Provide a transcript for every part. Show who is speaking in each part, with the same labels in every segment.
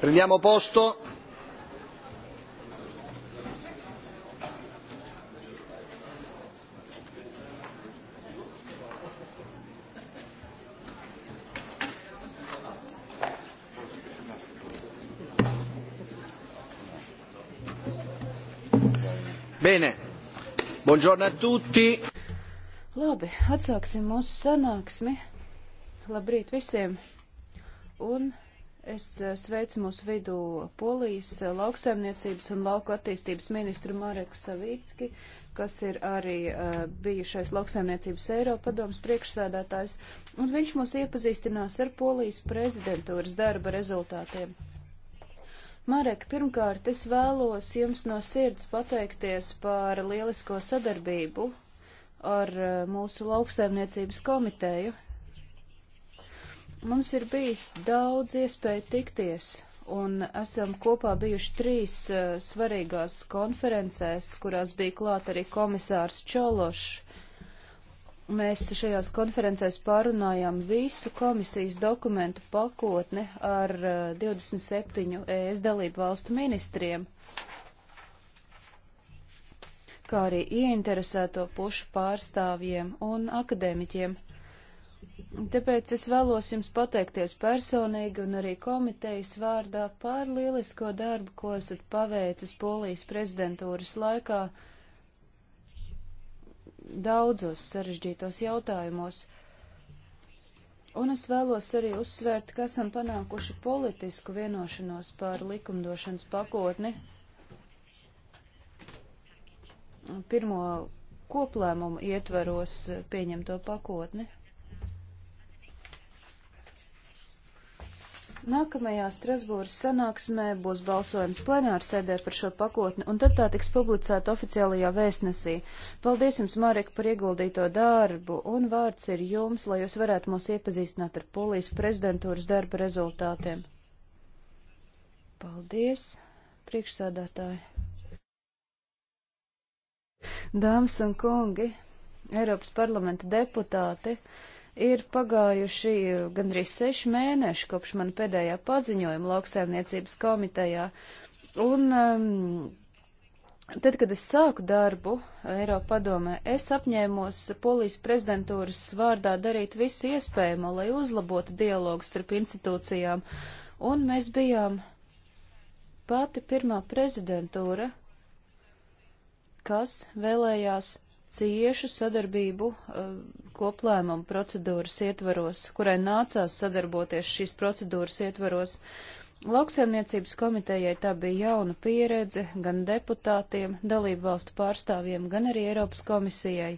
Speaker 1: Prendiamo posto. Bene, buongiorno a tutti.
Speaker 2: Labi, atsāksim mūsu sanāksmi. Labrīt visiem. Un Es eh, sveicu mūsu vidū Polijas eh, lauksaimniecības un lauku attīstības ministru Mareku Savīcki, kas ir arī uh, bijušais lauksaimniecības Eiropadoms priekšsēdētājs, un viņš mūs iepazīstinās ar Polijas prezidentūras darba rezultātiem. Marek, pirmkārt, es vēlos jums no sirds pateikties par lielisko sadarbību ar uh, mūsu lauksaimniecības komiteju, Mums ir bijis daudz iespēju tikties, un esam kopā bijuši trīs uh, svarīgās konferencēs, kurās bija klāt arī komisārs Čološs. Mēs šajās konferencēs pārunājām visu komisijas dokumentu pakotni ar uh, 27 ES dalību valstu ministriem, kā arī ieinteresēto pušu pārstāvjiem un akadēmiķiem. Tāpēc es vēlos jums pateikties personīgi un arī komitejas vārdā par lielisko darbu, ko esat paveicis Polijas prezidentūras laikā daudzos sarežģītos jautājumos. Un es vēlos arī uzsvērt, ka esam panākuši politisku vienošanos par likumdošanas pakotni. Pirmo koplēmumu ietvaros pieņemto pakotni. Nākamajā Strasbūras sanāksmē būs balsojums plenāra sēdē par šo pakotni, un tad tā tiks publicēta oficiālajā vēstnesī. Paldies jums, Marek, par ieguldīto darbu, un vārds ir jums, lai jūs varētu mūs iepazīstināt ar polijas prezidentūras darba rezultātiem. Paldies, priekšsādātāji. Dāmas un kungi, Eiropas parlamenta deputāti. Ir pagājuši gandrīz seši mēneši kopš man pēdējā paziņojuma lauksaimniecības komitejā. Un um, tad, kad es sāku darbu Eiropa padomē, es apņēmos polijas prezidentūras vārdā darīt visu iespējamo, lai uzlabotu dialogu starp institūcijām. Un mēs bijām pati pirmā prezidentūra, kas vēlējās ciešu sadarbību uh, koplēmumu procedūras ietvaros, kurai nācās sadarboties šīs procedūras ietvaros. Lauksaimniecības komitejai tā bija jauna pieredze gan deputātiem, dalību valstu pārstāvjiem, gan arī Eiropas komisijai.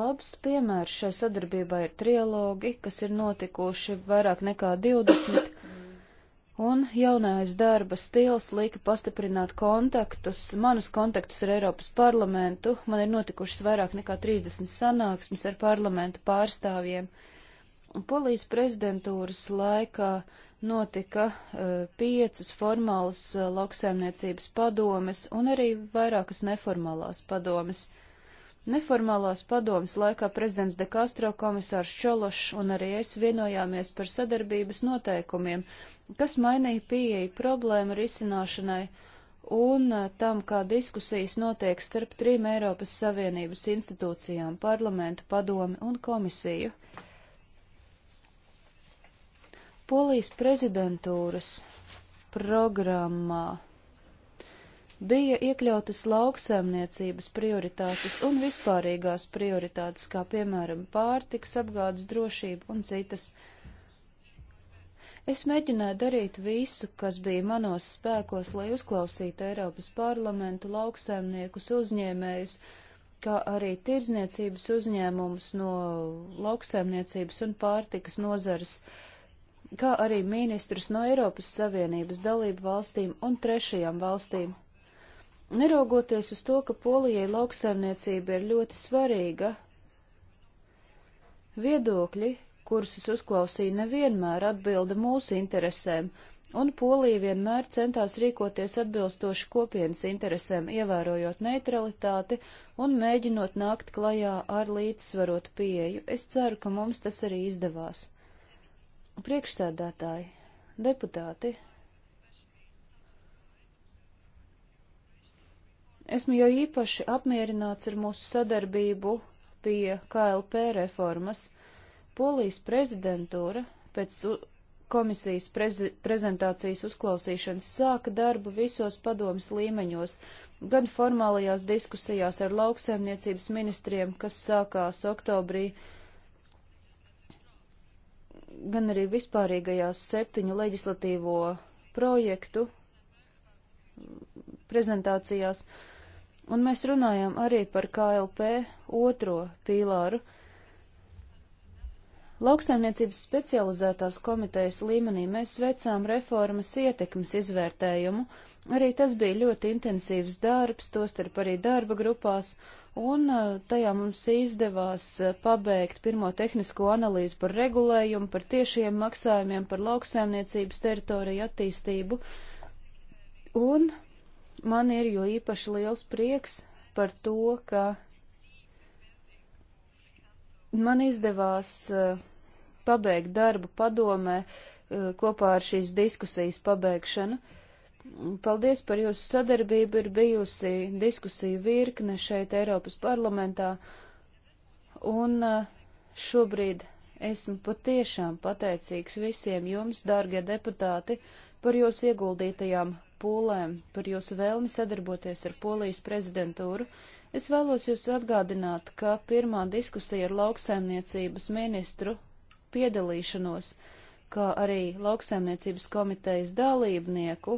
Speaker 2: Labs piemērs šai sadarbībai ir trilogi, kas ir notikuši vairāk nekā 20 un jaunais darba stils lika pastiprināt kontaktus, manus kontaktus ar Eiropas parlamentu. Man ir notikušas vairāk nekā 30 sanāksmes ar parlamentu pārstāvjiem. Un polijas prezidentūras laikā notika uh, piecas formālas uh, lauksaimniecības padomes un arī vairākas neformālās padomes. Uh, Neformālās padomas laikā prezidents De Castro, komisārs Čološs un arī es vienojāmies par sadarbības noteikumiem, kas mainīja pieeju problēmu risināšanai un eh, tam, kā diskusijas notiek starp trim Eiropas Savienības institūcijām - parlamentu, padomi un komisiju. Polijas prezidentūras programmā bija iekļautas lauksaimniecības prioritātes un vispārīgās prioritātes, kā piemēram pārtiks, apgādes drošība un citas. Es mēģināju darīt visu, kas bija manos spēkos, lai uzklausītu Eiropas parlamentu, lauksaimniekus, uzņēmējus, kā arī tirdzniecības uzņēmumus no lauksaimniecības un pārtikas nozares kā arī ministrus no Eiropas Savienības dalību valstīm un trešajām valstīm. Neraugoties uz to, ka Polijai lauksaimniecība ir ļoti svarīga, viedokļi, kurus es uzklausīju, nevienmēr atbilda mūsu interesēm, un Polija vienmēr centās rīkoties atbilstoši kopienas interesēm, ievērojot neutralitāti un mēģinot nākt klajā ar līdzsvarotu pieeju. Es ceru, ka mums tas arī izdevās. Priekšsēdētāji, deputāti, Esmu jau īpaši apmierināts ar mūsu sadarbību pie KLP reformas. Polijas prezidentūra pēc komisijas prez prezentācijas uzklausīšanas sāka darbu visos padomas līmeņos, gan formālajās diskusijās ar lauksaimniecības ministriem, kas sākās oktobrī, gan arī vispārīgajās septiņu leģislatīvo projektu prezentācijās. Uh, Un mēs runājam arī par KLP otro pīlāru. Lauksaimniecības specializētās komitejas līmenī mēs veicām reformas ietekmes izvērtējumu, arī tas bija ļoti intensīvs darbs, tostarp arī darba grupās, un tajā mums izdevās pabeigt pirmo tehnisko analīzi par regulējumu, par tiešiem maksājumiem, par lauksaimniecības teritoriju attīstību, un Man ir jo īpaši liels prieks par to, ka man izdevās eh, pabeigt darbu padomē eh, kopā ar šīs diskusijas pabeigšanu. Paldies par jūsu sadarbību, ir bijusi diskusija virkne šeit Eiropas parlamentā, un eh, šobrīd esmu patiešām pateicīgs visiem jums, dārgie deputāti, par jūsu ieguldītajām pūlēm, par jūsu vēlmi sadarboties ar Polijas prezidentūru. Es vēlos jūs atgādināt, ka pirmā diskusija ar lauksaimniecības ministru piedalīšanos, kā arī lauksaimniecības komitejas dalībnieku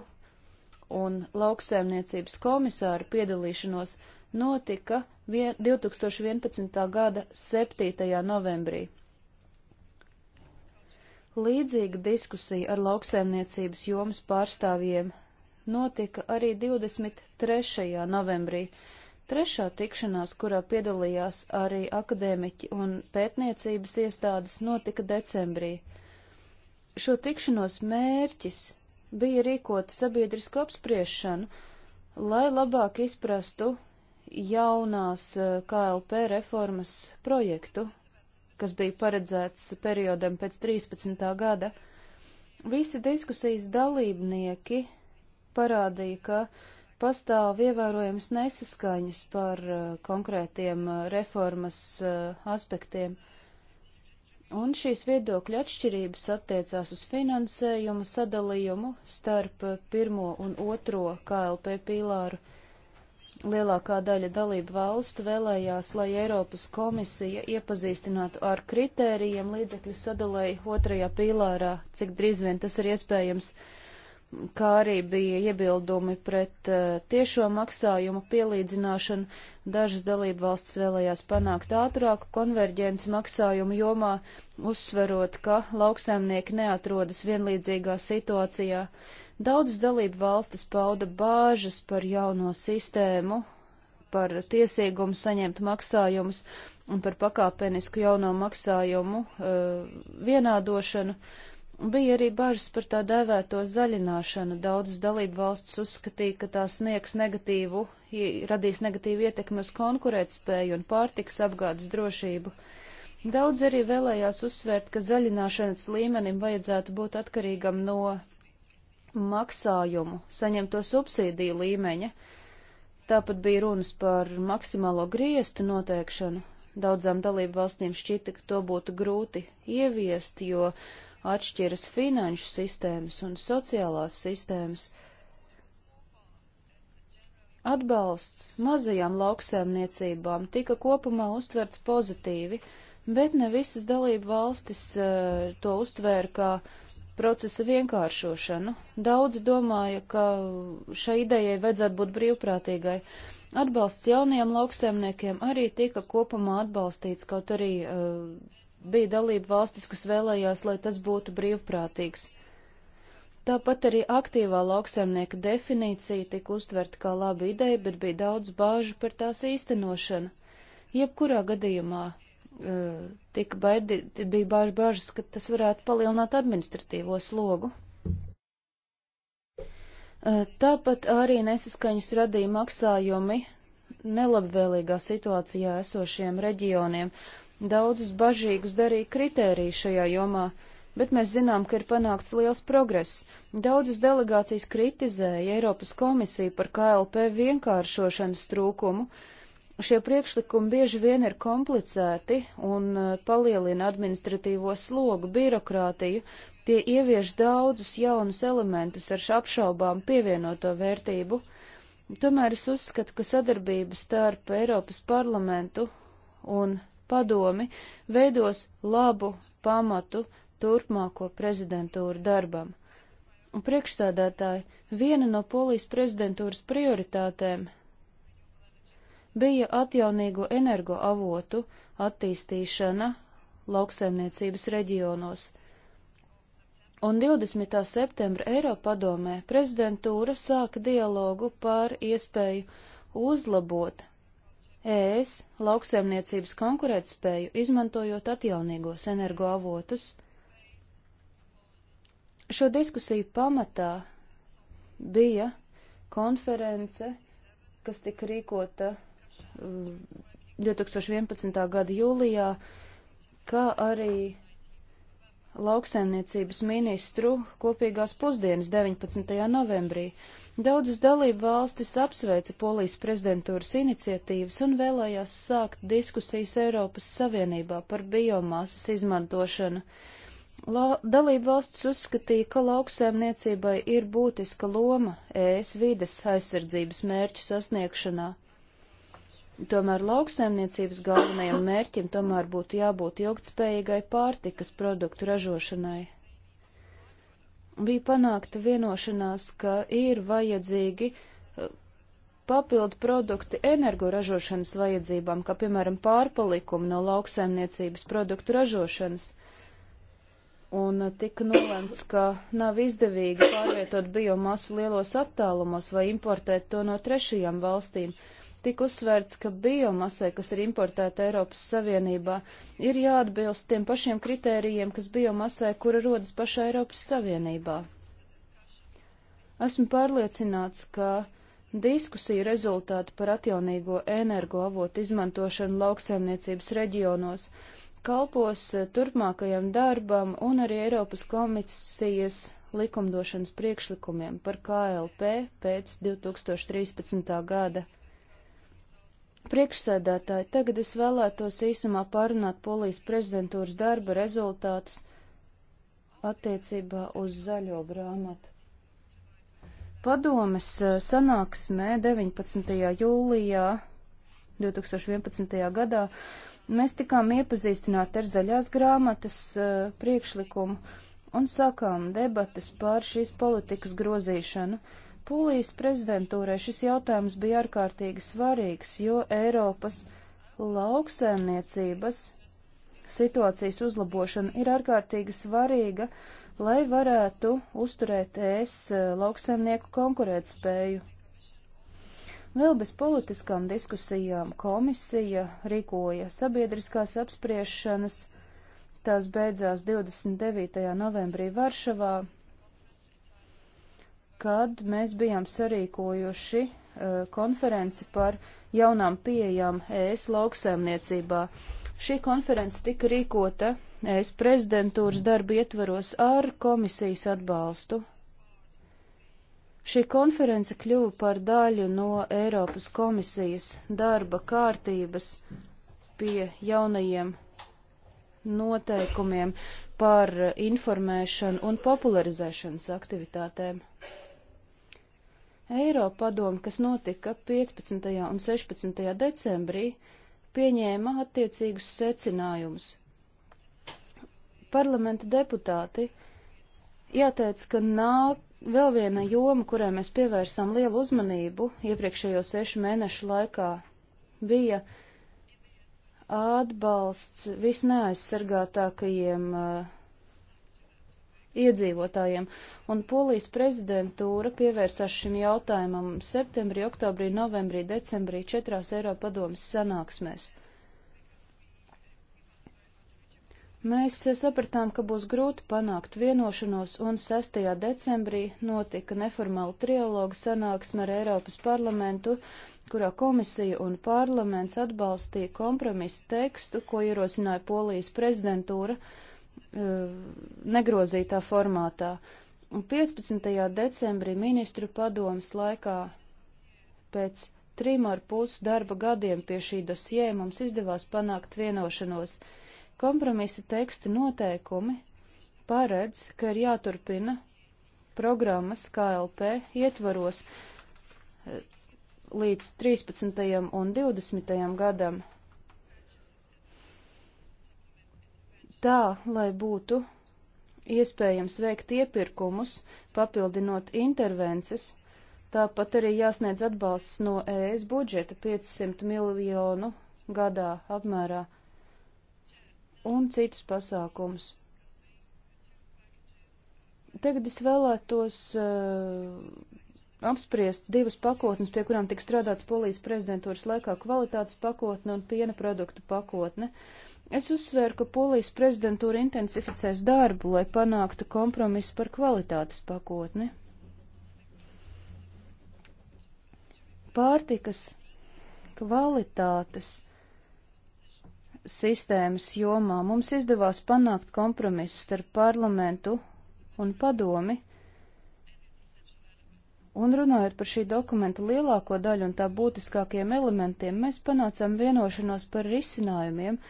Speaker 2: un lauksaimniecības komisāru piedalīšanos notika 2011. gada 7. novembrī. Līdzīga diskusija ar lauksaimniecības jomas pārstāvjiem notika arī 23. novembrī. Trešā tikšanās, kurā piedalījās arī akadēmiķi un pētniecības iestādes, notika decembrī. Šo tikšanos mērķis bija rīkot sabiedrisku apspriešanu, lai labāk izprastu jaunās eh, KLP reformas projektu, kas bija paredzēts periodam pēc 13. gada. Visi diskusijas dalībnieki parādīja, ka pastāv ievērojams nesaskaņas par uh, konkrētiem uh, reformas uh, aspektiem. Un šīs viedokļa atšķirības attiecās uz finansējumu sadalījumu starp pirmo un otro KLP pīlāru. Lielākā daļa dalību valstu vēlējās, lai Eiropas komisija iepazīstinātu ar kritērijiem līdzekļu sadalēju otrajā pīlārā, cik drīz vien tas ir iespējams. Uh, kā arī bija iebildumi pret uh, tiešo maksājumu pielīdzināšanu. Dažas dalību valstis vēlējās panākt ātrāku konverģents maksājumu jomā, uzsverot, ka lauksaimnieki neatrodas vienlīdzīgā situācijā. Daudzas dalību valstis pauda bāžas par jauno sistēmu, par tiesīgumu saņemt maksājumus un par pakāpenisku jauno maksājumu uh, vienādošanu. Uh, Bija arī bažas par tā dēvēto zaļināšanu. Daudzas dalību valstis uzskatīja, ka tā sniegs negatīvu, radīs negatīvu ietekmi uz konkurētspēju un pārtiks apgādes drošību. Daudz arī vēlējās uzsvērt, ka zaļināšanas līmenim vajadzētu būt atkarīgam no maksājumu, saņemto subsīdiju līmeņa. Tāpat bija runas par maksimālo griestu noteikšanu. Daudzām dalību valstīm šķita, ka to būtu grūti ieviest, jo uh, atšķiras finanšu sistēmas un sociālās sistēmas. Atbalsts mazajām lauksēmniecībām tika kopumā uztverts pozitīvi, bet ne visas dalību valstis uh, to uztvēra kā procesa vienkāršošanu. Daudzi domāja, ka šai idejai vajadzētu būt brīvprātīgai. Atbalsts jaunajiem lauksēmniekiem arī tika kopumā atbalstīts, kaut arī uh, bija dalība valstis, kas vēlējās, lai tas būtu brīvprātīgs. Tāpat arī aktīvā lauksaimnieka definīcija tika uztverta kā laba ideja, bet bija daudz bāžu par tās īstenošanu. Jebkurā gadījumā uh, tika baidi, bija bāžu bažas, ka tas varētu palielināt administratīvo slogu. Uh, tāpat arī nesaskaņas radīja maksājumi nelabvēlīgā situācijā esošiem reģioniem, Daudzus bažīgus darīja kritēriju šajā jomā, bet mēs zinām, ka ir panākts liels progress. Daudzas delegācijas kritizēja Eiropas komisiju par KLP vienkāršošanas trūkumu. Šie priekšlikumi bieži vien ir komplicēti un uh, palielina administratīvo slogu, birokrātiju, tie ievieš daudzus jaunus elementus ar apšaubām pievienoto vērtību. Tomēr es uzskatu, ka sadarbība starp Eiropas parlamentu un padomi veidos labu pamatu turpmāko prezidentūru darbam. Un priekšsādātāji, viena no polijas prezidentūras prioritātēm bija atjaunīgo energoavotu attīstīšana lauksaimniecības reģionos. Un 20. septembra Eiropadomē prezidentūra sāka dialogu par iespēju uzlabot ES lauksaimniecības konkurētspēju, izmantojot atjaunīgos energoavotus. Šo diskusiju pamatā bija konference, kas tika rīkota mm, 2011. gada jūlijā, kā arī lauksaimniecības ministru kopīgās pusdienas 19. novembrī. Daudzas dalību valstis apsveica Polijas prezidentūras iniciatīvas un vēlējās sākt diskusijas Eiropas Savienībā par biomasas izmantošanu. La dalību valsts uzskatīja, ka lauksaimniecībai ir būtiska loma ES vides aizsardzības mērķu sasniegšanā. Tomēr lauksaimniecības galvenajam mērķim tomēr būtu jābūt ilgtspējīgai pārtikas produktu ražošanai. Bija panākta vienošanās, ka ir vajadzīgi eh, papildu produkti energoražošanas vajadzībām, kā piemēram pārpalikumi no lauksaimniecības produktu ražošanas. Un eh, tika nolēmts, ka nav izdevīgi pārvietot biomasu lielos attālumos vai importēt to no trešajām valstīm tika uzsvērts, ka biomasai, kas ir importēta Eiropas Savienībā, ir jāatbilst tiem pašiem kritērijiem, kas biomasai, kura rodas pašā Eiropas Savienībā. Esmu pārliecināts, ka diskusiju rezultāti par atjaunīgo energoavotu izmantošanu lauksaimniecības reģionos kalpos eh, turpmākajam darbam un arī Eiropas komisijas likumdošanas priekšlikumiem par KLP pēc 2013. gada. Priekšsēdētāji, tagad es vēlētos īsumā pārunāt polijas prezidentūras darba rezultātus attiecībā uz zaļo grāmatu. Padomes eh, sanāksmē 19. jūlijā 2011. gadā mēs tikām iepazīstināti ar zaļās grāmatas eh, priekšlikumu un sākām debatas pār šīs politikas grozīšanu. Polijas prezidentūrai šis jautājums bija ārkārtīgi svarīgs, jo Eiropas lauksēmniecības situācijas uzlabošana ir ārkārtīgi svarīga, lai varētu uzturēt es eh, lauksēmnieku konkurētspēju. Vēl bez politiskām diskusijām komisija rīkoja sabiedriskās apspriešanas, tās beidzās 29. novembrī Varšavā, kad mēs bijām sarīkojuši uh, konferenci par jaunām pieejām ES lauksēmniecībā. Šī konference tika rīkota ES prezidentūras darba ietvaros ar komisijas atbalstu. Šī konference kļuva par daļu no Eiropas komisijas darba kārtības pie jaunajiem noteikumiem par informēšanu un popularizēšanas aktivitātēm. Eiropadoma, kas notika 15. un 16. decembrī, pieņēma attiecīgus secinājumus. Parlamenta deputāti jāteic, ka nāk vēl viena joma, kurai mēs pievērsām lielu uzmanību iepriekšējo sešu mēnešu laikā, bija atbalsts visneaizsargātākajiem uh, iedzīvotājiem, un Polijas prezidentūra pievērsās šim jautājumam septembrī, oktobrī, novembrī, decembrī četrās Eiropadomas sanāksmēs. Mēs sapratām, ka būs grūti panākt vienošanos, un 6. decembrī notika neformāla trialoga sanāksme ar Eiropas parlamentu, kurā komisija un parlaments atbalstīja kompromisu tekstu, ko ierosināja Polijas prezidentūra, uh, Eh, negrozītā formātā. Un 15. decembrī ministru padomas laikā pēc trim ar pus darba gadiem pie šī dosie mums izdevās panākt vienošanos. Kompromisa teksta noteikumi paredz, ka ir jāturpina programmas KLP ietvaros eh, līdz 13. un 20. gadam tā, lai būtu iespējams veikt iepirkumus, papildinot intervences, tāpat arī jāsniedz atbalsts no ES budžeta 500 miljonu gadā apmērā un citus pasākumus. Tagad es vēlētos uh, apspriest divas pakotnes, pie kurām tika strādāts polijas prezidentūras laikā - kvalitātes pakotne un piena produktu pakotne. Es uzsvēru, ka Polijas prezidentūra intensificēs darbu, lai panāktu kompromisu par kvalitātes pakotni. Pārtikas kvalitātes sistēmas jomā mums izdevās panākt kompromisu starp parlamentu un padomi, un runājot par šī dokumenta lielāko daļu un tā būtiskākiem elementiem, mēs panācām vienošanos par risinājumiem,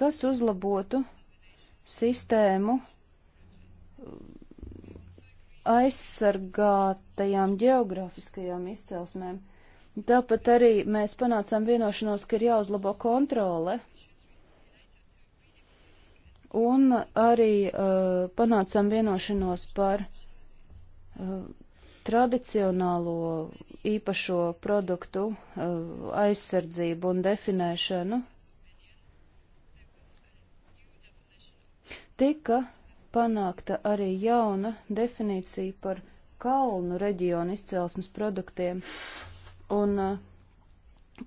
Speaker 2: kas uzlabotu sistēmu aizsargātajām geogrāfiskajām izcelsmēm. Tāpat arī mēs panācām vienošanos, ka ir jāuzlabo kontrole un arī uh, panācām vienošanos par uh, tradicionālo īpašo produktu uh, aizsardzību un definēšanu. Uh, Tika panākta arī jauna definīcija par kalnu reģionu izcelsmes produktiem, un uh,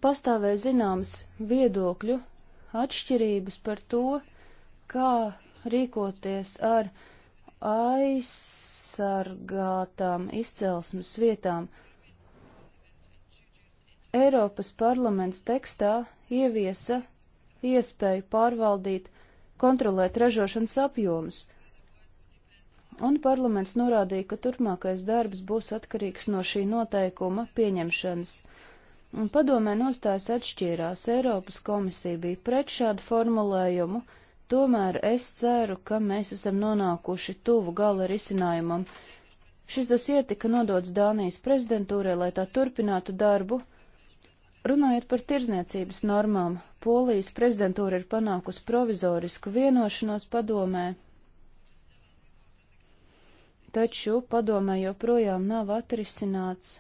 Speaker 2: pastāvēja zināmas viedokļu atšķirības par to, kā rīkoties ar aizsargātām izcelsmes vietām. Eiropas parlaments tekstā ieviesa iespēju pārvaldīt kontrolēt ražošanas apjomus. Un parlaments norādīja, ka turpmākais darbs būs atkarīgs no šī noteikuma pieņemšanas. Un padomē nostājas atšķīrās, Eiropas komisija bija pret šādu formulējumu, tomēr es ceru, ka mēs esam nonākuši tuvu gala risinājumam. Šis dosie tika nodots Dānijas prezidentūrai, lai tā turpinātu darbu. Runājot par tirzniecības normām, Polijas prezidentūra ir panākusi provizorisku vienošanos padomē, taču padomē joprojām nav atrisināts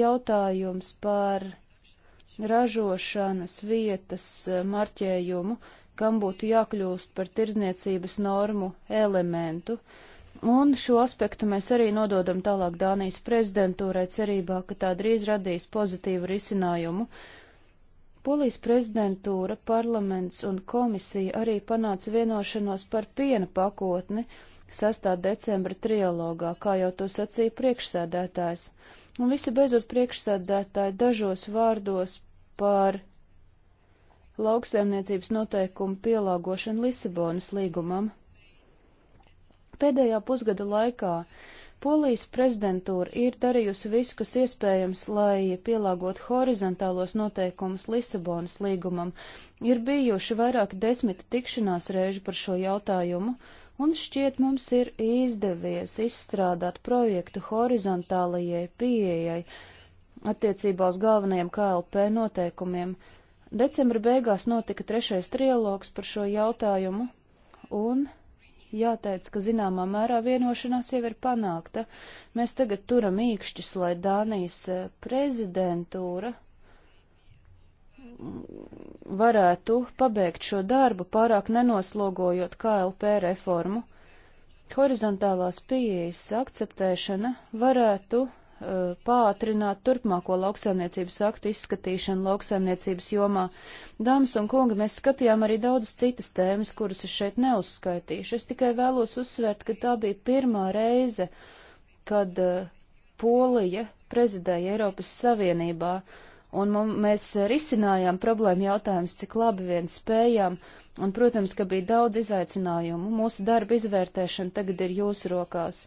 Speaker 2: jautājums par ražošanas vietas eh, marķējumu, kam būtu jākļūst par tirzniecības normu elementu. Un šo aspektu mēs arī nododam tālāk Dānijas prezidentūrai cerībā, ka tā drīz radīs pozitīvu risinājumu. Uh, Polijas prezidentūra, parlaments un komisija arī panāca vienošanos par piena pakotni 6. decembra trialogā, kā jau to sacīja priekšsēdētājs. Un visi beidzot priekšsēdētāji dažos vārdos par lauksaimniecības noteikumu pielāgošanu Lisabonas līgumam. Pēdējā pusgada laikā Polijas prezidentūra ir darījusi visu, kas iespējams, lai pielāgotu horizontālos noteikumus Lisabonas līgumam. Ir bijuši vairāk desmit tikšanās reižu par šo jautājumu, un šķiet mums ir izdevies izstrādāt projektu horizontālajai pieejai attiecībā uz galvenajiem KLP noteikumiem. Decembra beigās notika trešais trialogs par šo jautājumu, un jāteic, ka zināmā mērā vienošanās jau ir panākta. Mēs tagad turam īkšķus, lai Dānijas eh, prezidentūra varētu pabeigt šo darbu, pārāk nenoslogojot KLP reformu. Horizontālās pieejas akceptēšana varētu Uh, pātrināt turpmāko lauksaimniecības aktu izskatīšanu lauksaimniecības jomā. Dāmas un kungi, mēs skatījām arī daudzas citas tēmas, kuras es šeit neuzskaitīšu. Es tikai vēlos uzsvērt, ka tā bija pirmā reize, kad uh, Polija prezidēja Eiropas Savienībā, un mēs risinājām problēmu jautājumus, cik labi vien spējām, un, protams, ka bija daudz izaicinājumu. Mūsu darba izvērtēšana tagad ir jūsu rokās.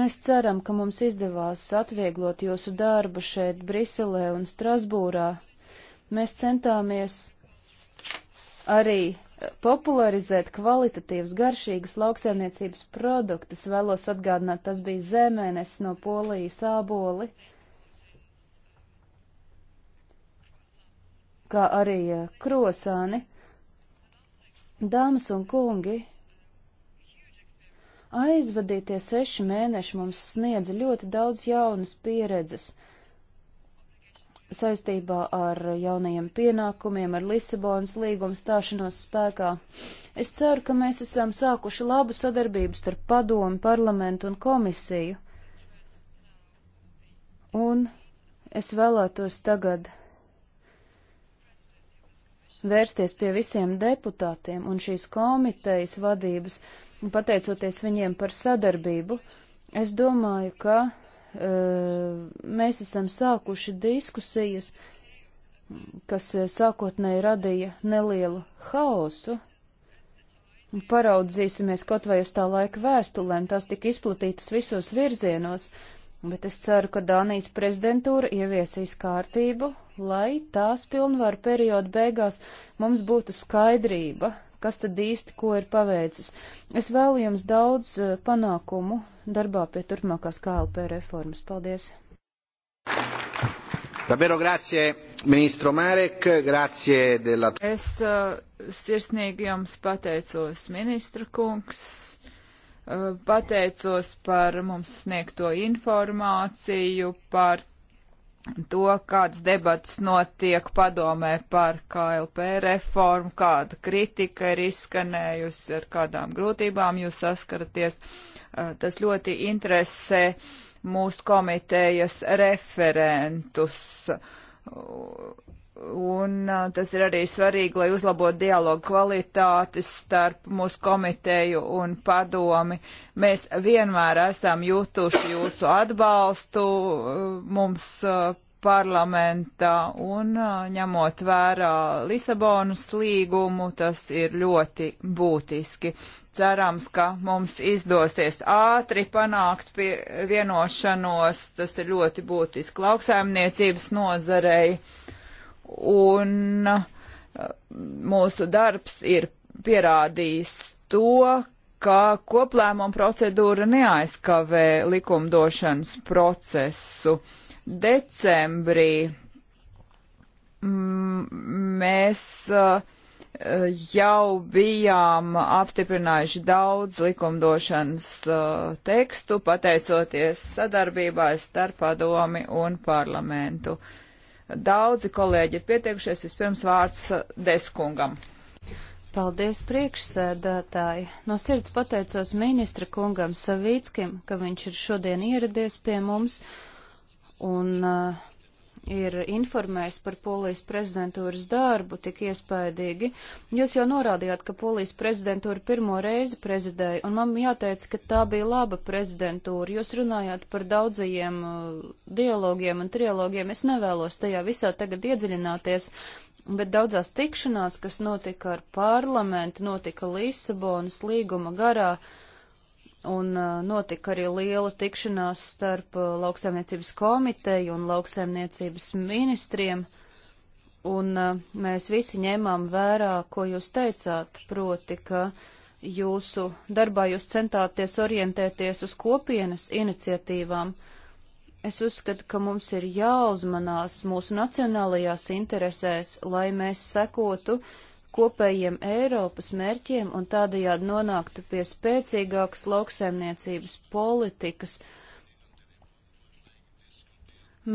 Speaker 2: Mēs ceram, ka mums izdevās atvieglot jūsu darbu šeit, Briselē un Strasbūrā. Mēs centāmies arī popularizēt kvalitatīvas, garšīgas lauksaimniecības produktus. Vēlos atgādināt, tas bija zemēnes no polijas āboli, kā arī eh, krosāni. Dāmas un kungi, Aizvadītie seši mēneši mums sniedza ļoti daudz jaunas pieredzes saistībā ar jaunajiem pienākumiem, ar Lisabonas līgumu stāšanos spēkā. Es ceru, ka mēs esam sākuši labu sadarbību starp padomu, parlamentu un komisiju. Un es vēlētos tagad vērsties pie visiem deputātiem un šīs komitejas vadības un pateicoties viņiem par sadarbību, es domāju, ka uh, mēs esam sākuši diskusijas, kas e, sākotnēji radīja nelielu haosu. Paraudzīsimies kaut vai uz tā laika vēstulēm, tās tika izplatītas visos virzienos, bet es ceru, ka Dānijas prezidentūra ieviesīs kārtību, lai tās pilnvaru perioda beigās mums būtu skaidrība kas tad īsti ko ir paveicis. Es vēlu jums daudz eh, panākumu darbā pie turpmākās KLP reformas. Paldies!
Speaker 1: Davvero grazie, ministro Marek, grazie della...
Speaker 3: Es uh, sirsnīgi jums pateicos, ministra kungs eh, pateicos par mums sniegto informāciju, par to, kādas debatas notiek padomē par KLP reformu, kāda kritika ir izskanējusi, ar kādām grūtībām jūs saskaraties. Uh, tas ļoti interesē mūsu komitejas referentus uh, Un tas ir arī svarīgi, lai uzlabotu dialogu kvalitātes starp mūsu komiteju un padomi. Mēs vienmēr esam jutuši jūsu atbalstu mums parlamentā un ņemot vērā Lisabonas līgumu, tas ir ļoti būtiski. Cerams, ka mums izdosies ātri panākt pie vienošanos, tas ir ļoti būtiski lauksaimniecības nozarei. Uh, un uh, mūsu darbs ir pierādījis to, ka koplēmuma procedūra neaizkavē likumdošanas procesu. Decembrī mm, mēs uh, jau bijām apstiprinājuši daudz likumdošanas uh, tekstu, pateicoties sadarbībai starp padomi un parlamentu. Uh, Daudzi kolēģi ir pieteikušies. Vispirms vārds uh, Deskungam.
Speaker 2: Paldies priekšsēdētāji. No sirds pateicos ministra kungam Savīckim, ka viņš ir šodien ieradies pie mums. Un uh, ir informējis par polijas prezidentūras darbu tik iespaidīgi. Jūs jau norādījāt, ka polijas prezidentūra pirmo reizi prezidēja, un man jāteic, ka tā bija laba prezidentūra. Jūs runājāt par daudzajiem uh, dialogiem un trialogiem. Es nevēlos tajā visā tagad iedziļināties, bet daudzās tikšanās, kas notika ar parlamentu, notika Lisabonas līguma garā. Uh, un uh, notika arī liela tikšanās starp uh, lauksaimniecības komiteju un lauksaimniecības ministriem, un uh, mēs visi ņēmām vērā, ko jūs teicāt, proti, ka jūsu darbā jūs centāties orientēties uz kopienas iniciatīvām. Es uzskatu, ka mums ir jāuzmanās mūsu nacionālajās interesēs, lai mēs sekotu uh, kopējiem Eiropas mērķiem un tādējādi nonāktu pie spēcīgākas lauksaimniecības politikas.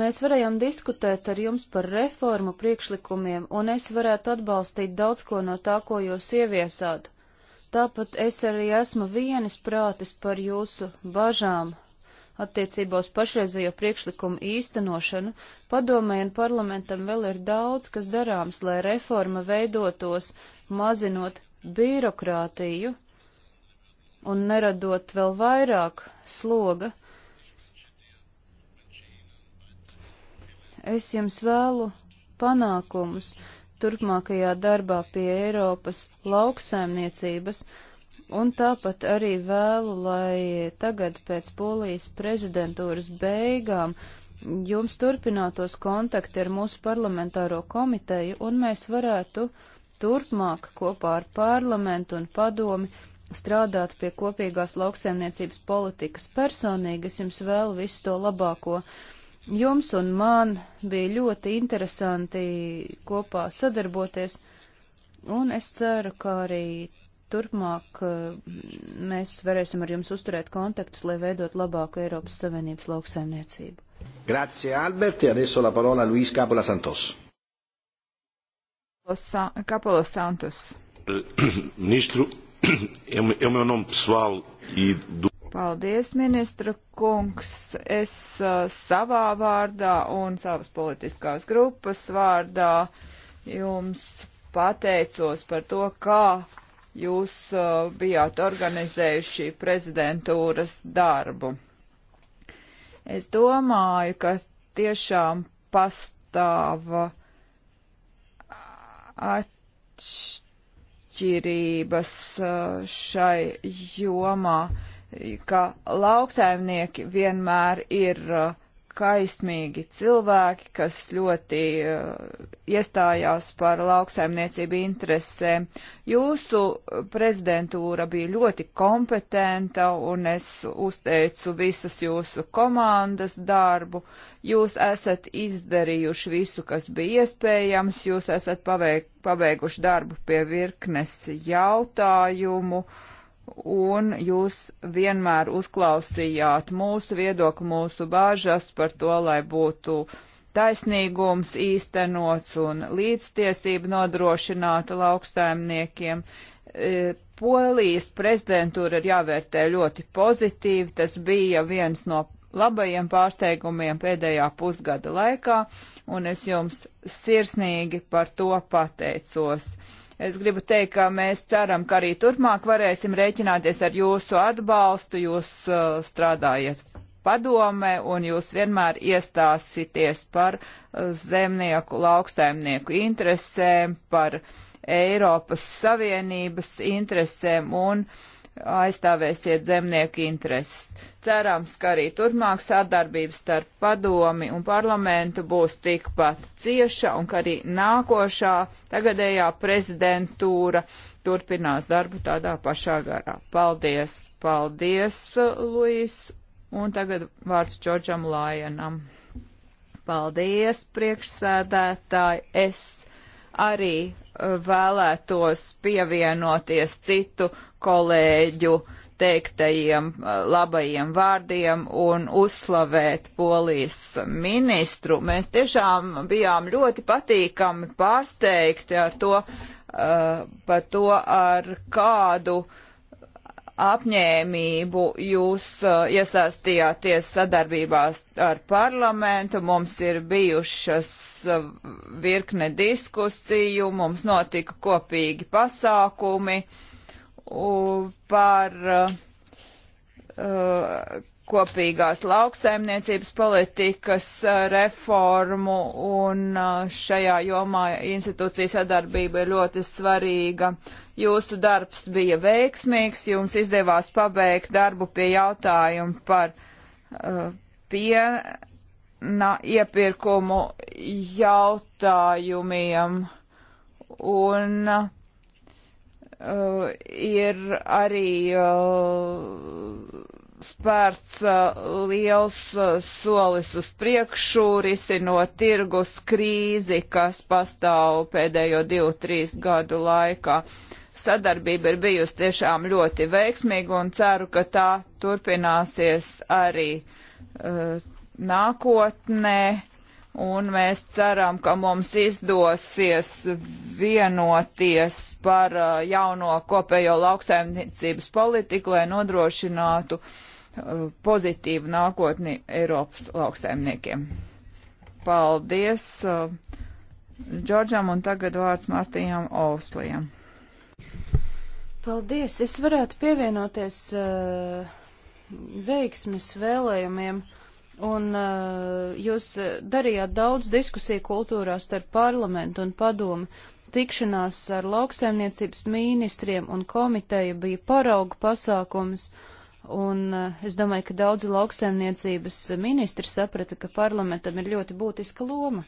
Speaker 2: Mēs varējām diskutēt ar jums par reformu priekšlikumiem, un es varētu atbalstīt daudz ko no tā, ko jūs ieviesāt. Tāpat es arī esmu vienis prātis par jūsu bažām attiecībā uz pašreizējo priekšlikumu īstenošanu, padomē un parlamentam vēl ir daudz, kas darāms, lai reforma veidotos, mazinot birokrātiju un neradot vēl vairāk sloga. Es jums vēlu panākumus turpmākajā darbā pie Eiropas lauksaimniecības, Un tāpat arī vēlu, lai tagad pēc polijas prezidentūras beigām jums turpinātos kontakti ar mūsu parlamentāro komiteju un mēs varētu turpmāk kopā ar parlamentu un padomi strādāt pie kopīgās lauksaimniecības politikas. Personīgi es jums vēlu visu to labāko. Jums un man bija ļoti interesanti kopā sadarboties, un es ceru, ka arī Turpmāk eh, mēs varēsim ar jums uzturēt kontaktus, lai veidot labāku Eiropas Savienības lauksaimniecību.
Speaker 1: Grazie, Albert. E adesso la parola a Luis Capola Santos.
Speaker 3: Capola Santos.
Speaker 1: Ministru, é o meu nome pessoal e do.
Speaker 3: Paldies, ministra kungs. Es uh, savā vārdā un savas politiskās grupas vārdā jums pateicos par to, kā jūs uh, bijāt organizējuši prezidentūras darbu. Es domāju, ka tiešām pastāva atšķirības uh, šai jomā, ka lauksaimnieki vienmēr ir uh, kaismīgi cilvēki, kas ļoti uh, iestājās par lauksaimniecību interesēm. Jūsu prezidentūra bija ļoti kompetenta un es uzteicu visus jūsu komandas darbu. Jūs esat izdarījuši visu, kas bija iespējams, jūs esat paveik, paveikuši darbu pie virknes jautājumu. Uh, un jūs vienmēr uzklausījāt mūsu viedokli, mūsu bāžas par to, lai būtu taisnīgums īstenots un līdztiesība nodrošināta lauksaimniekiem. E, Polijas prezidentūra ir jāvērtē ļoti pozitīvi. Tas bija viens no labajiem pārsteigumiem pēdējā pusgada laikā, un es jums sirsnīgi par to pateicos. Es gribu teikt, ka mēs ceram, ka arī turpmāk varēsim rēķināties ar jūsu atbalstu. Jūs uh, strādājat padome un jūs vienmēr iestāsities par uh, zemnieku, lauksaimnieku interesēm, par Eiropas Savienības interesēm un uh, aizstāvēsiet zemnieku intereses. Cerams, ka arī turpmāk sadarbība starp padomi un parlamentu būs tikpat cieša un ka arī nākošā tagadējā prezidentūra turpinās darbu tādā pašā garā. Paldies, paldies, Luis, un tagad vārds Čorģam Lajanam. Paldies, priekšsēdētāji, es arī eh, vēlētos pievienoties citu kolēģu teiktajiem eh, labajiem vārdiem un uzslavēt polijas ministru. Mēs tiešām bijām ļoti patīkami pārsteigti ar to, uh, par to, ar kādu uh, apņēmību jūs uh, iesaistījāties sadarbībās ar parlamentu, mums ir bijušas uh, virkne diskusiju, mums notika kopīgi pasākumi uh, par eh, kopīgās lauksaimniecības politikas reformu, un šajā jomā institūcija sadarbība ir ļoti svarīga. Uh, Jūsu darbs bija veiksmīgs, jums izdevās pabeigt darbu pie jautājumu par uh, piena iepirkumu jautājumiem. Un uh, ir arī uh, spērts uh, liels uh, solis uz priekšu, risinot tirgus krīzi, kas pastāv pēdējo divu, trīs gadu laikā. Uh, sadarbība ir bijusi tiešām ļoti veiksmīga un ceru, ka tā turpināsies arī uh, nākotnē. Un mēs ceram, ka mums izdosies vienoties par uh, jauno kopējo lauksaimniecības politiku, lai nodrošinātu uh, pozitīvu nākotni Eiropas lauksaimniekiem. Paldies! Uh, Džordžam un tagad vārds Martījam Oslijam. Paldies! Es varētu pievienoties
Speaker 2: uh, veiksmes vēlējumiem. Un uh, jūs darījāt daudz diskusiju kultūrā starp parlamentu un padomu. Tikšanās ar lauksaimniecības ministriem un komiteju bija parauga pasākums, un uh, es domāju, ka daudzi lauksaimniecības ministri saprata, ka parlamentam ir ļoti būtiska loma.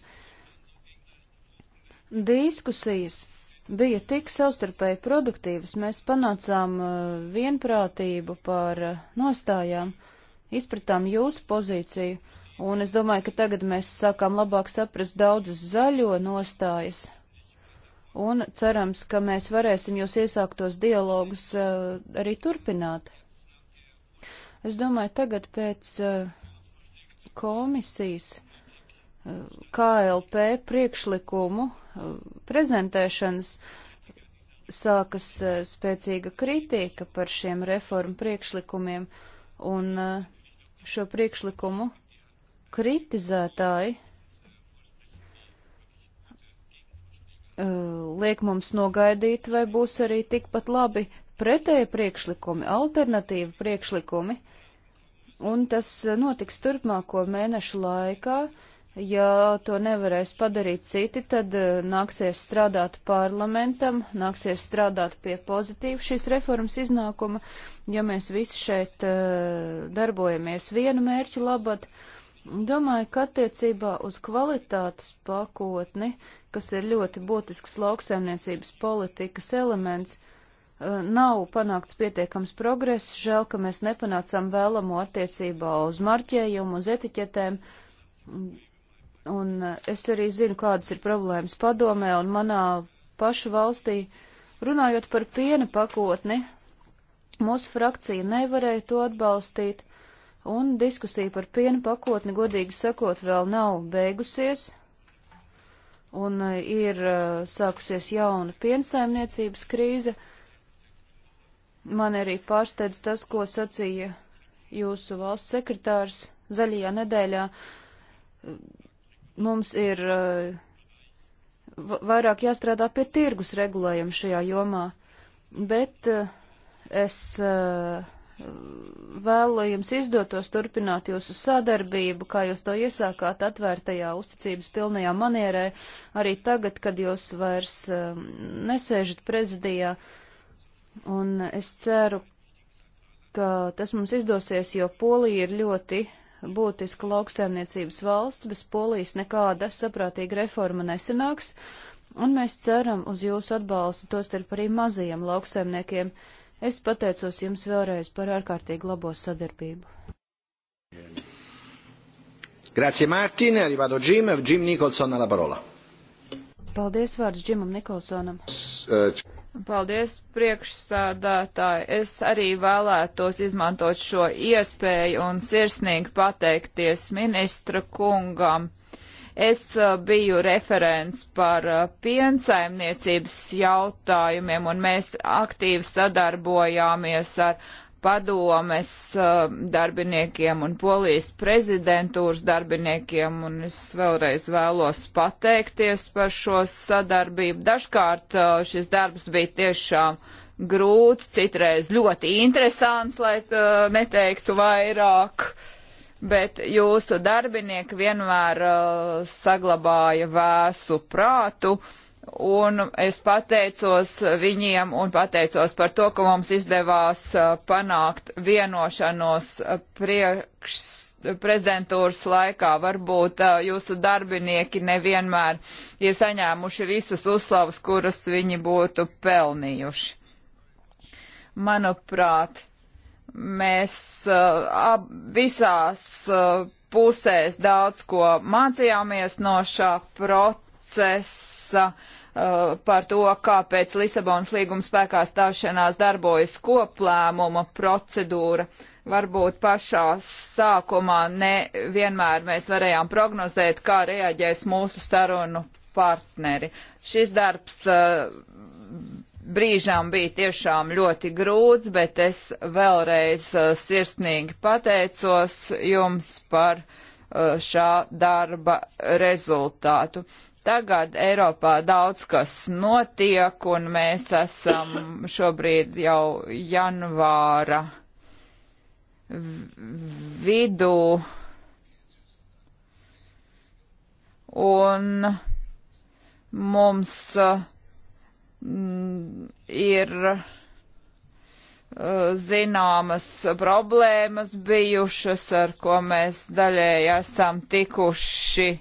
Speaker 2: Diskusijas bija tik savstarpēji produktīvas, mēs panācām uh, vienprātību par uh, nostājām, izpratām jūsu pozīciju, un es domāju, ka tagad mēs sākām labāk saprast daudzas zaļo nostājas, un cerams, ka mēs varēsim jūs iesāktos dialogus uh, arī turpināt. Es domāju, tagad pēc komisijas KLP priekšlikumu prezentēšanas sākas eh, spēcīga kritika par šiem reformu priekšlikumiem, un eh, šo priekšlikumu kritizētāji eh, liek mums nogaidīt, vai būs arī tikpat labi pretēji priekšlikumi, alternatīvi priekšlikumi, un tas notiks turpmāko mēnešu laikā, uh, Ja to nevarēs padarīt citi, tad eh, nāksies strādāt parlamentam, nāksies strādāt pie pozitīvu šīs reformas iznākuma. Ja mēs visi šeit eh, darbojamies vienu mērķu labad, domāju, ka attiecībā uz kvalitātes pakotni, kas ir ļoti būtisks lauksaimniecības politikas elements, eh, nav panākts pietiekams progress, žēl, ka mēs nepanācām vēlamo attiecībā uz marķējumu, uz etiķetēm Un eh, es arī zinu, kādas ir problēmas padomē un manā pašu valstī. Runājot par piena pakotni, mūsu frakcija nevarēja to atbalstīt, un diskusija par piena pakotni, godīgi sakot, vēl nav beigusies, un eh, ir eh, sākusies jauna piensaimniecības krīze. Man arī pārsteidz tas, ko sacīja jūsu valsts sekretārs zaļajā nedēļā mums ir eh, vairāk jāstrādā pie tirgus regulējuma šajā jomā, bet eh, es eh, vēlu jums izdotos turpināt jūsu sadarbību, kā jūs to iesākāt atvērtajā uzticības pilnajā manierē, arī tagad, kad jūs vairs nesēžat prezidijā. Un es ceru, ka tas mums izdosies, jo Polija ir ļoti būtiska lauksaimniecības valsts, bez polijas nekāda saprātīga reforma nesanāks, un mēs ceram uz jūsu atbalstu, tostarp arī mazajiem lauksaimniekiem. Es pateicos jums vēlreiz par ārkārtīgi labo sadarbību.
Speaker 1: Grazie Martin, è arrivato Jim, Jim Nicholson alla parola.
Speaker 2: Paldies vārds Džimam Nikolsonam. S, uh,
Speaker 3: Paldies, priekšsādātāji. Es arī vēlētos izmantot šo iespēju un sirsnīgi pateikties ministra kungam. Es biju referents par piensaimniecības jautājumiem, un mēs aktīvi sadarbojāmies ar padomes uh, darbiniekiem un polijas prezidentūras darbiniekiem, un es vēlreiz vēlos pateikties par šo sadarbību. Dažkārt uh, šis darbs bija tiešām grūts, citreiz ļoti interesants, lai uh, neteiktu vairāk, bet jūsu darbinieki vienmēr saglabāja vēsu prātu un es pateicos viņiem un pateicos par to, ka mums izdevās uh, panākt vienošanos uh, priekš prezidentūras laikā. Varbūt uh, jūsu darbinieki nevienmēr ir saņēmuši visas uzslavas, kuras viņi būtu pelnījuši. Manuprāt, mēs ab, visās pusēs daudz ko mācījāmies no šā procesa. Uh, uh, par to, kāpēc Lisabonas līguma spēkā stāšanās darbojas koplēmuma procedūra. Varbūt pašā sākumā ne vienmēr mēs varējām prognozēt, kā reaģēs mūsu sarunu partneri. Šis darbs uh, brīžām bija tiešām ļoti grūts, bet es vēlreiz uh, sirsnīgi pateicos jums par uh, šā darba rezultātu. Tagad Eiropā daudz kas notiek, un mēs esam šobrīd jau janvāra vidū. Un mums mm, ir eh, zināmas problēmas bijušas, ar ko mēs daļēji esam tikuši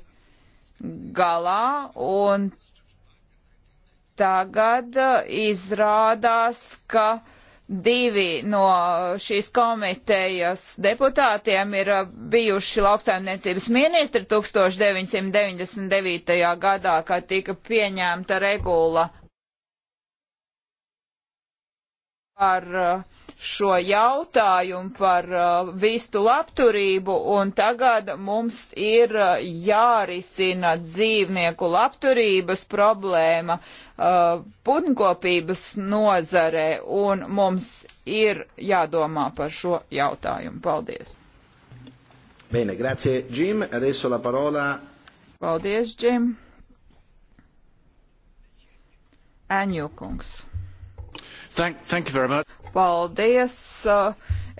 Speaker 3: galā, un tagad uh, izrādās, ka divi no šīs komitejas deputātiem ir uh, bijuši lauksaimniecības ministri 1999. gadā, kad tika pieņemta regula par uh, šo jautājumu par uh, vistu labturību, un tagad mums ir uh, jārisina dzīvnieku labturības problēma uh, putnkopības nozarē, un mums ir jādomā par šo jautājumu. Paldies!
Speaker 1: Bene, grazie Jim. Adesso la parola.
Speaker 3: Paldies, Jim. Aņokungs. Thank, thank you very much. Paldies!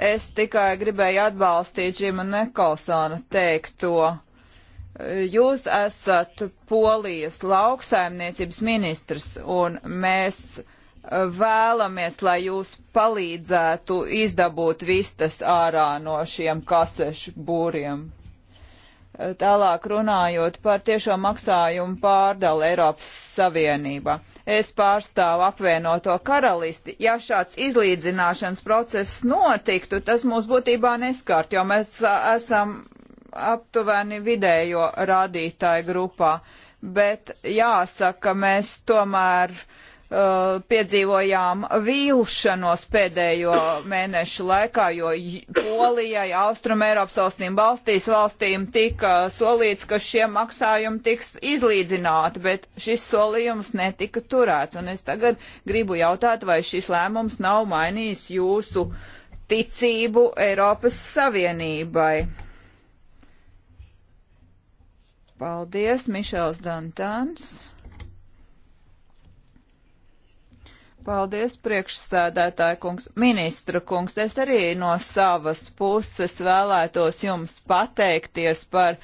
Speaker 3: Es tikai gribēju atbalstīt Džima Nekolsona teikto. Jūs esat Polijas lauksaimniecības ministrs, un mēs vēlamies, lai jūs palīdzētu izdabūt vistas ārā no šiem kasešu būriem. Tālāk runājot par tiešo maksājumu pārdalu Eiropas Savienībā es pārstāvu apvienoto karalisti. Ja šāds izlīdzināšanas process notiktu, tas mūs būtībā neskārt, jo mēs esam aptuveni vidējo rādītāju grupā. Bet jāsaka, mēs tomēr uh, Uh, piedzīvojām vīlušanos pēdējo mēnešu laikā, jo Polijai, Austrum Eiropas valstīm, Baltijas valstīm tika solīts, ka šie maksājumi tiks izlīdzināti, bet šis solījums netika turēts. Un es tagad gribu jautāt, vai šis lēmums nav mainījis jūsu ticību Eiropas Savienībai. Paldies, Mišels Dantāns. Paldies, priekšsēdētāja kungs, ministra kungs. Es arī no savas puses vēlētos jums pateikties par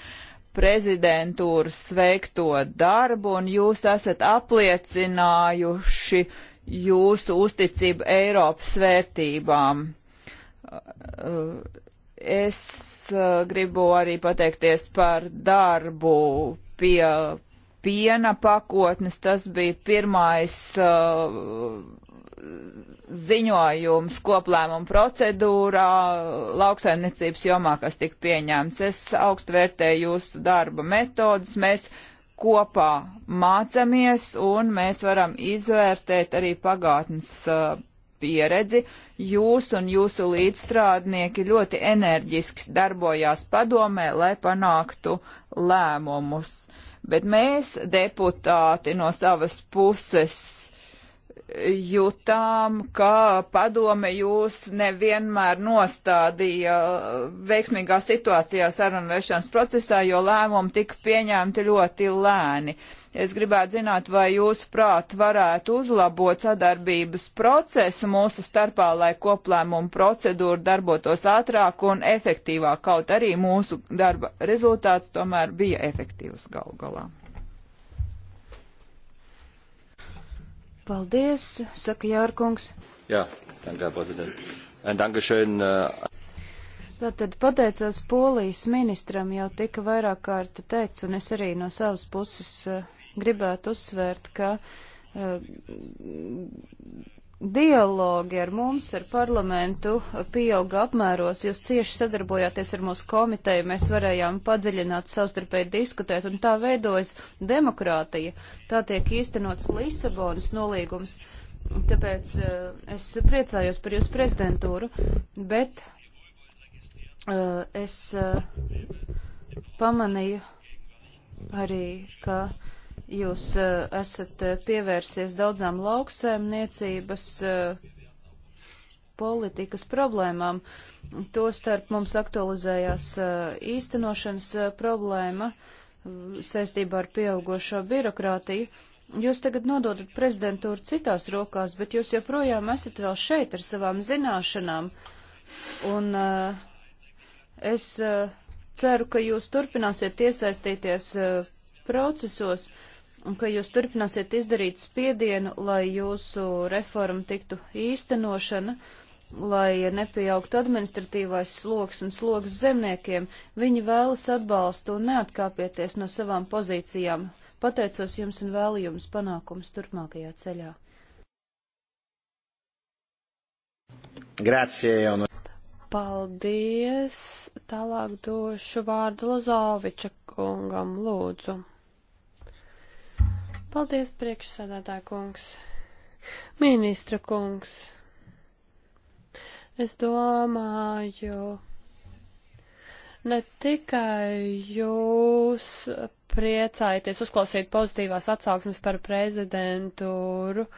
Speaker 3: prezidentūras veikto darbu, un jūs esat apliecinājuši jūsu uzticību Eiropas vērtībām. Es eh, gribu arī pateikties par darbu pie piena pakotnes. Tas bija pirmais uh, ziņojums koplēmuma procedūrā lauksaimniecības jomā, kas tika pieņemts. Es augstu vērtēju jūsu darba metodus. Mēs kopā mācamies un mēs varam izvērtēt arī pagātnes uh, pieredzi. Jūs un jūsu līdzstrādnieki ļoti enerģiski darbojās padomē, lai panāktu lēmumus. Uh, bet mēs, deputāti, no savas puses jutām, ka padome jūs nevienmēr nostādīja veiksmīgā situācijā sarunvešanas procesā, jo lēmumi tika pieņemti ļoti lēni. Es gribētu zināt, vai jūs prāt varētu uzlabot sadarbības procesu mūsu starpā, lai koplēmumu procedūra darbotos ātrāk un efektīvāk, kaut arī mūsu darba rezultāts tomēr bija efektīvs galu galā.
Speaker 2: Paldies, saka Jārkungs.
Speaker 3: Jā, dankā, prezident. Un dankašēn. Uh...
Speaker 1: Äh,
Speaker 2: Tātad pateicos Polijas ministram, jau tika vairāk kārt teikts, un es arī no savas puses uh, gribētu uzsvērt, ka uh, Dialogi ar mums, ar parlamentu, pieauga apmēros. Jūs cieši sadarbojāties ar mūsu komiteju, mēs varējām padziļināt, savstarpēji diskutēt, un tā veidojas demokrātija. Tā tiek īstenots Lisabonas nolīgums. Tāpēc uh, es priecājos par jūsu prezidentūru, bet uh, es uh, pamanīju arī, ka. Uh, Jūs uh, esat uh, pievērsies daudzām lauksēmniecības uh, politikas problēmām. Tostarp mums aktualizējās īstenošanas problēma saistībā ar pieaugošo birokrātiju. Jūs tagad nododat prezidentūru citās rokās, bet jūs joprojām esat vēl šeit ar savām zināšanām. Un uh, es uh, ceru, ka jūs turpināsiet iesaistīties uh, procesos un ka jūs turpināsiet izdarīt spiedienu, lai jūsu reforma tiktu īstenošana, lai nepieaugtu administratīvais sloks un sloks zemniekiem. Viņi vēlas atbalstu un neatkāpieties no savām pozīcijām. Pateicos jums un vēlu jums panākumus turpmākajā ceļā.
Speaker 1: Grazie, un...
Speaker 4: Paldies! Tālāk došu vārdu Lozoviča kungam, lūdzu. Paldies, priekšsādātā kungs. Ministra kungs. Es domāju, ne tikai jūs priecājieties uzklausīt pozitīvās atsauksmes par prezidentūru.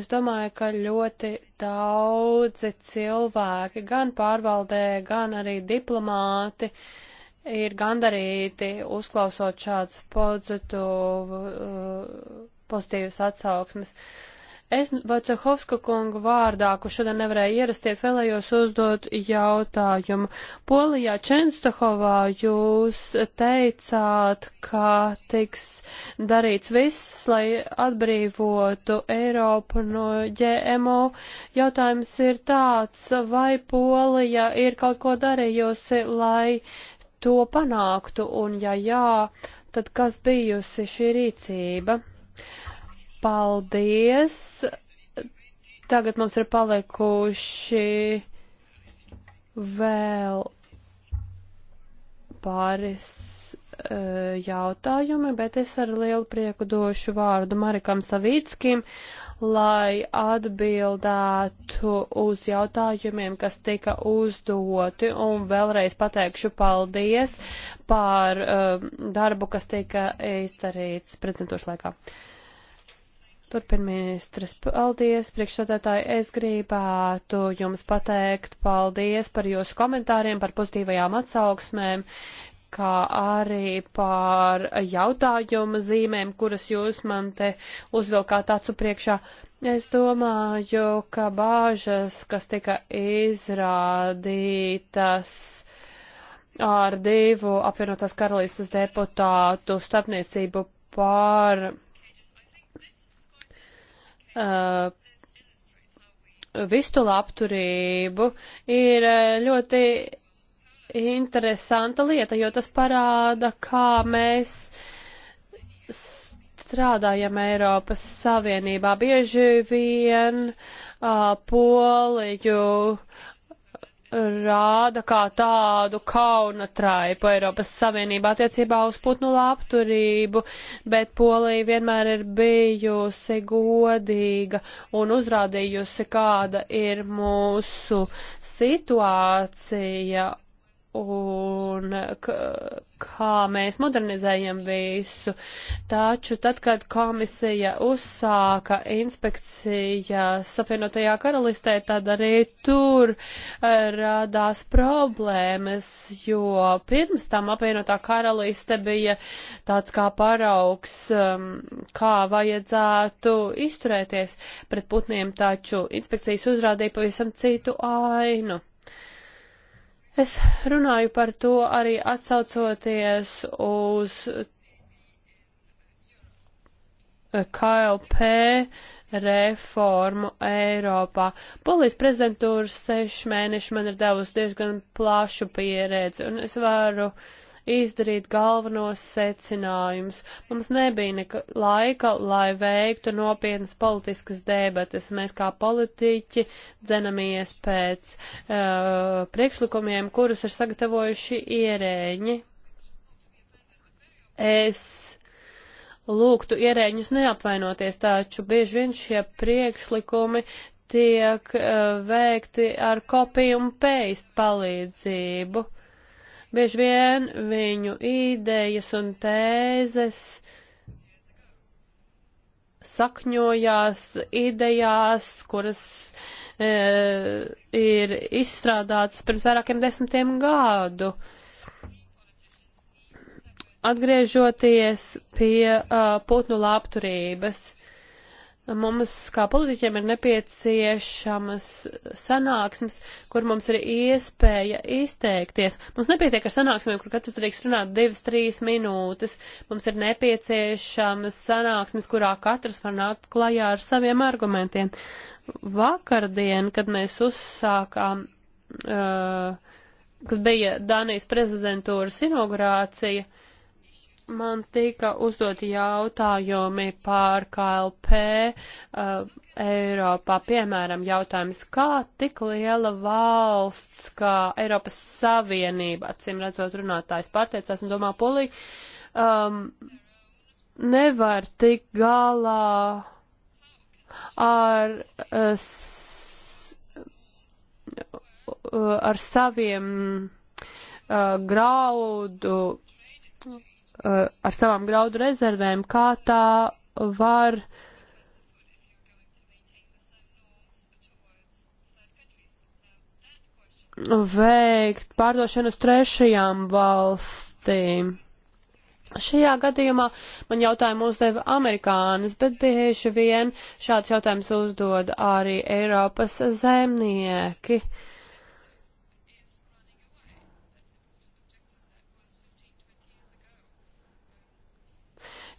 Speaker 4: Es domāju, ka ļoti daudzi cilvēki, gan pārvaldē, gan arī diplomāti, uh, ir gandarīti uzklausot šāds pozitīvu, uh, pozitīvas atsauksmes. Es Vacehovska kungu vārdā, kurš šodien nevarēja ierasties, vēlējos uzdot jautājumu. Polijā Čenstohovā jūs teicāt, ka tiks darīts viss, lai atbrīvotu Eiropu no GMO. Jautājums ir tāds, vai Polija ir kaut ko darījusi, lai uh, to panāktu, un ja jā, tad kas bijusi šī rīcība? Paldies! Tagad mums ir palikuši vēl pāris E, jautājumi, bet es ar lielu prieku došu vārdu Marikam Savīckim, lai atbildētu uz jautājumiem, kas tika uzdoti, un vēlreiz pateikšu paldies par uh, darbu, kas tika izdarīts prezidentūras laikā. Turpin ministres, paldies, priekšsādātāji, es gribētu jums pateikt paldies par jūsu komentāriem, par pozitīvajām atsauksmēm kā arī par jautājuma zīmēm, kuras jūs man te uzvilkāt acu priekšā. Es domāju, ka bāžas, kas tika izrādītas ar divu apvienotās karalistas deputātu starpniecību par uh, vistula apturību, ir uh, ļoti interesanta lieta, jo tas parāda, kā mēs strādājam Eiropas Savienībā. Bieži vien uh, poliju rāda kā tādu kauna traipu Eiropas Savienībā attiecībā uz putnu labturību, bet Polija vienmēr ir bijusi godīga un uzrādījusi, kāda ir mūsu situācija un kā mēs modernizējam visu. Taču tad, kad komisija uzsāka inspekcijas apvienotajā karalistē, tad arī tur eh, radās problēmas, jo pirms tam apvienotā karaliste bija tāds kā paraugs, um, kā vajadzētu izturēties pret putniem, taču inspekcijas uzrādīja pavisam citu ainu. Uh, Es runāju par to arī atsaucoties uz KLP reformu Eiropā. Polijas prezidentūras sešu mēnešu man ir devusi diezgan plašu pieredzi, un es varu uh, izdarīt galvenos secinājumus. Mums nebija neka laika, lai veiktu nopietnas politiskas debates. Mēs kā politiķi dzenamies pēc uh, priekšlikumiem, kurus ir sagatavojuši ierēņi. Es lūgtu ierēņus neapvainoties, taču bieži vien šie priekšlikumi tiek uh, veikti ar kopiju un paste palīdzību. Uh, Bieži vien viņu idejas un tēzes sakņojās idejās, kuras e, ir izstrādātas pirms vairākiem desmitiem gadu. Atgriežoties pie uh, putnu labturības, Mums, kā politiķiem, ir nepieciešamas sanāksmes, kur mums ir iespēja izteikties. Mums nepietiek ar sanāksmēm, kur katrs drīkst runāt divas, trīs minūtes. Mums ir nepieciešamas sanāksmes, kurā katrs var nākt klajā ar saviem argumentiem. Vakardien, kad mēs uzsākām, uh, kad bija Dānijas prezidentūras inaugurācija, uh, man tika uzdoti jautājumi par KLP uh, Eiropā, piemēram, jautājums, kā tik liela valsts, kā Eiropas Savienība, acīm redzot, runātājs pārteicās un domā polī, um, nevar tik galā ar, uh, uh ar saviem uh, graudu Uh, ar savām graudu rezervēm, kā tā var veikt pārdošanu uz trešajām valstīm. Šajā gadījumā man jautājumu uzdeva amerikānis, bet bieži vien šāds jautājums uzdod arī Eiropas zemnieki. Uh,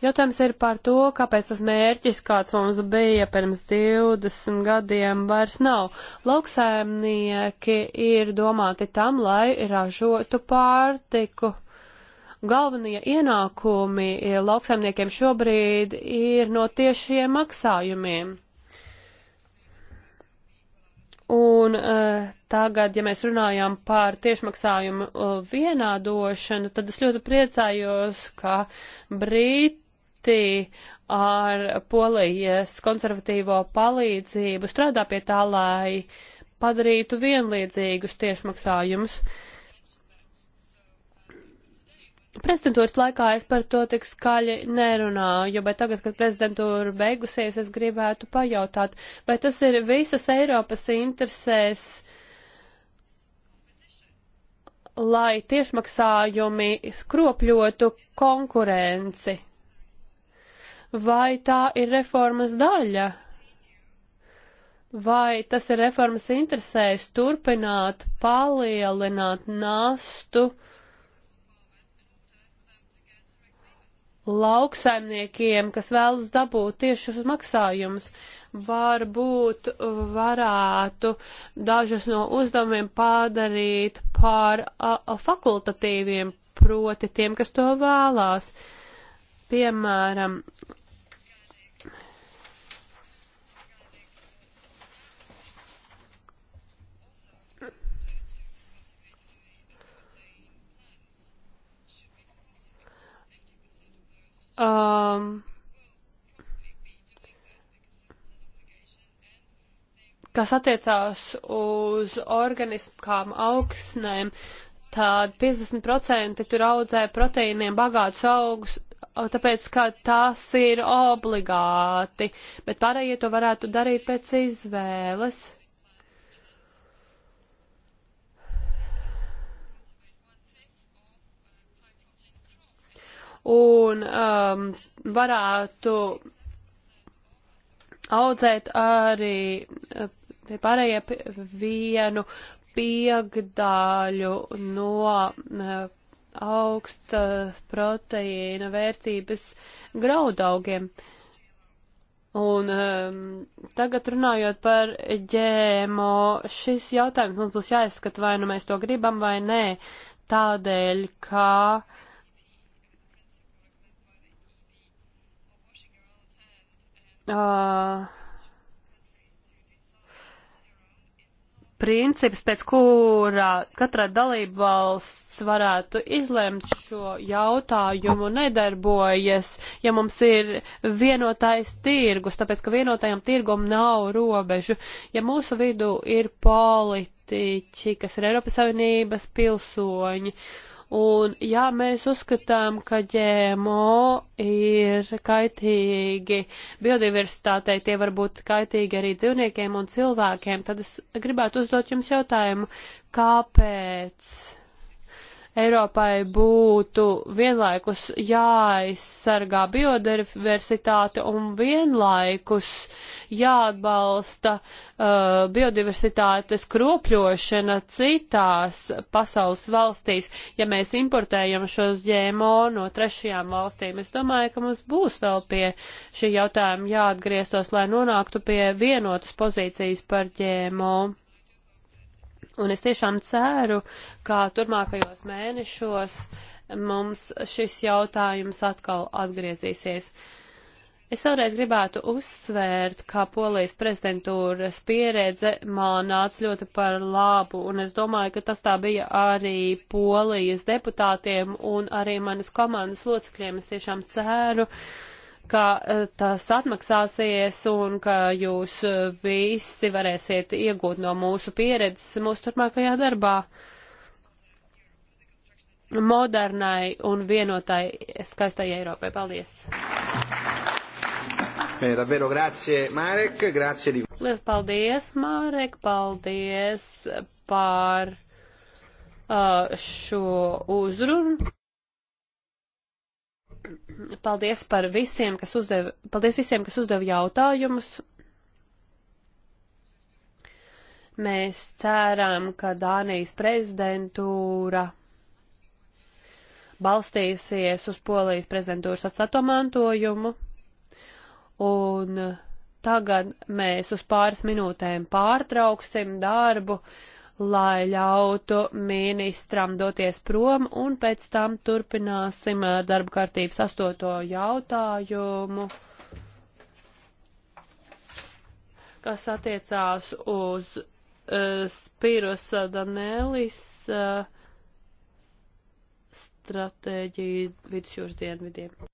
Speaker 4: Jautājums ir par to, kāpēc tas mērķis, kāds mums bija pirms 20 gadiem, vairs nav. Lauksaimnieki ir domāti tam, lai ražotu pārtiku. Galvenie ienākumi lauksaimniekiem šobrīd ir no tiešiem maksājumiem. Un uh, tagad, ja mēs runājam par tiešmaksājumu eh, vienādošanu, tad es ļoti priecājos, ka Brīt pati ar polijas konservatīvo palīdzību strādā pie tā, lai padarītu vienlīdzīgus tiešmaksājumus. Prezidentūras laikā es par to tik skaļi nerunāju, bet tagad, kad prezidentūra beigusies, es gribētu pajautāt, vai tas ir visas Eiropas interesēs, lai tiešmaksājumi skropļotu konkurenci vai tā ir reformas daļa? Vai tas ir reformas interesēs turpināt, palielināt nastu lauksaimniekiem, kas vēlas dabūt tiešus maksājumus? varbūt varētu dažus no uzdevumiem padarīt par a, a, fakultatīviem, proti tiem, kas to vēlās piemēram, um, kas attiecās uz organiskām augsnēm, tad 50% tur audzē proteīniem bagātus augus, tāpēc, ka tas ir obligāti, bet pārējie to varētu darīt pēc izvēles. Un um, varētu audzēt arī uh, tie pārējie vienu piegdāļu no uh, augsta proteīna vērtības graudaugiem. Un um, tagad runājot par ģēmo, šis jautājums mums būs jāizskata, vai nu mēs to gribam vai nē, tādēļ, ka uh, princips, pēc kura katrā dalība valsts varētu izlemt šo jautājumu, nedarbojas, ja mums ir vienotais tirgus, tāpēc ka vienotajam tirgum nav robežu. Ja mūsu vidū ir politiķi, kas ir Eiropas Savienības pilsoņi, uh, Un ja mēs uzskatām, ka ģēmo ir kaitīgi biodiversitātei, tie var būt kaitīgi arī dzīvniekiem un cilvēkiem, tad es gribētu uzdot jums jautājumu, kāpēc? Eiropai būtu vienlaikus jāaizsargā biodiversitāte un vienlaikus jāatbalsta uh, biodiversitātes kropļošana citās pasaules valstīs, ja mēs importējam šos ģēmo no trešajām valstīm. Es domāju, ka mums būs vēl pie šī jautājuma jāatgrieztos, lai nonāktu pie vienotas pozīcijas par ģēmo. Un es tiešām ceru, ka turmākajos mēnešos mums šis jautājums atkal atgriezīsies. Es vēlreiz gribētu uzsvērt, ka polijas prezidentūras pieredze man nāca ļoti par labu, un es domāju, ka tas tā bija arī polijas deputātiem un arī manas komandas locekļiem. Es tiešām ceru, uh, ka eh, tas atmaksāsies un ka jūs eh, visi varēsiet iegūt no mūsu pieredzes mūsu turpmākajā darbā modernai un vienotai skaistai Eiropai. Paldies!
Speaker 1: Bene, davvero grazie Marek, grazie di...
Speaker 4: Liels paldies Marek, paldies par uh, šo uzrunu. Paldies par visiem, kas uzdev, paldies visiem, kas uzdev jautājumus. Mēs ceram, ka Dānijas prezidentūra balstīsies uz Polijas prezidentūras atstāto mantojumu. Un tagad mēs uz pāris minūtēm pārtrauksim darbu. Uh, lai ļautu ministram doties prom, un pēc tam turpināsim ar eh, darba kārtības astoto jautājumu, kas attiecās uz uh, eh, Spirus Danelis uh, stratēģiju vidusjūras dienvidiem.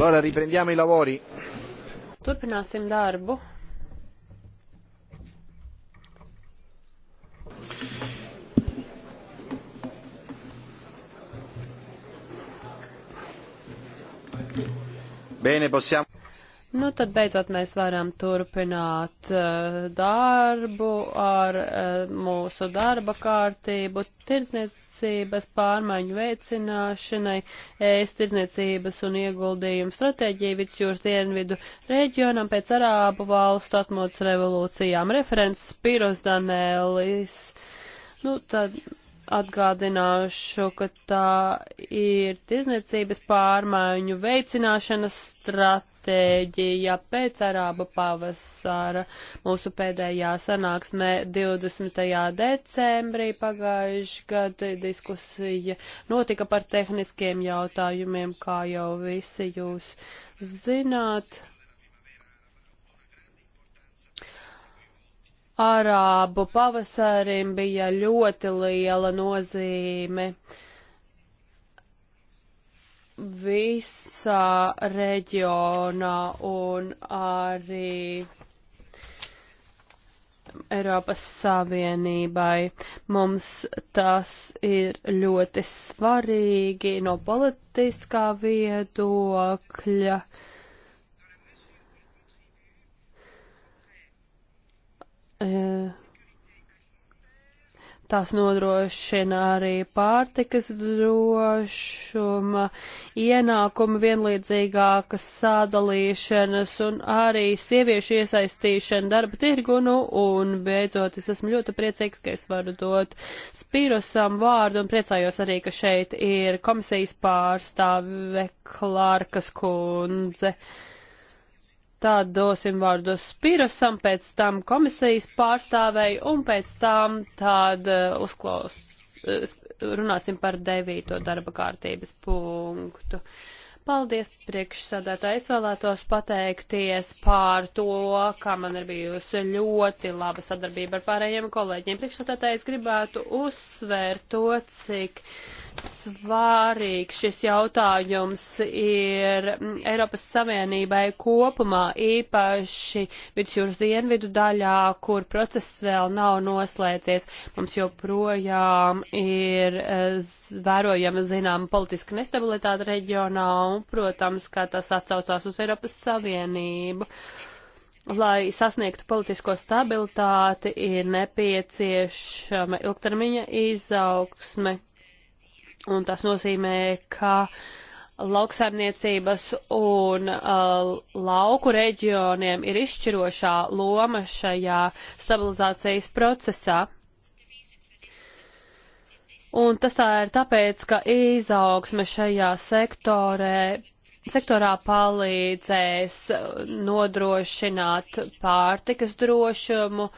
Speaker 1: Allora riprendiamo i lavori.
Speaker 4: Turpināsim darbu.
Speaker 1: Bene, possiamo.
Speaker 4: Nu, tad beidzot mēs varam turpināt uh, darbu ar uh, mūsu darba kārtību, tirdzniecības pārmaiņu veicināšanai, ēst tirdzniecības un ieguldījumu stratēģiju vidusjūras dienvidu reģionam pēc Arābu valstu atmodas revolūcijām. Referents Spiros Danēlis. Nu, tad atgādināšu, ka tā ir tirdzniecības pārmaiņu veicināšanas stratēģija stratēģija pēc arāba pavasara. Mūsu pēdējā sanāksmē 20. decembrī pagājuši gada diskusija notika par tehniskiem jautājumiem, kā jau visi jūs zināt. Arābu pavasarim bija ļoti liela nozīme. Uh, visā reģionā un arī Eiropas Savienībai. Mums tas ir ļoti svarīgi no politiskā viedokļa. Uh, Tās nodrošina arī pārtikas drošuma, ienākuma vienlīdzīgākas sadalīšanas un arī sieviešu iesaistīšana darba tirgunu. Un beidzot, es esmu ļoti priecīgs, ka es varu dot Spirosam vārdu un priecājos arī, ka šeit ir komisijas pārstāve Klārkas kundze. Uh, Tad dosim vārdu Spirosam, pēc tam komisijas pārstāvēju un pēc tam tād uh, uzklaus. Uh, runāsim par devīto darba kārtības punktu. Paldies priekšsādātāji. Es vēlētos pateikties pār to, kā man ir bijusi ļoti laba sadarbība ar pārējiem kolēģiem. Priekšsādātāji es gribētu uzsvērt to, cik uh, svārīgs šis jautājums ir mm, Eiropas Savienībai kopumā, īpaši vidusjūras dienvidu daļā, kur process vēl nav noslēdzies. Mums joprojām ir e, vērojama zinām politiska nestabilitāte reģionā un, protams, kā tas atsaucās uz Eiropas Savienību lai sasniegtu politisko stabilitāti, ir nepieciešama ilgtermiņa izaugsme. Un tas nozīmē, ka lauksaimniecības un uh, lauku reģioniem ir izšķirošā loma šajā stabilizācijas procesā. Un tas tā ir tāpēc, ka izaugsme šajā sektorē sektorā palīdzēs nodrošināt pārtikas drošumu,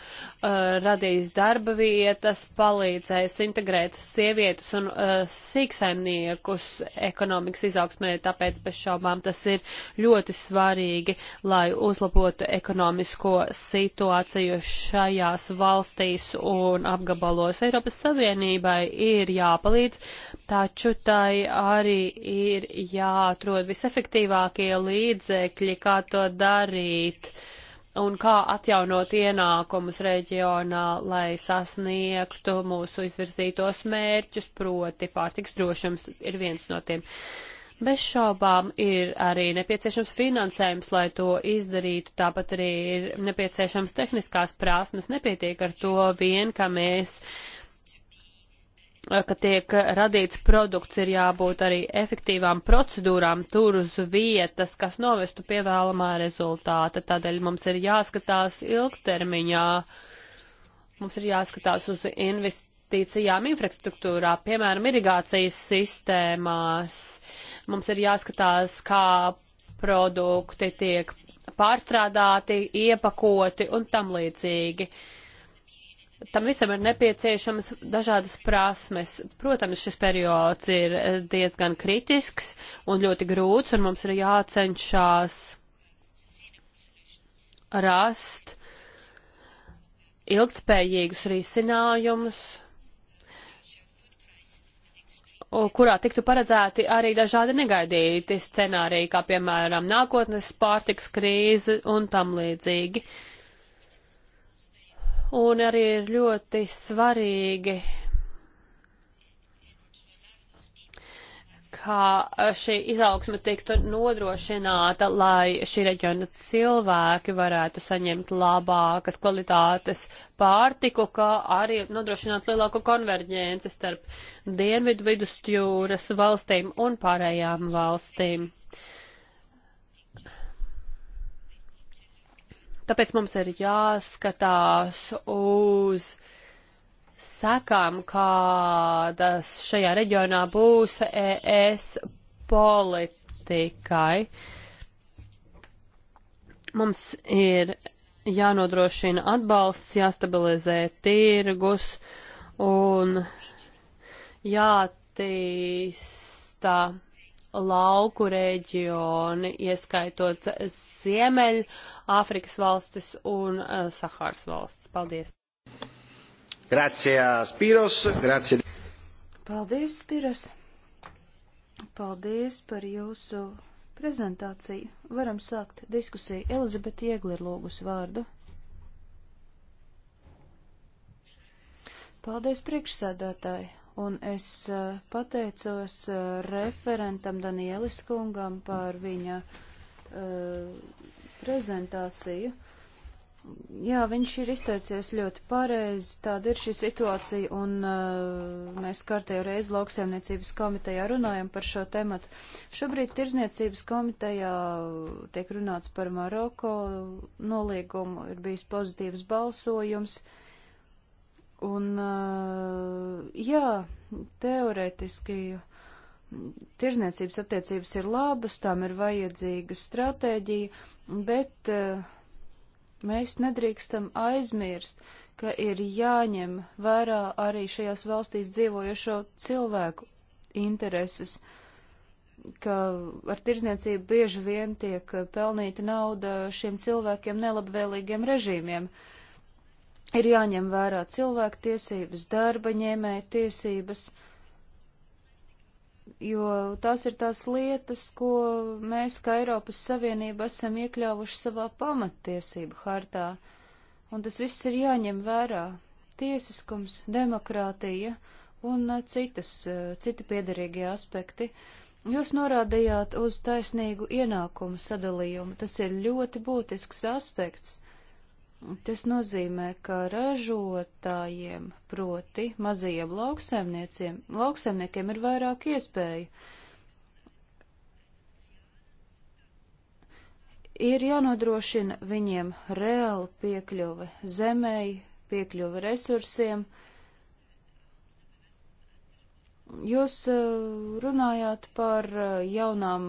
Speaker 4: Uh, radīs darba vietas, palīdzēs integrēt sievietus un uh, sīksaimniekus ekonomikas izaugsmē, tāpēc bez šaubām tas ir ļoti svarīgi, lai uzlabotu ekonomisko situāciju šajās valstīs un apgabalos. Eiropas Savienībai ir jāpalīdz, taču tai arī ir jāatrod visefektīvākie līdzekļi, kā to darīt. Uh, un kā atjaunot ienākumus reģionā, lai sasniegtu mūsu izvirzītos mērķus, proti pārtiks drošums ir viens no tiem. Bez šaubām ir arī nepieciešams finansējums, lai to izdarītu, tāpat arī ir nepieciešams tehniskās prasmes, nepietiek ar to vien, ka mēs uh, ka tiek radīts produkts, ir jābūt arī efektīvām procedūrām tur uz vietas, kas novestu pie vēlamā rezultāta. Tādēļ mums ir jāskatās ilgtermiņā, mums ir jāskatās uz investīcijām infrastruktūrā, piemēram, irigācijas sistēmās. Mums ir jāskatās, kā produkti tiek pārstrādāti, iepakoti un tam līdzīgi. Uh, Tam visam ir nepieciešamas dažādas prasmes. Protams, šis periods ir eh, diezgan kritisks un ļoti grūts, un mums ir jācenšas rast ilgtspējīgus risinājumus, kurā tiktu paredzēti arī dažādi negaidīti scenāriji, kā piemēram nākotnes pārtiks krīze un tam līdzīgi. Uh, un arī ir ļoti svarīgi, kā šī izaugsme tiktu nodrošināta, lai šī reģiona cilvēki varētu saņemt labākas kvalitātes pārtiku, kā arī nodrošināt lielāku konverģenci starp dienvidu vidusjūras valstīm un pārējām valstīm. Uh, Tāpēc mums ir jāskatās uz sekām, kādas šajā reģionā būs ES politikai. Mums ir jānodrošina atbalsts, jāstabilizē tirgus un jātīsta lauku reģioni, ieskaitot Ziemeļ, Āfrikas valstis un eh, Sahāras valstis. Paldies!
Speaker 1: Grazie, Spiros! Grazie!
Speaker 2: Paldies, Spiros! Paldies par jūsu prezentāciju. Varam sākt diskusiju. Elizabete Iegli ir lūgusi vārdu. Paldies, priekšsēdētāji! un es eh, pateicos eh, referentam Danielis kungam par viņa uh, prezentāciju. Jā, viņš ir izteicies ļoti pareizi, tāda ir šī situācija, un uh, mēs kārtējo reizi lauksaimniecības komitejā runājam par šo tematu. Šobrīd tirzniecības komitejā tiek runāts par Maroko nolīgumu, ir bijis pozitīvs balsojums. Uh, Un, jā, teoretiski tirzniecības attiecības ir labas, tām ir vajadzīga stratēģija, bet mēs nedrīkstam aizmirst, ka ir jāņem vērā arī šajās valstīs dzīvojošo cilvēku intereses, ka ar tirzniecību bieži vien tiek pelnīta nauda šiem cilvēkiem nelabvēlīgiem režīmiem. Uh, ir jāņem vērā cilvēku tiesības, darba ņēmēja tiesības, jo tās ir tās lietas, ko mēs, kā Eiropas Savienība, esam iekļāvuši savā pamattiesību hartā, un tas viss ir jāņem vērā - tiesiskums, demokrātija un eh, citas, eh, citi piederīgie aspekti. Jūs norādījāt uz taisnīgu ienākumu sadalījumu, tas ir ļoti būtisks aspekts Tas nozīmē, ka ražotājiem, proti mazajiem lauksaimniekiem, ir vairāk iespēju. Ir jānodrošina viņiem reāli piekļuve zemēji, piekļuve resursiem. Jūs eh, runājāt par eh, jaunām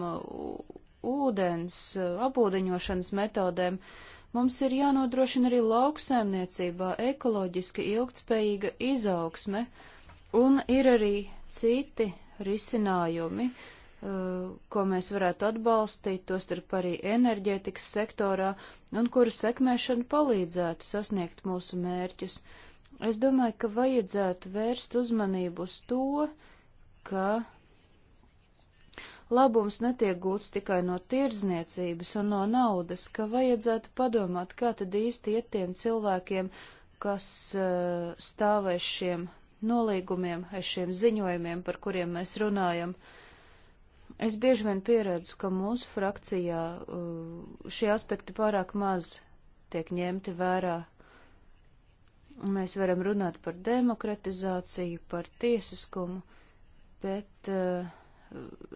Speaker 2: ūdens eh, apūdeņošanas metodēm. Uh, Mums ir jānodrošina arī lauksaimniecībā ekoloģiski ilgtspējīga izaugsme, un ir arī citi risinājumi, uh, ko mēs varētu atbalstīt, tostarp arī enerģētikas sektorā, un kuru sekmēšana palīdzētu sasniegt mūsu mērķus. Es domāju, ka vajadzētu vērst uzmanību uz to, ka labums netiek gūts tikai no tirdzniecības un no naudas, ka vajadzētu padomāt, kā tad īsti iet tiem cilvēkiem, kas uh, eh, stāvēs šiem nolīgumiem, aiz šiem ziņojumiem, par kuriem mēs runājam. Es bieži vien pieredzu, ka mūsu frakcijā uh, šie aspekti pārāk maz tiek ņemti vērā. Mēs varam runāt par demokratizāciju, par tiesiskumu, bet uh,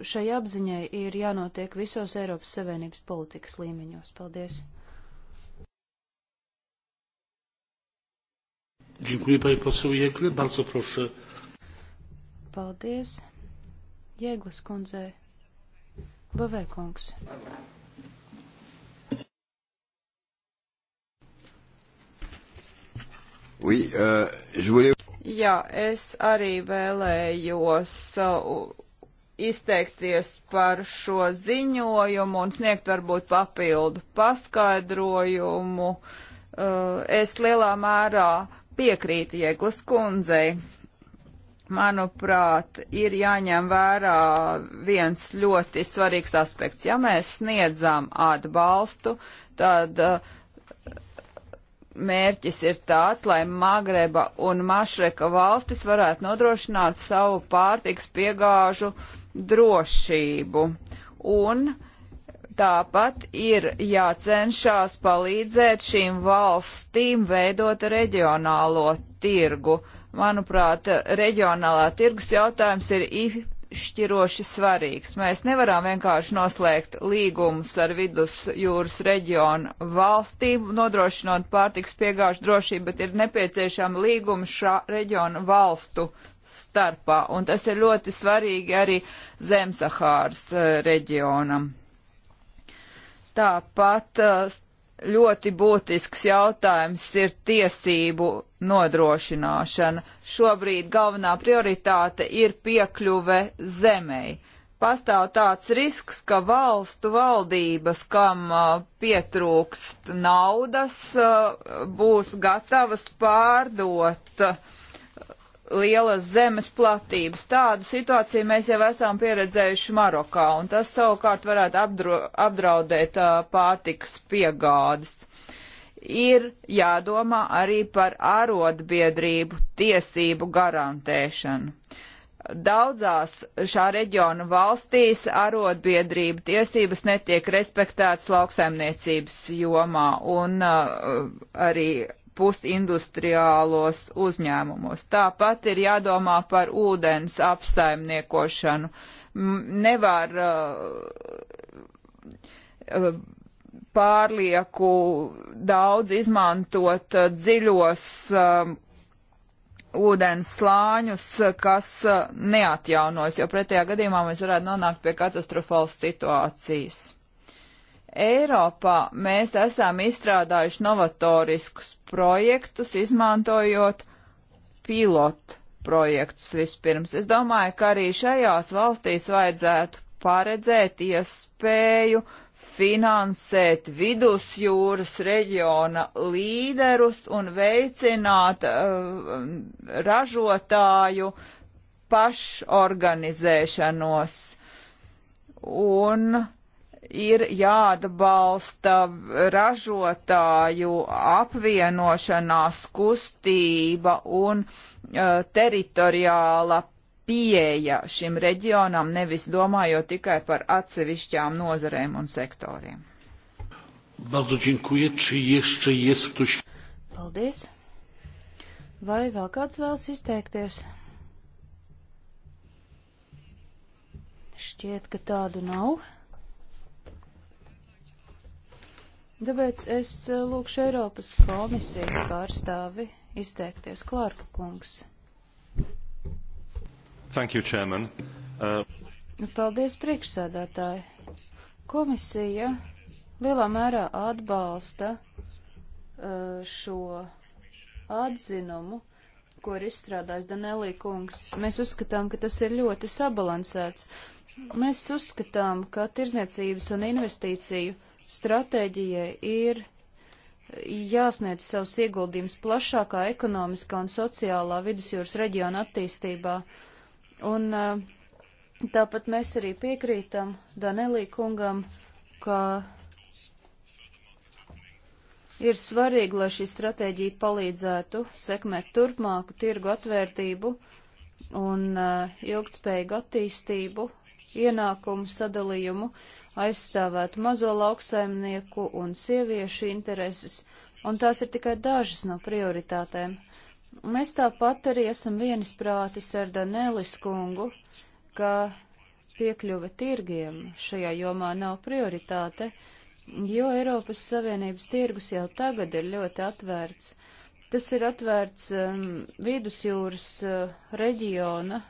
Speaker 2: šai apziņai ir jānotiek visos Eiropas Savienības politikas līmeņos. Paldies!
Speaker 1: Dziękuję Pani poseł Jegle. Bardzo proszę.
Speaker 2: Paldies. Jēglas kundzei. Bavēkungs.
Speaker 4: Oui, uh, voulais...
Speaker 3: Jā, es arī vēlējos uh, izteikties par šo ziņojumu un sniegt varbūt papildu paskaidrojumu. Eh, es lielā mērā piekrītu Jēglas kundzei. Manuprāt, ir jāņem vērā viens ļoti svarīgs aspekts. Ja mēs sniedzam atbalstu, tad uh, mērķis ir tāds, lai Magreba un Mašreka valstis varētu nodrošināt savu pārtiks piegāžu drošību. Un tāpat ir jācenšas palīdzēt šīm valstīm veidot reģionālo tirgu. Manuprāt, reģionālā tirgus jautājums ir izšķiroši svarīgs. Mēs nevaram vienkārši noslēgt līgumus ar vidusjūras reģionu valstīm, nodrošinot pārtiks piegāžu drošību, bet ir nepieciešama līguma šā reģionu valstu starpā, un tas ir ļoti svarīgi arī Zemsahāras eh, reģionam. Tāpat eh, ļoti būtisks jautājums ir tiesību nodrošināšana. Šobrīd galvenā prioritāte ir piekļuve zemei. Pastāv tāds risks, ka valstu valdības, kam eh, pietrūkst naudas, būs gatavas pārdot uh, lielas zemes platības. Tādu situāciju mēs jau esam pieredzējuši Marokā, un tas savukārt varētu apdro, apdraudēt uh, pārtikas piegādes. Ir jādomā arī par arotbiedrību tiesību garantēšanu. Daudzās šā reģiona valstīs arotbiedrību tiesības netiek respektētas lauksaimniecības jomā, un uh, arī pusindustriālos uzņēmumos. Tāpat ir jādomā par ūdens apsaimniekošanu. Nevar uh, uh, pārlieku daudz izmantot uh, dziļos uh, ūdens slāņus, kas uh, neatjaunos, jo pretējā gadījumā mēs varētu nonākt pie katastrofālas situācijas. Eiropā mēs esam izstrādājuši novatoriskus projektus, izmantojot pilotu projektus vispirms. Es domāju, ka arī šajās valstīs vajadzētu paredzēt iespēju finansēt vidusjūras reģiona līderus un veicināt uh, ražotāju pašorganizēšanos. Un uh, ir jāatbalsta ražotāju apvienošanās kustība un uh, teritoriāla pieeja šim reģionam, nevis domājot tikai par atsevišķām nozarēm un sektoriem. Paldies! Vai vēl kāds vēlas izteikties?
Speaker 2: Šķiet, ka tādu nav. Tāpēc es eh, lūkšu Eiropas komisijas pārstāvi izteikties Klārka kungs.
Speaker 1: Thank you, Chairman. Uh...
Speaker 2: Paldies, priekšsēdētāji. Komisija lielā mērā atbalsta uh, šo atzinumu, ko ir izstrādājis Danelī kungs. Mēs uzskatām, ka tas ir ļoti sabalansēts. Mēs uzskatām, ka tirzniecības un investīciju stratēģijai ir jāsniedz savus ieguldījums plašākā ekonomiskā un sociālā vidusjūras reģiona attīstībā. Un eh, tāpat mēs arī piekrītam Danelī kungam, ka ir svarīgi, lai šī stratēģija palīdzētu sekmēt turpmāku tirgu atvērtību un eh, ilgtspējīgu attīstību, ienākumu sadalījumu aizstāvētu mazo lauksaimnieku un sieviešu intereses, un tās ir tikai dažas no prioritātēm. Mēs tāpat arī esam vienisprātis ar Danēlis kungu, ka piekļuve tirgiem šajā jomā nav prioritāte, jo Eiropas Savienības tirgus jau tagad ir ļoti atvērts. Tas ir atvērts um, vidusjūras uh, reģiona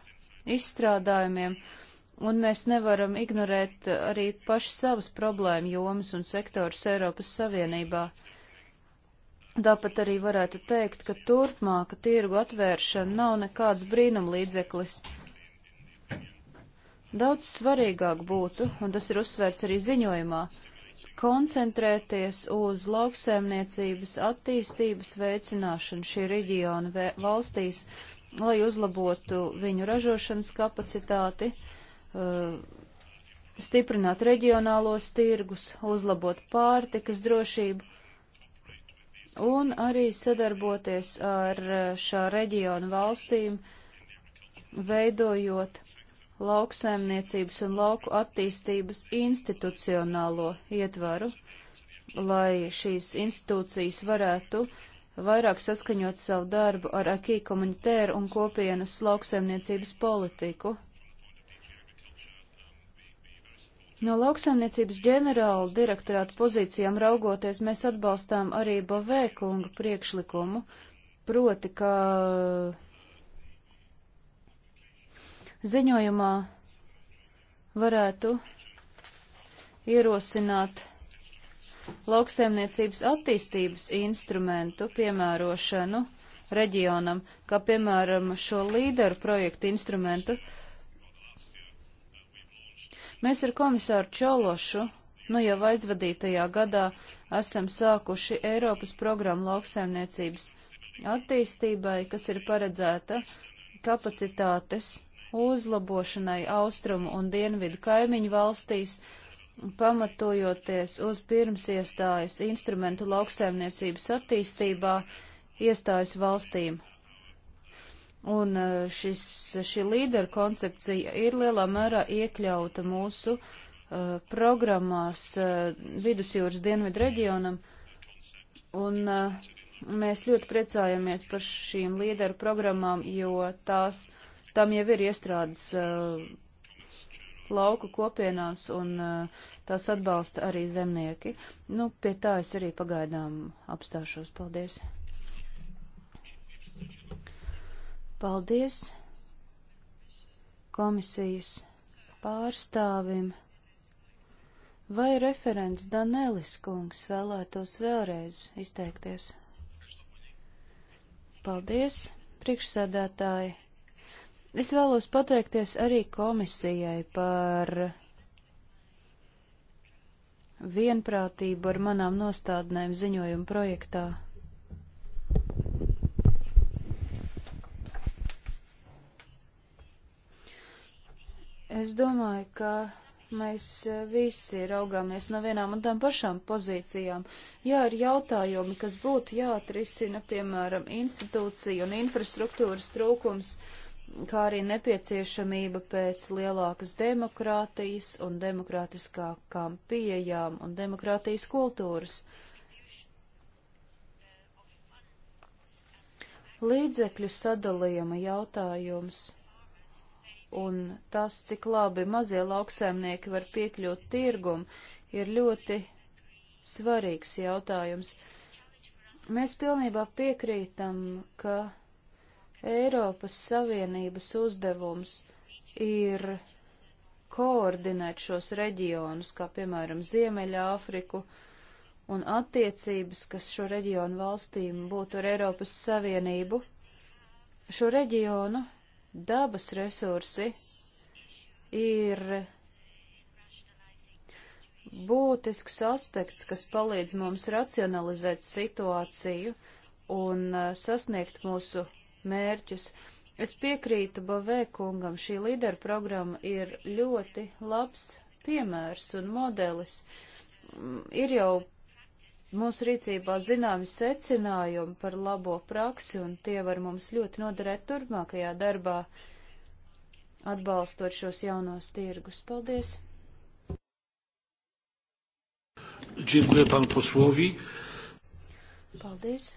Speaker 2: izstrādājumiem, uh, un mēs nevaram ignorēt arī paši savas problēmu jomas un sektors Eiropas Savienībā. Tāpat arī varētu teikt, ka turpmāka tirgu atvēršana nav nekāds brīnumlīdzeklis. Daudz svarīgāk būtu, un tas ir uzsvērts arī ziņojumā, koncentrēties uz lauksēmniecības attīstības veicināšanu šī reģiona valstīs, lai uzlabotu viņu ražošanas kapacitāti, uh, uh, stiprināt reģionālos tirgus, uzlabot pārtikas drošību un arī sadarboties ar uh, šā reģiona valstīm, veidojot lauksaimniecības un lauku attīstības institucionālo ietvaru, lai šīs institūcijas varētu vairāk saskaņot savu darbu ar akī komunitēru un kopienas lauksaimniecības politiku. No lauksaimniecības ģenerāla direktorāta pozīcijām raugoties, mēs atbalstām arī Bovēkunga priekšlikumu, proti, ka ziņojumā varētu ierosināt lauksaimniecības attīstības instrumentu piemērošanu reģionam, kā piemēram šo līderu projektu instrumentu, uh, Mēs ar komisāru Čološu nu jau aizvadītajā gadā esam sākuši Eiropas programmu lauksaimniecības attīstībai, kas ir paredzēta kapacitātes uzlabošanai austrumu un dienvidu kaimiņu valstīs, pamatojoties uz pirms iestājas instrumentu lauksaimniecības attīstībā iestājas valstīm Un e, šis, šī līderu koncepcija ir lielā mērā iekļauta mūsu uh, programmās uh, vidusjūras dienvidu reģionam. Un uh, mēs ļoti priecājamies par šīm līderu programmām, jo tās, tam jau ir iestrādes lauku kopienās un tās atbalsta arī zemnieki. Nu, pie tā es arī pagaidām apstāšos. Paldies! Paldies komisijas pārstāvim. Vai referents Danelis kungs vēlētos vēlreiz izteikties? Paldies, priekšsēdētāji. Es vēlos pateikties arī komisijai par vienprātību ar manām nostādnēm ziņojuma projektā. Es domāju, ka mēs visi raugāmies no vienām un tām pašām pozīcijām. Jā, ir jautājumi, kas būtu jāatrisina, piemēram, institūcija un infrastruktūras trūkums, kā arī nepieciešamība pēc lielākas demokrātijas un demokrātiskākām pieejām un demokrātijas kultūras. Līdzekļu sadalījuma jautājums un tas, cik labi mazie lauksaimnieki var piekļūt tirgumu, ir ļoti svarīgs jautājums. Mēs pilnībā piekrītam, ka Eiropas Savienības uzdevums ir koordinēt šos reģionus, kā piemēram Ziemeļāfriku, un attiecības, kas šo reģionu valstīm būtu ar Eiropas Savienību. Šo reģionu dabas resursi ir būtisks aspekts, kas palīdz mums racionalizēt situāciju un uh, sasniegt mūsu mērķus. Es piekrītu Bavē kungam, šī līderu programma ir ļoti labs piemērs un modelis. Mm, ir jau mūsu rīcībā zināmi secinājumi par labo praksi, un tie var mums ļoti noderēt turpmākajā darbā, atbalstot šos jaunos tirgus. Paldies!
Speaker 1: Dziękuję panu posłowi.
Speaker 2: Paldies!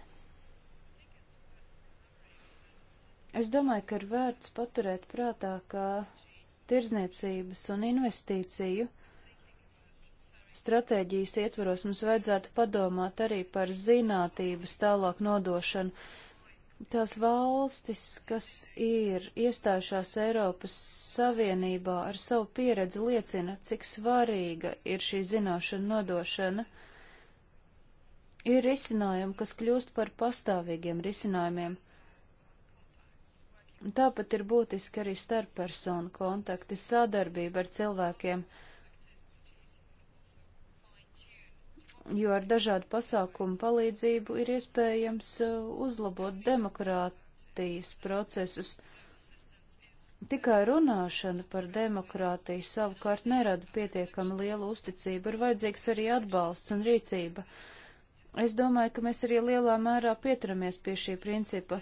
Speaker 2: Es domāju, ka ir vērts paturēt prātā, ka tirzniecības un investīciju stratēģijas ietvaros mums vajadzētu padomāt arī par zinātības tālāk nodošanu. Tās valstis, kas ir iestājušās Eiropas Savienībā ar savu pieredzi liecina, cik svarīga ir šī zināšana nodošana. Ir risinājumi, kas kļūst par pastāvīgiem risinājumiem. Tāpat ir būtiski arī starppersonu kontakti, sadarbība ar cilvēkiem. Uh, jo ar dažādu pasākumu palīdzību ir iespējams uh, uzlabot demokrātijas procesus. Tikai runāšana par demokrātiju savukārt nerada pietiekami lielu uzticību, ir vajadzīgs arī atbalsts un rīcība. Es domāju, ka mēs arī lielā mērā pieturamies pie šī principa.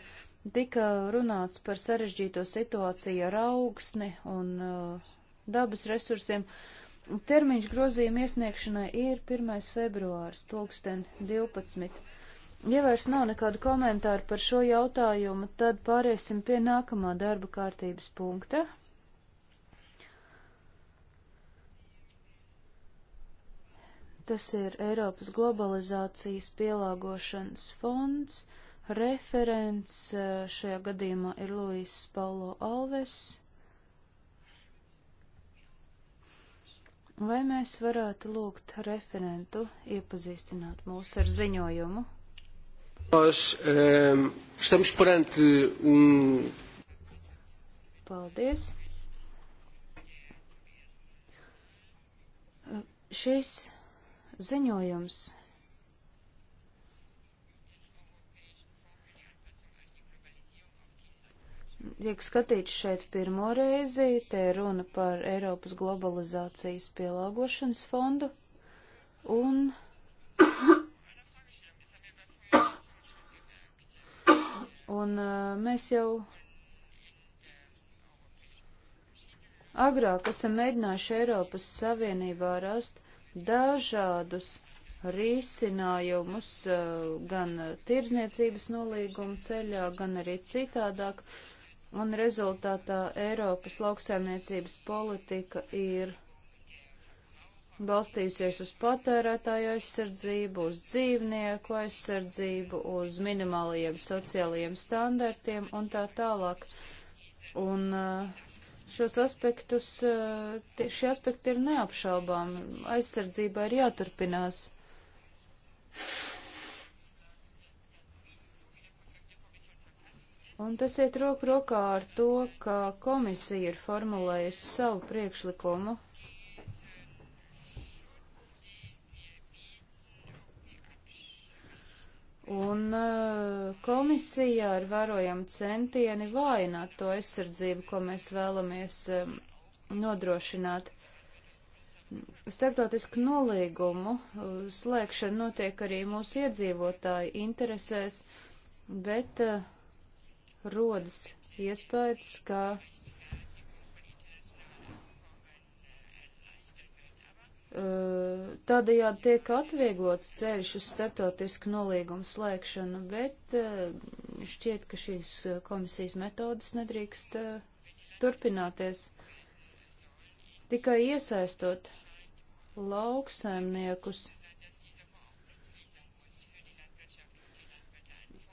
Speaker 2: Tika runāts par sarežģīto situāciju ar augsni un uh, dabas resursiem. Uh, Termiņš grozījuma iesniegšanai ir 1. februārs 2012. Ja vairs nav nekādu komentāru par šo jautājumu, tad pāriesim pie nākamā darba kārtības punkta. Tas ir Eiropas globalizācijas pielāgošanas fonds. Referents eh, šajā gadījumā ir Luis Paulo Alves. Vai mēs varētu lūgt referentu iepazīstināt mūs ar ziņojumu?
Speaker 1: Nós um, estamos perante um.
Speaker 2: Paldies. Šis ziņojums tiek skatīts šeit pirmo reizi, te runa par Eiropas globalizācijas pielāgošanas fondu, un Un mēs jau agrāk esam mēģinājuši Eiropas Savienībā rast dažādus risinājumus gan tirzniecības nolīguma ceļā, gan arī citādāk. Uh, un rezultātā Eiropas lauksaimniecības politika ir balstījusies uz patērētāju aizsardzību, uz dzīvnieku aizsardzību, uz minimālajiem sociālajiem standartiem un tā tālāk. Un uh, šos aspektus, uh, šie aspekti ir neapšaubām. Aizsardzība ir jāturpinās. Un tas iet roku rokā ar to, ka komisija ir formulējusi savu priekšlikumu. Un eh, komisijā ir vērojami centieni vājināt to aizsardzību, ko mēs vēlamies eh, nodrošināt. Startautisku nolīgumu eh, slēgšana notiek arī mūsu iedzīvotāju interesēs, bet uh, rodas iespējas, ka tādējādi tiek atvieglots ceļš uz starptautisku nolīgumu slēgšanu, bet šķiet, ka šīs komisijas metodas nedrīkst turpināties. Tikai iesaistot lauksaimniekus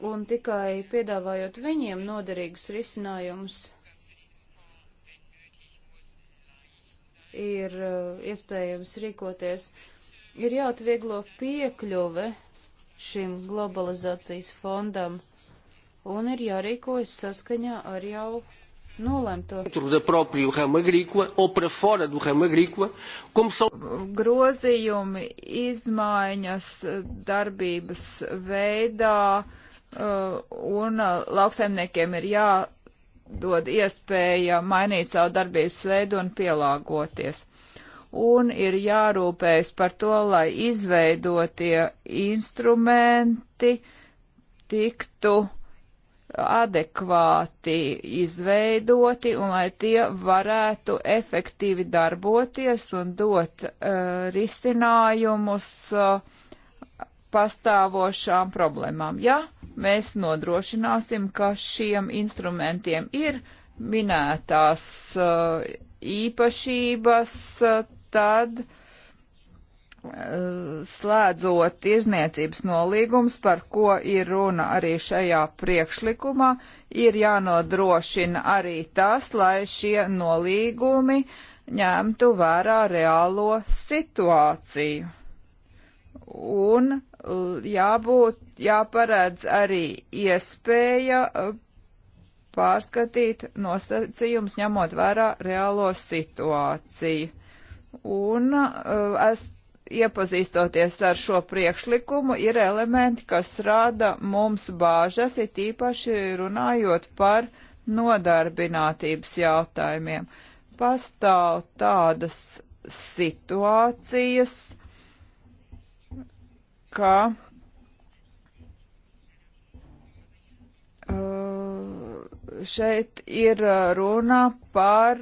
Speaker 2: un tikai piedāvājot viņiem noderīgus risinājumus ir uh, iespējams rīkoties. Ir jāatvieglo piekļuve šim globalizācijas fondam un ir jārīkojas saskaņā ar jau
Speaker 3: nolemto. Grozījumi, izmaiņas darbības veidā Uh, un uh, lauksaimniekiem ir jādod iespēja mainīt savu darbības veidu un pielāgoties. Un ir jārūpējas par to, lai izveidotie instrumenti tiktu adekvāti izveidoti un lai tie varētu efektīvi darboties un dot uh, risinājumus uh, pastāvošām problēmām. Ja mēs nodrošināsim, ka šiem instrumentiem ir minētās uh, īpašības, uh, tad uh, slēdzot tirzniecības nolīgums, par ko ir runa arī šajā priekšlikumā, ir jānodrošina arī tas, lai šie nolīgumi ņemtu vērā reālo situāciju. Un jābūt, jāparedz arī iespēja uh, pārskatīt nosacījums, ņemot vērā reālo situāciju. Un uh, es iepazīstoties ar šo priekšlikumu, ir elementi, kas rada mums bāžas, it īpaši runājot par nodarbinātības jautājumiem. Pastāv tādas situācijas, ka uh, šeit ir runa par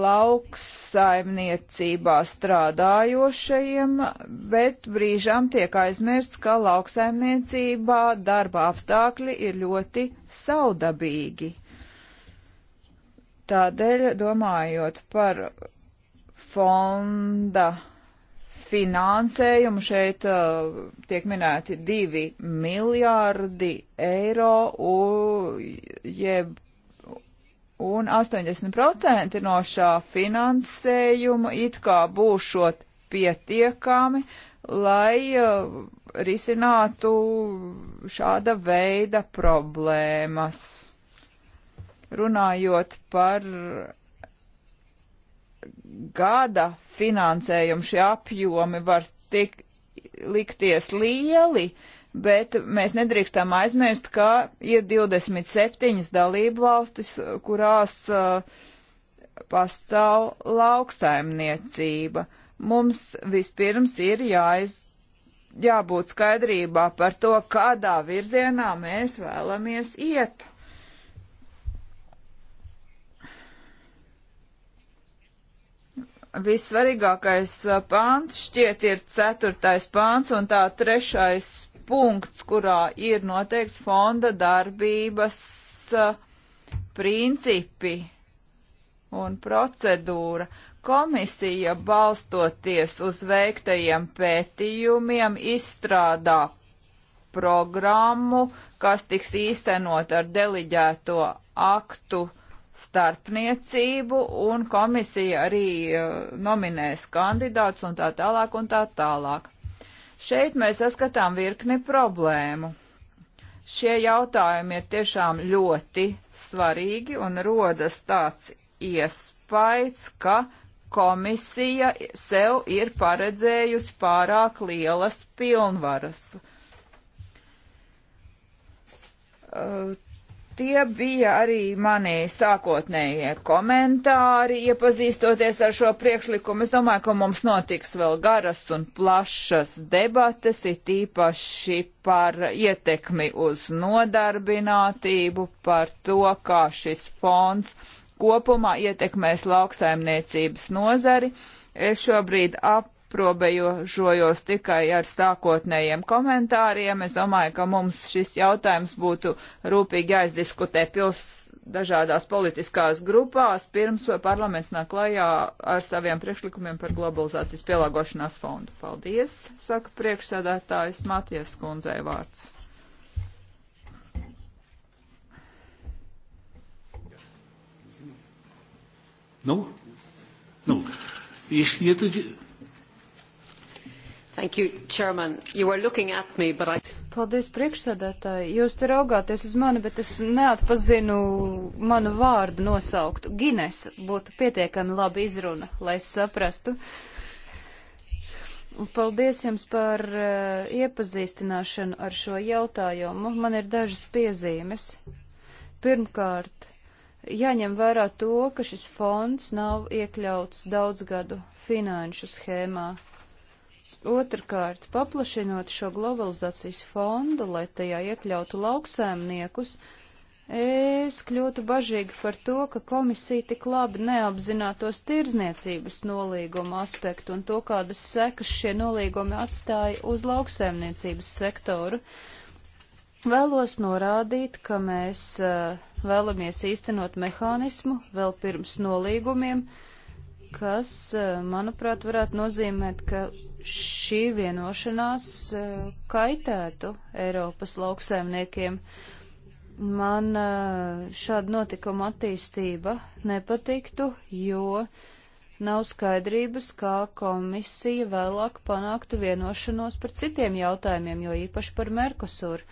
Speaker 3: lauksaimniecībā strādājošajiem, bet brīžām tiek aizmirsts, ka lauksaimniecībā darba apstākļi ir ļoti saudabīgi. Tādēļ, domājot par fonda finansējumu. Šeit uh, tiek minēti 2 miljārdi eiro, u, jeb, un 80% no šā finansējuma it kā būšot pietiekami, lai uh, risinātu šāda veida problēmas. Runājot par gada finansējumu šie apjomi var tik likties lieli, bet mēs nedrīkstam aizmirst, ka ir 27 dalību valstis, kurās uh, pastāv lauksaimniecība. Mums vispirms ir jāiz, jābūt skaidrībā par to, kādā virzienā mēs vēlamies iet. vissvarīgākais uh, pāns šķiet ir ceturtais pāns un tā trešais punkts, kurā ir noteikts fonda darbības uh, principi un procedūra. Komisija balstoties uz veiktajiem pētījumiem izstrādā programmu, kas tiks īstenot ar deliģēto aktu uh, starpniecību, un komisija arī eh, nominēs kandidātus un tā tālāk un tā tālāk. Šeit mēs saskatām virkni problēmu. Šie jautājumi ir tiešām ļoti svarīgi un rodas tāds iespējas, ka komisija sev ir paredzējusi pārāk lielas pilnvaras. Eh, Tie bija arī mani sākotnējie komentāri, iepazīstoties ar šo priekšlikumu. Es domāju, ka mums notiks vēl garas un plašas debates, it īpaši par ietekmi uz nodarbinātību, par to, kā šis fonds kopumā ietekmēs lauksaimniecības nozari. Es šobrīd ap aprobežojos tikai ar sākotnējiem komentāriem. Es domāju, ka mums šis jautājums būtu rūpīgi jāizdiskutē pils dažādās politiskās grupās, pirms parlaments nāk klajā ar saviem priekšlikumiem par globalizācijas pielāgošanās fondu. Paldies, saka priekšsēdētājs Matijas kundzei vārds.
Speaker 1: Nu? Nu. Jeśli nie, to...
Speaker 3: Thank you, Chairman. You were looking at me,
Speaker 4: but
Speaker 2: I... Paldies, priekšsēdētāji. Jūs te raugāties uz mani, bet es neatpazinu manu vārdu nosaukt. Gines būtu pietiekami labi izruna, lai es saprastu. Paldies jums par uh, iepazīstināšanu ar šo jautājumu. Man ir dažas piezīmes. Pirmkārt, jāņem vērā to, ka šis fonds nav iekļauts daudzgadu finanšu schēmā. Otrakārt, paplašinot šo globalizācijas fondu, lai tajā iekļautu lauksēmniekus, es kļūtu bažīgi par to, ka komisija tik labi neapzinātos tirzniecības nolīguma aspektu un to, kādas sekas šie nolīgumi atstāja uz lauksēmniecības sektoru. Vēlos norādīt, ka mēs uh, vēlamies īstenot mehānismu vēl pirms nolīgumiem, uh, kas, eh, manuprāt, varētu nozīmēt, ka šī vienošanās eh, kaitētu Eiropas lauksaimniekiem. Man eh, šāda notikuma attīstība nepatiktu, jo nav skaidrības, kā komisija vēlāk panāktu vienošanos par citiem jautājumiem, jo īpaši par Merkusuru.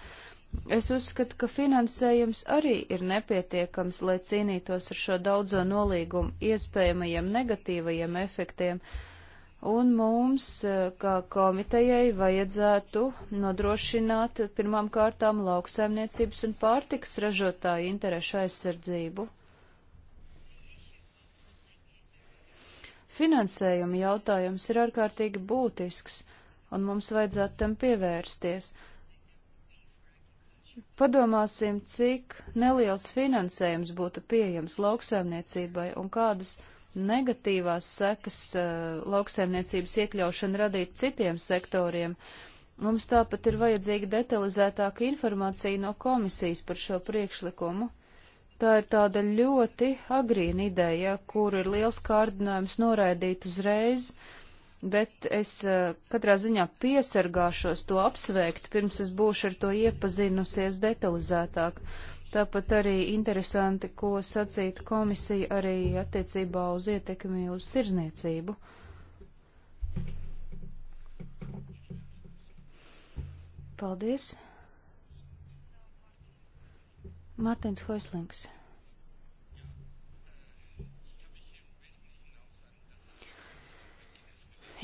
Speaker 2: Es uzskatu, ka finansējums arī ir nepietiekams, lai cīnītos ar šo daudzo nolīgumu iespējamajiem negatīvajiem efektiem, un mums, e, kā komitejai, vajadzētu nodrošināt pirmām kārtām lauksaimniecības un pārtikas ražotāju interešu aizsardzību. Finansējuma jautājums ir ārkārtīgi būtisks, un mums vajadzētu tam pievērsties. Padomāsim, cik neliels finansējums būtu pieejams lauksaimniecībai un kādas negatīvās sekas uh, lauksaimniecības iekļaušana radīt citiem sektoriem. Mums tāpat ir vajadzīga detalizētāka informācija no komisijas par šo priekšlikumu. Tā ir tāda ļoti agrīna ideja, kur ir liels kārdinājums noraidīt uzreiz, uh, bet es eh, katrā ziņā piesargāšos to apsveikt, pirms es būšu ar to iepazinusies detalizētāk. Tāpat arī interesanti, ko sacītu komisija arī attiecībā uz ietekmi uz tirzniecību. Paldies! Mārtiņš Hoislings.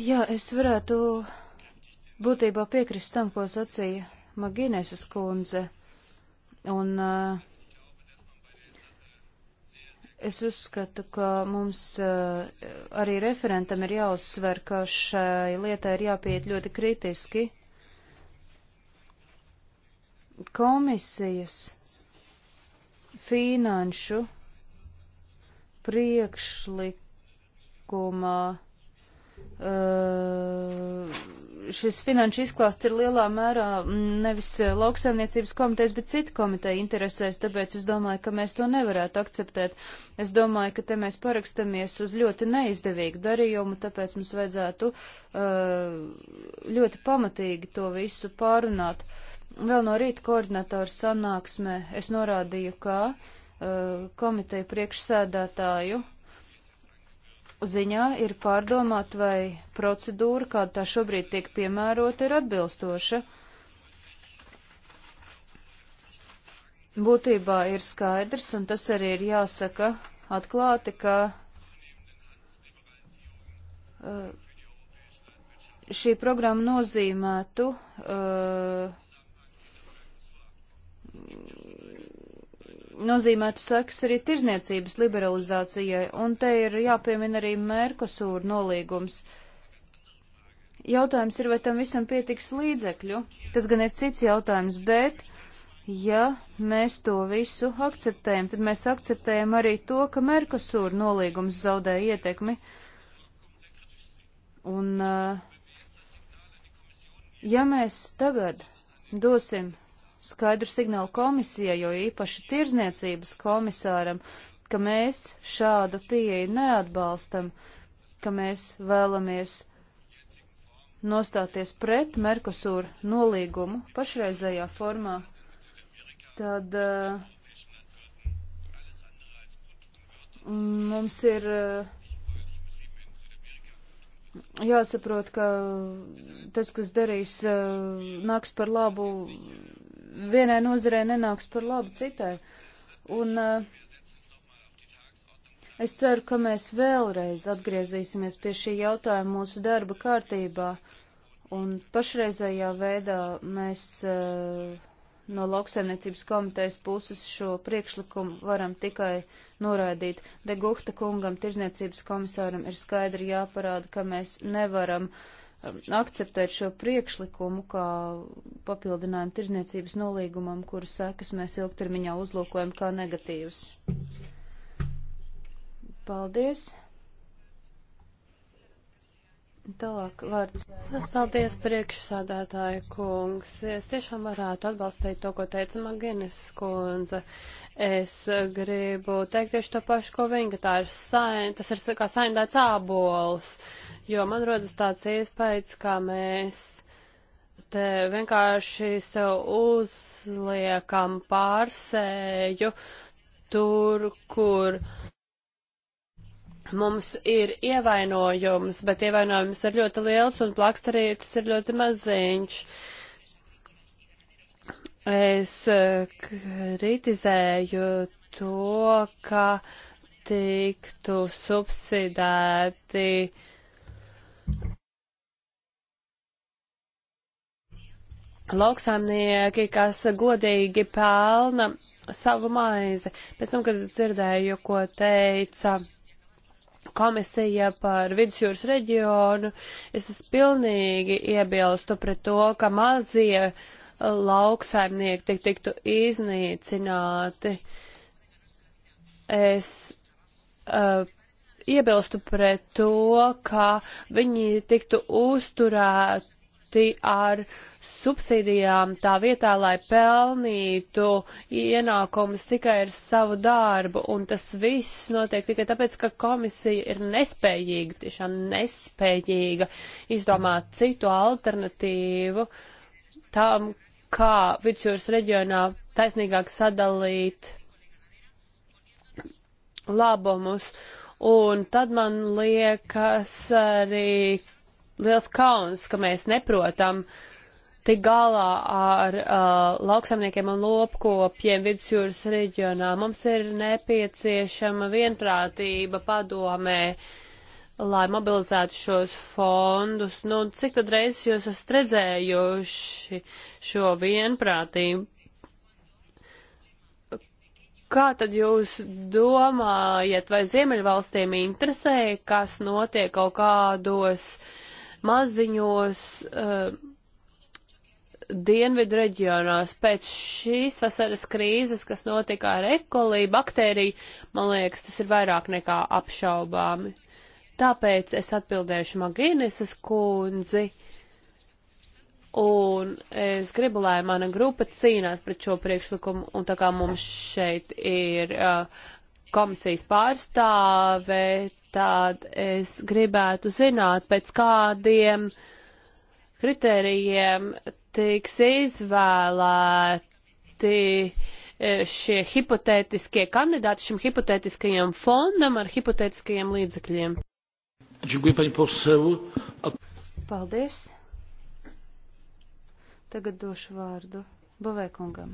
Speaker 2: Jā, es varētu būtībā piekrist tam, ko sacīja Magīnēsas kundze. Un uh, es uzskatu, ka mums uh, arī referentam ir jāuzsver, ka šai lietai ir jāpiet ļoti kritiski. Komisijas finanšu priekšlikumā šis finanšu izklāsts ir lielā mērā nevis lauksaimniecības komitejas, bet citu komiteju interesēs, tāpēc es domāju, ka mēs to nevarētu akceptēt. Es domāju, ka te mēs parakstamies uz ļoti neizdevīgu darījumu, tāpēc mums vajadzētu ļoti pamatīgi to visu pārunāt. Vēl no rīta koordinatoru sanāksmē es norādīju, ka komiteju priekšsēdētāju ziņā ir pārdomāt, vai procedūra, kāda tā šobrīd tiek piemērota, ir atbilstoša. Būtībā ir skaidrs, un tas arī ir jāsaka atklāti, ka uh, šī programma nozīmētu uh, nozīmētu sekas arī tirzniecības liberalizācijai, un te ir jāpiemina arī Mērkosūra nolīgums. Jautājums ir, vai tam visam pietiks līdzekļu? Tas gan ir cits jautājums, bet ja mēs to visu akceptējam, tad mēs akceptējam arī to, ka Merkosūra nolīgums zaudē ietekmi. Un eh, ja mēs tagad dosim skaidru signālu komisijai, jo īpaši tirzniecības komisāram, ka mēs šādu pieeju neatbalstam, ka mēs vēlamies nostāties pret Merkosūra nolīgumu pašreizējā formā, tad uh, mums ir uh, jāsaprot, ka tas, kas darīs, uh, nāks par labu vienai nozarei nenāks par labu citai. Un eh, es ceru, ka mēs vēlreiz atgriezīsimies pie šī jautājuma mūsu darba kārtībā. Un pašreizējā veidā mēs eh, no lauksaimniecības komitejas puses šo priekšlikumu varam tikai noraidīt. De Guhta kungam, tirzniecības komisāram, ir skaidri jāparāda, ka mēs nevaram uh, akceptēt šo priekšlikumu kā papildinājumu tirzniecības nolīgumam, kuru sekas mēs ilgtermiņā uzlūkojam kā negatīvas. Paldies!
Speaker 4: Tālāk vārds. Es paldies priekšsādātāju kungs. Es tiešām varētu atbalstīt to, ko teica Maginis kundze. Es gribu teikt tieši to pašu, ko viņa, ka tā ir sain, tas ir kā saindēts ābols. Uh, jo man rodas tāds iespējas, kā mēs te vienkārši sev uzliekam pārsēju tur, kur mums ir ievainojums, bet ievainojums ir ļoti liels un plakstarītis ir ļoti maziņš. Es eh, kritizēju to, ka tiktu subsidēti uh, lauksaimnieki, kas godīgi pelna savu maizi. Pēc tam, kad dzirdēju, ko teica komisija par vidusjūras reģionu, es pilnīgi iebilstu pret to, ka mazie lauksaimnieki tik tiktu iznīcināti. Es uh, iebilstu pret to, ka viņi tiktu uzturēti apmāti ar subsīdijām tā vietā, lai pelnītu ienākumus tikai ar savu darbu, un tas viss notiek tikai tāpēc, ka komisija ir nespējīga, tiešām nespējīga izdomāt citu alternatīvu tam, kā vidusjūras reģionā taisnīgāk sadalīt labumus. Un tad man liekas arī, liels kauns, ka mēs neprotam tik galā ar uh, lauksamniekiem un lopkopiem vidusjūras reģionā. Mums ir nepieciešama vienprātība padomē, lai mobilizētu šos fondus. Nu, cik tad reizes jūs esat redzējuši šo vienprātību? Kā tad jūs domājat, vai Ziemeļvalstīm interesē, kas notiek kaut kādos uh, maziņos uh, dienvidu reģionās. Pēc šīs vasaras krīzes, kas notika ar ekolī, baktēriju, man liekas, tas ir vairāk nekā apšaubāmi. Tāpēc es atbildēšu Magīneses kundzi. Un es gribu, lai mana grupa cīnās pret šo priekšlikumu, un tā kā mums šeit ir uh, komisijas pārstāve, tad es gribētu zināt, pēc kādiem kritērijiem tiks izvēlēti e, šie hipotētiskie kandidāti šim hipotētiskajam fondam ar hipotētiskajiem līdzekļiem.
Speaker 2: Paldies. Tagad došu vārdu Bovēkungam.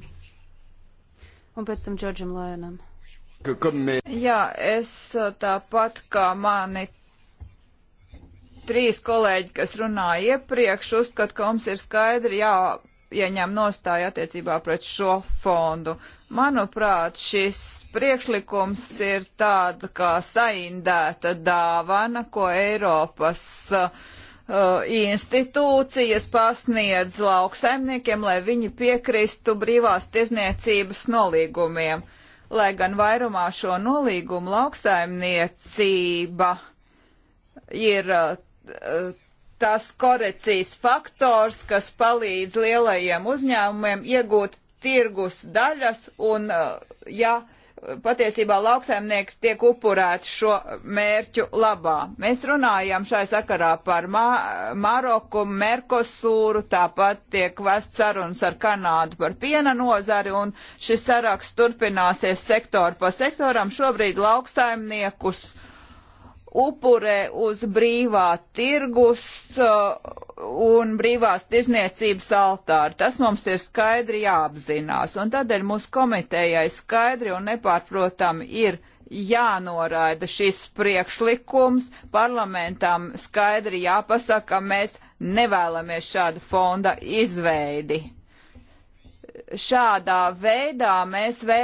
Speaker 2: Un pēc tam Džordžam Lajonam.
Speaker 4: Jā,
Speaker 3: es tāpat kā mani trīs kolēģi, kas runāja iepriekš, uzskata, ka mums ir skaidri jāieņem nostāja attiecībā pret šo fondu. Manuprāt, šis priekšlikums ir tāda kā saindēta dāvana, ko Eiropas uh, institūcijas pasniedz lauksaimniekiem, lai viņi piekristu brīvās tiesniecības nolīgumiem. Uh, lai gan vairumā šo nolīgumu lauksaimniecība ir uh, tas korekcijas faktors, kas palīdz lielajiem uzņēmumiem iegūt tirgus daļas un, uh, ja patiesībā lauksaimnieki tiek upurēti šo mērķu labā. Mēs runājam šai sakarā par Ma Maroku, Merkosūru, tāpat tiek vest sarunas ar Kanādu par piena nozari, un šis saraksts turpināsies sektoru pa sektoram. Šobrīd lauksaimniekus uh, upurē uz brīvā tirgus uh, un brīvās tirzniecības altāri. Tas mums ir skaidri jāapzinās, un tādēļ mūsu komitējai skaidri un nepārprotami ir jānoraida šis priekšlikums, parlamentam skaidri jāpasaka, ka mēs nevēlamies šādu fonda izveidi šādā veidā mēs vē,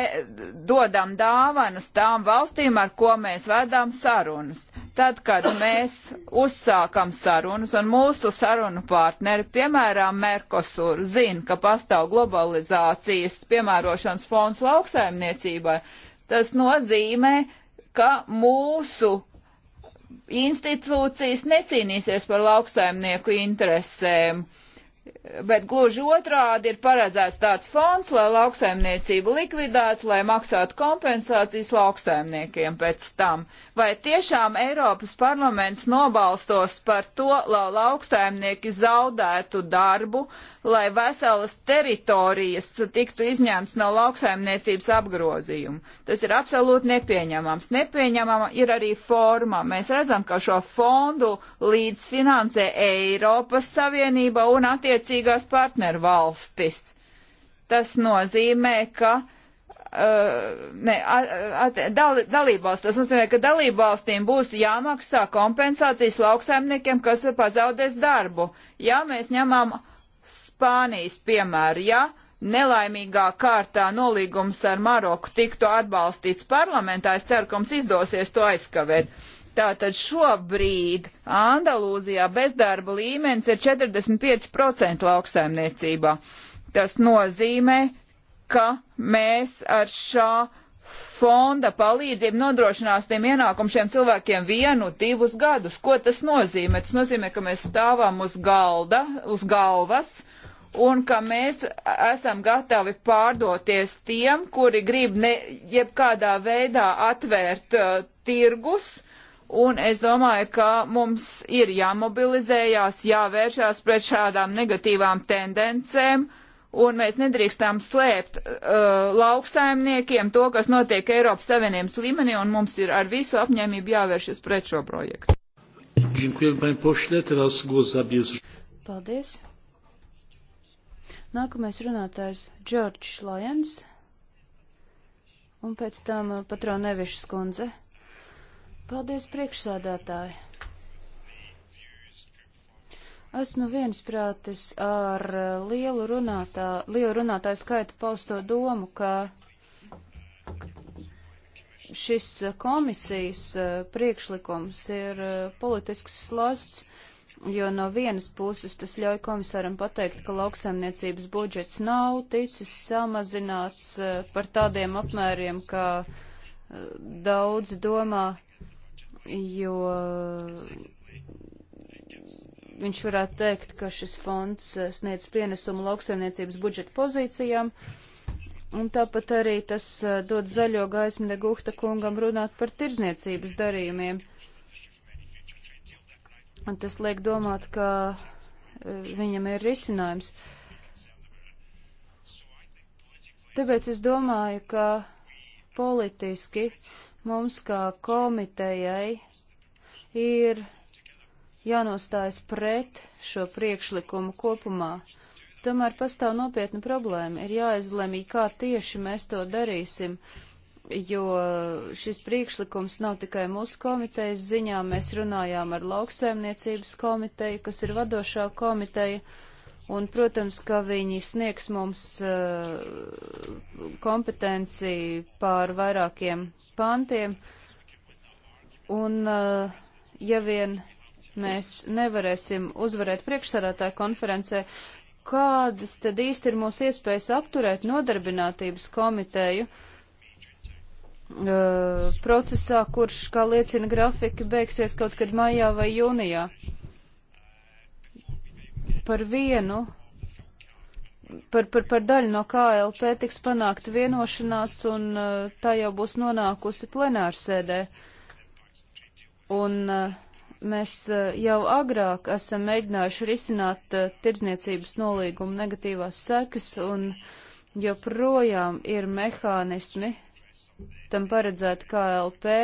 Speaker 3: dodam dāvanas tām valstīm, ar ko mēs vedām sarunas. Tad, kad mēs uzsākam sarunas un mūsu sarunu partneri, piemēram, Merkosur, zina, ka pastāv globalizācijas piemērošanas fonds lauksaimniecībai, tas nozīmē, ka mūsu institūcijas necīnīsies par lauksaimnieku interesēm. Uh, Bet gluži otrādi ir paredzēts tāds fonds, lai lauksaimniecību likvidētu, lai maksātu kompensācijas lauksaimniekiem pēc tam. Vai tiešām Eiropas parlaments nobalstos par to, lai lauksaimnieki zaudētu darbu, lai veselas teritorijas tiktu izņemts no lauksaimniecības apgrozījuma? Tas ir absolūti nepieņemams. Nepieņemama ir arī forma. Mēs redzam, ka šo fondu līdzfinansē Eiropas Savienība un attiecībā attiecīgās partnervalstis. Tas nozīmē, ka Uh, ne, at, dal, dalībvalsts. Tas nozīmē, ka dalībvalstīm būs jāmaksā kompensācijas lauksaimniekiem, kas pazaudēs darbu. Ja mēs ņemam Spānijas piemēru, ja nelaimīgā kārtā nolīgums ar Maroku tiktu atbalstīts parlamentā, es ceru, ka mums izdosies to aizskavēt. Uh, Tātad šobrīd Andalūzijā bezdarba līmenis ir 45% lauksaimniecībā. Tas nozīmē, ka mēs ar šā fonda palīdzību nodrošināsim ienākumu šiem cilvēkiem vienu, divus gadus. Ko tas nozīmē? Tas nozīmē, ka mēs stāvam uz galda, uz galvas, un ka mēs esam gatavi pārdoties tiem, kuri grib ne, jebkādā veidā atvērt uh, tirgus, uh, Un es domāju, ka mums ir jāmobilizējās, jāvēršās pret šādām negatīvām tendencēm, un mēs nedrīkstām slēpt uh, lauksaimniekiem to, kas notiek Eiropas Savienības līmenī, un mums ir ar visu apņēmību jāvēršas pret šo projektu. Paldies. Nākamais
Speaker 2: runātājs Džordžs Lajens, un pēc tam uh, patronevišas kundze. Paldies, priekšsādātāji! Esmu viensprātis ar lielu, runātā, lielu runātāju skaitu pausto domu, ka šis komisijas priekšlikums ir politisks slasts, jo no vienas puses tas ļauj komisāram pateikt, ka lauksaimniecības budžets nav ticis samazināts par tādiem apmēriem, kā daudz domā jo viņš varētu teikt, ka šis fonds sniedz pienesumu lauksaimniecības budžeta pozīcijām, un tāpat arī tas eh, dod zaļo gaismu Negūhta kungam runāt par tirzniecības darījumiem. Un tas liek domāt, ka eh, viņam ir risinājums. Tāpēc es domāju, ka politiski uh, Mums kā komitejai ir jānostājas pret šo priekšlikumu kopumā. Tomēr pastāv nopietna problēma. Ir jāizlemj, kā tieši mēs to darīsim, jo šis priekšlikums nav tikai mūsu komitejas ziņā. Mēs runājām ar lauksēmniecības komiteju, kas ir vadošā komiteja. Uh, Un, protams, ka viņi sniegs mums uh, kompetenci pār vairākiem pantiem. Un, uh, ja vien mēs nevarēsim uzvarēt priekšsarātāju konferencē, kādas tad īsti ir mūsu iespējas apturēt nodarbinātības komiteju uh, procesā, kurš, kā liecina grafika, beigsies kaut kad maijā vai jūnijā? par vienu, par, par, par daļu no KLP tiks panākt vienošanās, un uh, tā jau būs nonākusi plenārsēdē. Un uh, mēs uh, jau agrāk esam mēģinājuši risināt tirdzniecības nolīgumu negatīvās sekas, un joprojām ir mehānismi tam paredzēti KLP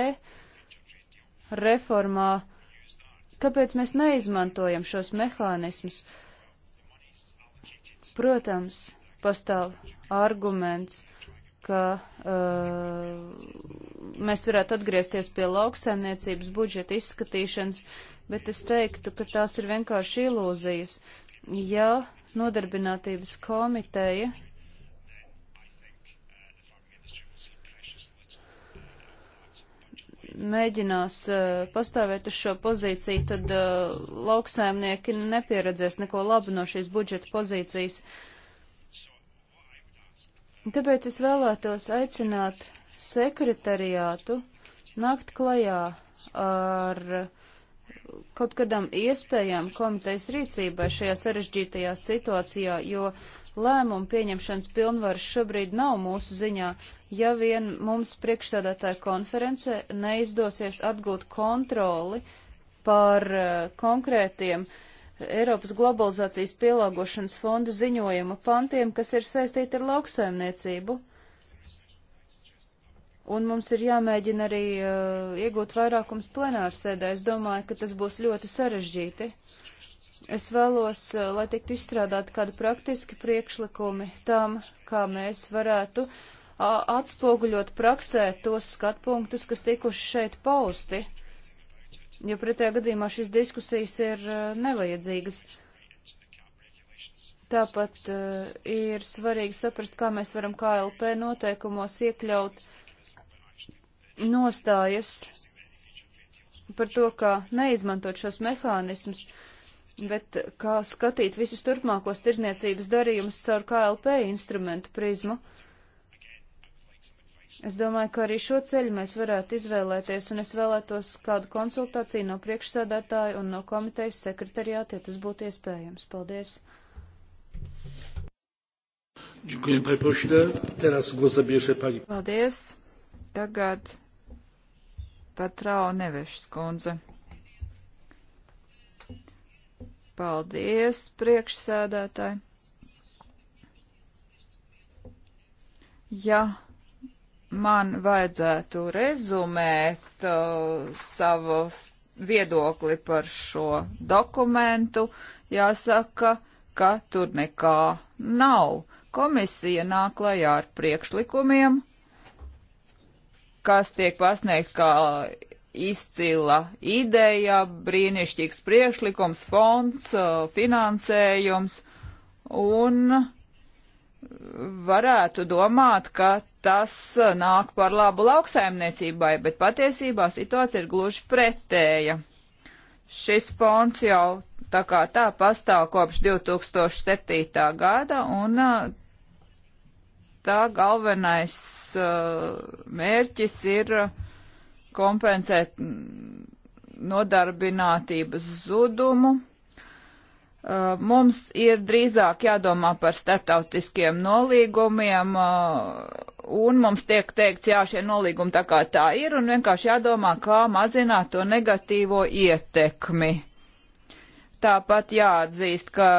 Speaker 2: reformā Kāpēc mēs neizmantojam šos mehānismus? Protams, pastāv arguments, ka uh, mēs varētu atgriezties pie lauksaimniecības budžeta izskatīšanas, bet es teiktu, ka tās ir vienkārši ilūzijas. Ja nodarbinātības komiteja mēģinās eh, pastāvēt uz šo pozīciju, tad eh, lauksēmnieki nepieredzēs neko labu no šīs budžeta pozīcijas. Tāpēc es vēlētos aicināt sekretariātu nākt klajā ar kaut kādām iespējām komitejas rīcībai šajā sarežģītajā situācijā, jo uh, Lēmumu pieņemšanas pilnvaras šobrīd nav mūsu ziņā, ja vien mums priekšsēdētāja konference neizdosies atgūt kontroli par uh, konkrētiem Eiropas globalizācijas pielāgošanas fonda ziņojuma pantiem, kas ir saistīti ar lauksaimniecību. Un mums ir jāmēģina arī uh, iegūt vairākums plenārsēdē. Es domāju, ka tas būs ļoti sarežģīti. Uh, Es vēlos, eh, lai tiktu izstrādāti kādi praktiski priekšlikumi tam, kā mēs varētu atspoguļot praksē tos skatpunktus, kas tikuši šeit pausti, jo pretējā gadījumā šīs diskusijas ir eh, nevajadzīgas. Tāpat uh, ir svarīgi saprast, kā mēs varam KLP noteikumos iekļaut nostājas par to, kā neizmantot šos mehānismus, bet kā skatīt visus turpmākos tirzniecības darījumus caur KLP instrumentu prizmu. Es domāju, ka arī šo ceļu mēs varētu izvēlēties, un es vēlētos kādu konsultāciju no priekšsēdētāja un no komitejas sekretariāta, ja tas būtu iespējams. Paldies!
Speaker 3: Paldies! Tagad Patrao Nevešs kundze. Paldies, priekšsēdētāji. Ja man vajadzētu rezumēt uh, savu viedokli par šo dokumentu, jāsaka, ka tur nekā nav. Komisija nāk klajā ar priekšlikumiem, kas tiek pasniegt kā izcila ideja, brīnišķīgs priešlikums, fonds, uh, finansējums un varētu domāt, ka tas uh, nāk par labu lauksaimniecībai, bet patiesībā situācija ir gluži pretēja. Šis fonds jau tā kā tā pastāv kopš 2007. gada un uh, tā galvenais mērķis ir uh, kompensēt nodarbinātības zudumu. Uh, mums ir drīzāk jādomā par starptautiskiem nolīgumiem, uh, un mums tiek teikts, jā, šie nolīgumi tā kā tā ir, un vienkārši jādomā, kā mazināt to negatīvo ietekmi. Tāpat jāatzīst, ka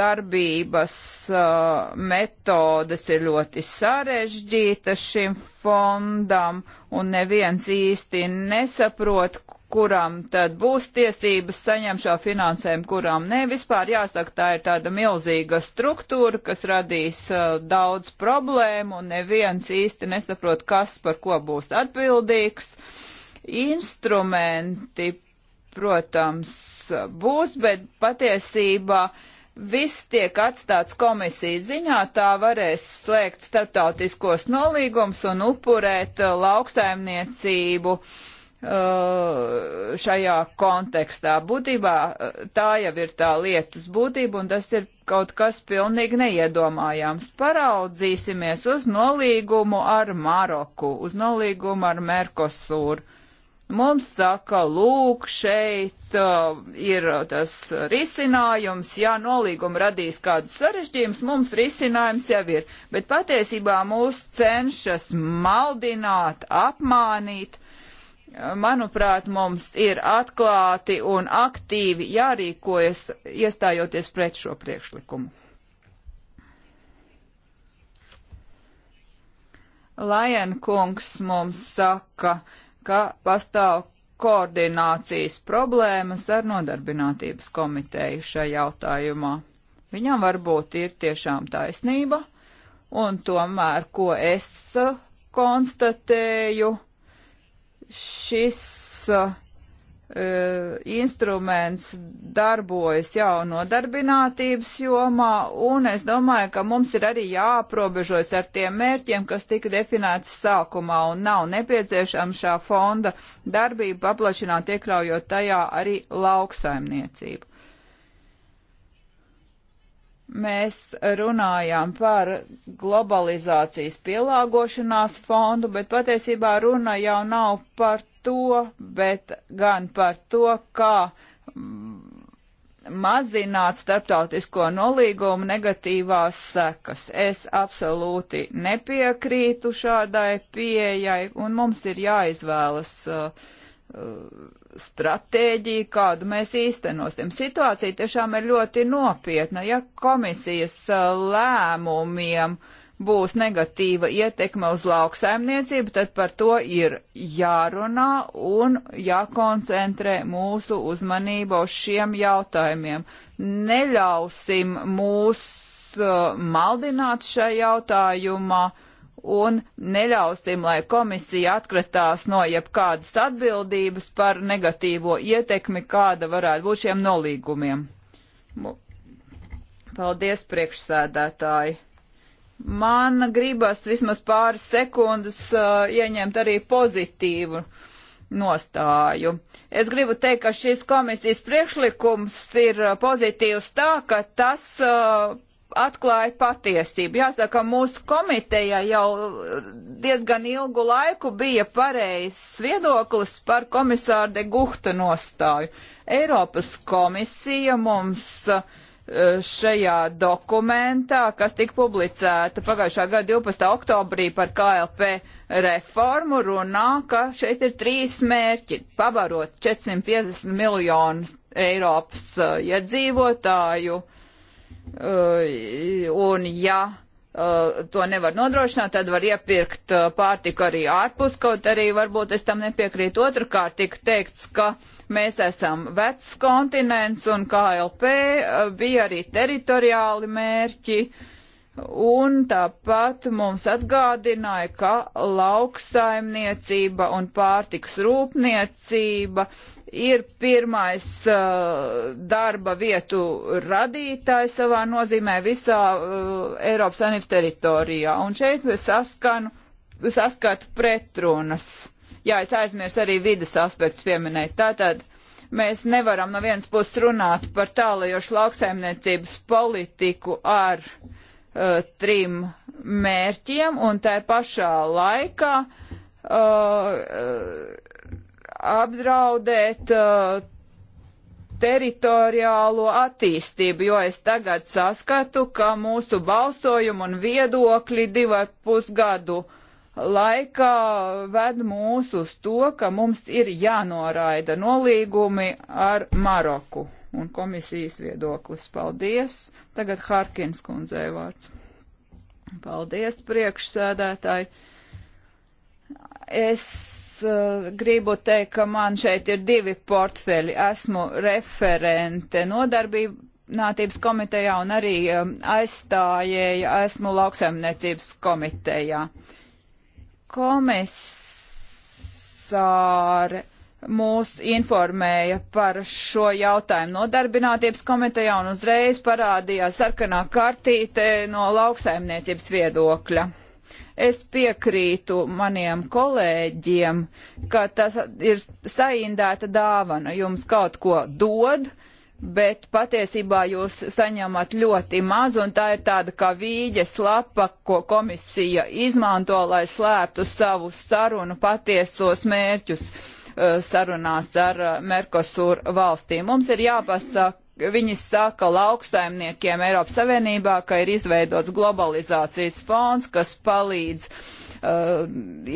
Speaker 3: darbības uh, metodas ir ļoti sarežģītas šim fondam, un neviens īsti nesaprot, kuram tad būs tiesības saņemt šo finansējumu, kurām ne. Vispār jāsaka, tā ir tāda milzīga struktūra, kas radīs uh, daudz problēmu, un neviens īsti nesaprot, kas par ko būs atbildīgs. Instrumenti, protams, būs, bet patiesībā uh, viss tiek atstāts komisijas ziņā, tā varēs slēgt starptautiskos nolīgums un upurēt uh, lauksaimniecību uh, šajā kontekstā. Būtībā uh, tā jau ir tā lietas būtība, un tas ir kaut kas pilnīgi neiedomājams. Paraudzīsimies uz nolīgumu ar Maroku, uz nolīgumu ar Merkosūru Mums saka, lūk, šeit uh, ir uh, tas risinājums, ja nolīguma radīs kādus sarežģījumus, mums risinājums jau ir. Bet patiesībā mūs cenšas maldināt, apmānīt. Manuprāt, mums ir atklāti un aktīvi jārīkojas, iestājoties pret šo priekšlikumu. Lajenkungs mums saka, uh, ka pastāv koordinācijas problēmas ar nodarbinātības komiteju šajā jautājumā. Viņam varbūt ir tiešām taisnība, un tomēr, ko es konstatēju, šis uh, Eh, instruments darbojas jau nodarbinātības jomā, un es domāju, ka mums ir arī jāaprobežojas ar tiem mērķiem, kas tika definēts sākumā, un nav nepieciešama šā fonda darbība paplašināt, iekļaujot tajā arī lauksaimniecību mēs runājām par globalizācijas pielāgošanās fondu, bet patiesībā runa jau nav par to, bet gan par to, kā mazināt starptautisko nolīgumu negatīvās sekas. Es absolūti nepiekrītu šādai pieejai, un mums ir jāizvēlas uh, uh stratēģija, kādu mēs īstenosim. Situācija tiešām ir ļoti nopietna. Ja komisijas uh, lēmumiem uh, būs negatīva ietekme uz lauksaimniecību, tad par to ir jārunā un jākoncentrē mūsu uzmanība uz šiem jautājumiem. Neļausim mūs uh, maldināt šajā jautājumā un neļausim, lai komisija atkritās no jebkādas atbildības par negatīvo ietekmi, kāda varētu būt šiem nolīgumiem. Paldies, priekšsēdētāji! man gribas vismaz pāris sekundes uh, ieņemt arī pozitīvu nostāju. Es gribu teikt, ka šis komisijas priekšlikums ir uh, pozitīvs tā, ka tas uh, atklāja patiesību. Jāsaka, mūsu komiteja jau diezgan ilgu laiku bija pareizs viedoklis par komisāru de Guhta nostāju. Eiropas komisija mums uh, šajā dokumentā, kas tika publicēta pagājušā gada 12. oktobrī par KLP reformu, runā, ka šeit ir trīs mērķi - pabarot 450 miljonus Eiropas eh, iedzīvotāju, ja eh, un ja eh, to nevar nodrošināt, tad var iepirkt pārtiku arī ārpus, kaut arī varbūt es tam nepiekrītu. Otrakārt tika teikts, ka uh, Mēs esam vecs kontinents un KLP eh, bija arī teritoriāli mērķi. Un tāpat mums atgādināja, ka lauksaimniecība un pārtiks rūpniecība ir pirmais uh, darba vietu radītājs savā nozīmē visā uh, Eiropas Savienības teritorijā. Un šeit es saskanu, saskatu pretrunas. Uh, Jā, es aizmirsu arī vidas aspektus pieminēt. Tātad mēs nevaram no vienas puses runāt par tālajošu lauksaimniecības politiku ar uh, trim mērķiem un tā pašā laikā uh, uh, apdraudēt uh, teritoriālo attīstību, jo es tagad saskatu, ka mūsu balsojumu un viedokļi divu pusgadu gadu laikā ved mūs uz to, ka mums ir jānoraida nolīgumi ar Maroku un komisijas viedoklis. Paldies! Tagad Harkins kundzei vārds. Paldies, priekšsēdētāji! Es eh, gribu teikt, ka man šeit ir divi portfeļi. Esmu referente nodarbinātības komitejā un arī eh, aizstājēja esmu lauksaimniecības komitejā. Uh, komisāre mūs informēja par šo jautājumu nodarbinātības komitejā un uzreiz parādījās sarkanā kartīte no lauksaimniecības viedokļa. Es piekrītu maniem kolēģiem, ka tas ir saindēta dāvana. Jums kaut ko dod, uh, bet patiesībā jūs saņemat ļoti maz, un tā ir tāda kā vīģes lapa, ko komisija izmanto, lai slēptu savu sarunu patiesos mērķus uh, sarunās ar uh, Merkosur valstīm. Mums ir jāpasaka, viņi saka lauksaimniekiem Eiropas Savienībā, ka ir izveidots globalizācijas fonds, kas palīdz uh,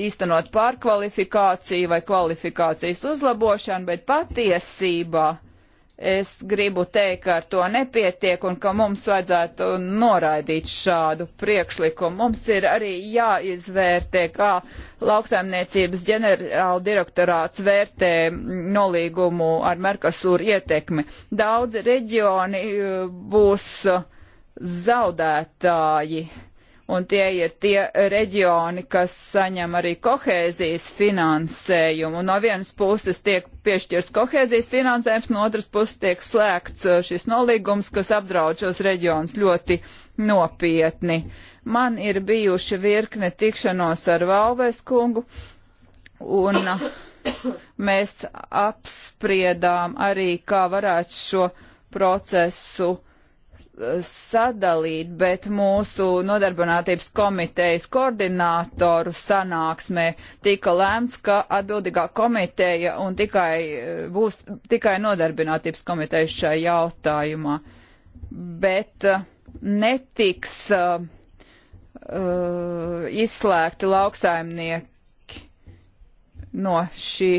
Speaker 3: īstenot pārkvalifikāciju vai kvalifikācijas uzlabošanu, bet patiesībā uh, Es gribu teikt, ka ar to nepietiek un ka mums vajadzētu noraidīt šādu priekšlikumu. Mums ir arī jāizvērtē, kā lauksaimniecības ģenerāla direktorāts vērtē nolīgumu ar Merkasūru ietekmi. Daudzi reģioni eh, būs eh, zaudētāji un tie ir tie reģioni, kas saņem arī kohēzijas finansējumu. Un no vienas puses tiek piešķirs kohēzijas finansējums, no otras puses tiek slēgts uh, šis nolīgums, kas apdraud šos reģionus ļoti nopietni. Man ir bijuši virkne tikšanos ar Valvēs kungu, un uh, mēs apspriedām arī, kā varētu šo procesu uh, sadalīt, bet mūsu nodarbinātības komitejas koordinātoru sanāksmē tika lēmts, ka atbildīgā komiteja un tikai eh, būs tikai nodarbinātības komiteja šajā jautājumā. Bet eh, netiks uh, uh, izslēgti lauksaimnieki no šī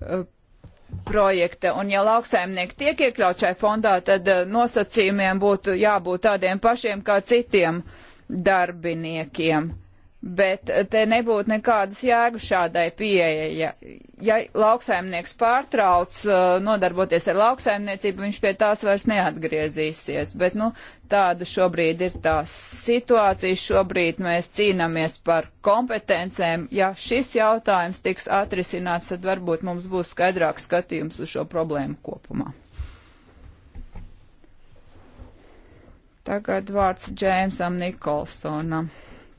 Speaker 3: uh, projekta. Un ja lauksaimnieki tiek iekļaut šai fondā, tad eh, nosacījumiem būtu jābūt tādiem pašiem kā citiem darbiniekiem. Bet te nebūtu nekādas jēgas šādai pieejai. Ja, ja lauksaimnieks pārtrauc uh, nodarboties ar lauksaimniecību, viņš pie tās vairs neatgriezīsies. Bet nu, tāda šobrīd ir tā situācija. Šobrīd mēs cīnāmies par kompetencēm. Ja šis jautājums tiks atrisināts, tad varbūt mums būs skaidrāks skatījums uz šo problēmu kopumā. Tagad vārds Džēmsam Nikolsonam.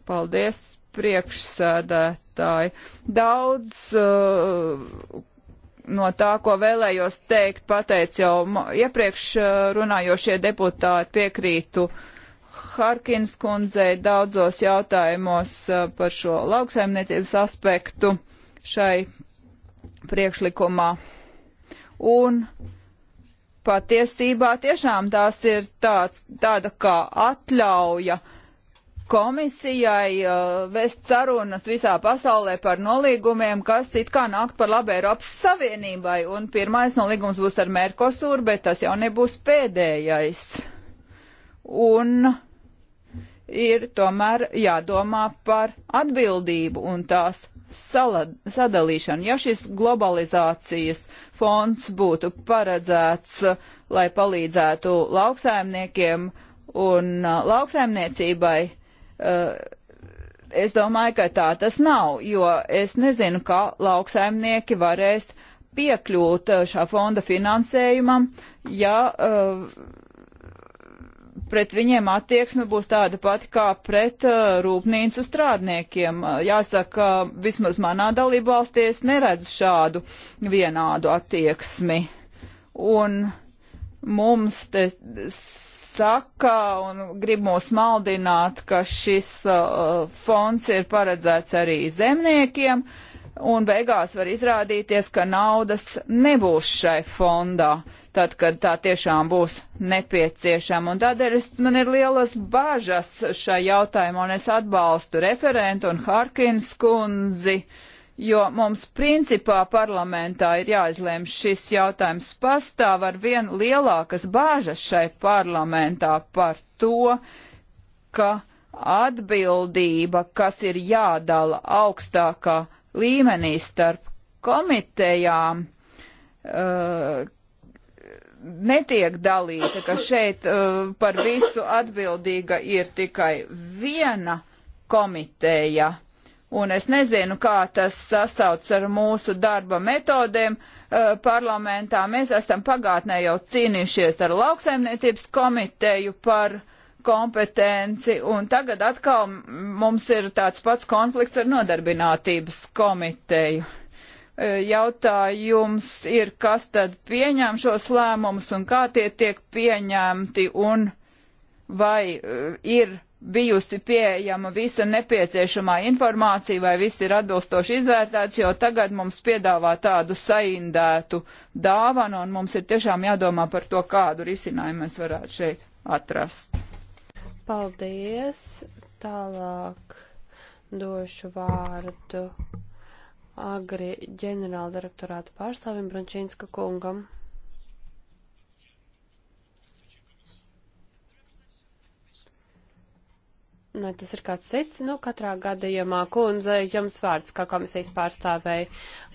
Speaker 3: Paldies, priekšsēdētāji. Daudz uh, no tā, ko vēlējos teikt, pateic jau iepriekš uh, runājošie deputāti piekrītu Harkins kundzei daudzos jautājumos uh, par šo lauksaimniecības aspektu šai priekšlikumā. Un patiesībā tiešām tās ir tāds, tāda kā atļauja uh, komisijai uh, vest sarunas visā pasaulē par nolīgumiem, kas it kā nākt par labu Eiropas Savienībai. Un pirmais nolīgums būs ar Merkosūru, bet tas jau nebūs pēdējais. Un ir tomēr jādomā par atbildību un tās salad, sadalīšanu. Ja šis globalizācijas fonds būtu paredzēts, uh, lai palīdzētu lauksaimniekiem un uh, lauksaimniecībai, Eh, es domāju, ka tā tas nav, jo es nezinu, kā lauksaimnieki varēs piekļūt eh, šā fonda finansējumam, ja eh, pret viņiem attieksme būs tāda pati kā pret uh, rūpnīcu strādniekiem. Jāsaka, vismaz manā dalībvalstī es neredzu šādu vienādu attieksmi. Un mums te saka un grib mūs maldināt, ka šis uh, fonds ir paredzēts arī zemniekiem, un beigās var izrādīties, ka naudas nebūs šai fondā, tad, kad tā tiešām būs nepieciešama. Un tādēļ es, man ir lielas bažas šai jautājumā, un es atbalstu referentu un Harkins kundzi. Uh, jo mums principā parlamentā ir jāizlēm šis jautājums. Pastāv ar vien lielākas bāžas šai parlamentā par to, ka atbildība, kas ir jādala augstākā līmenī starp komitejām, uh, netiek dalīta, ka šeit uh, par visu atbildīga ir tikai viena komiteja. Uh, un es nezinu, kā tas sasauc ar mūsu darba metodēm uh, parlamentā. Mēs esam pagātnē jau cīnījušies ar lauksaimniecības komiteju par kompetenci, un tagad atkal mums ir tāds pats konflikts ar nodarbinātības komiteju. Uh, jautājums ir, kas tad pieņem šos lēmumus un kā tie tiek pieņemti, un vai uh, ir bijusi pieejama visa nepieciešamā informācija, vai viss ir atbilstoši izvērtēts, jo tagad mums piedāvā tādu saindētu dāvanu, un mums ir tiešām jādomā par to, kādu risinājumu mēs varētu šeit atrast.
Speaker 4: Paldies! Tālāk došu vārdus agri ģenerāldirektorāta pārstāvim Brančīnska kungam. Nē, nu, tas ir kāds cits. Nu, katrā gadījumā, kundze, jums vārds kā komisijas pārstāvēja.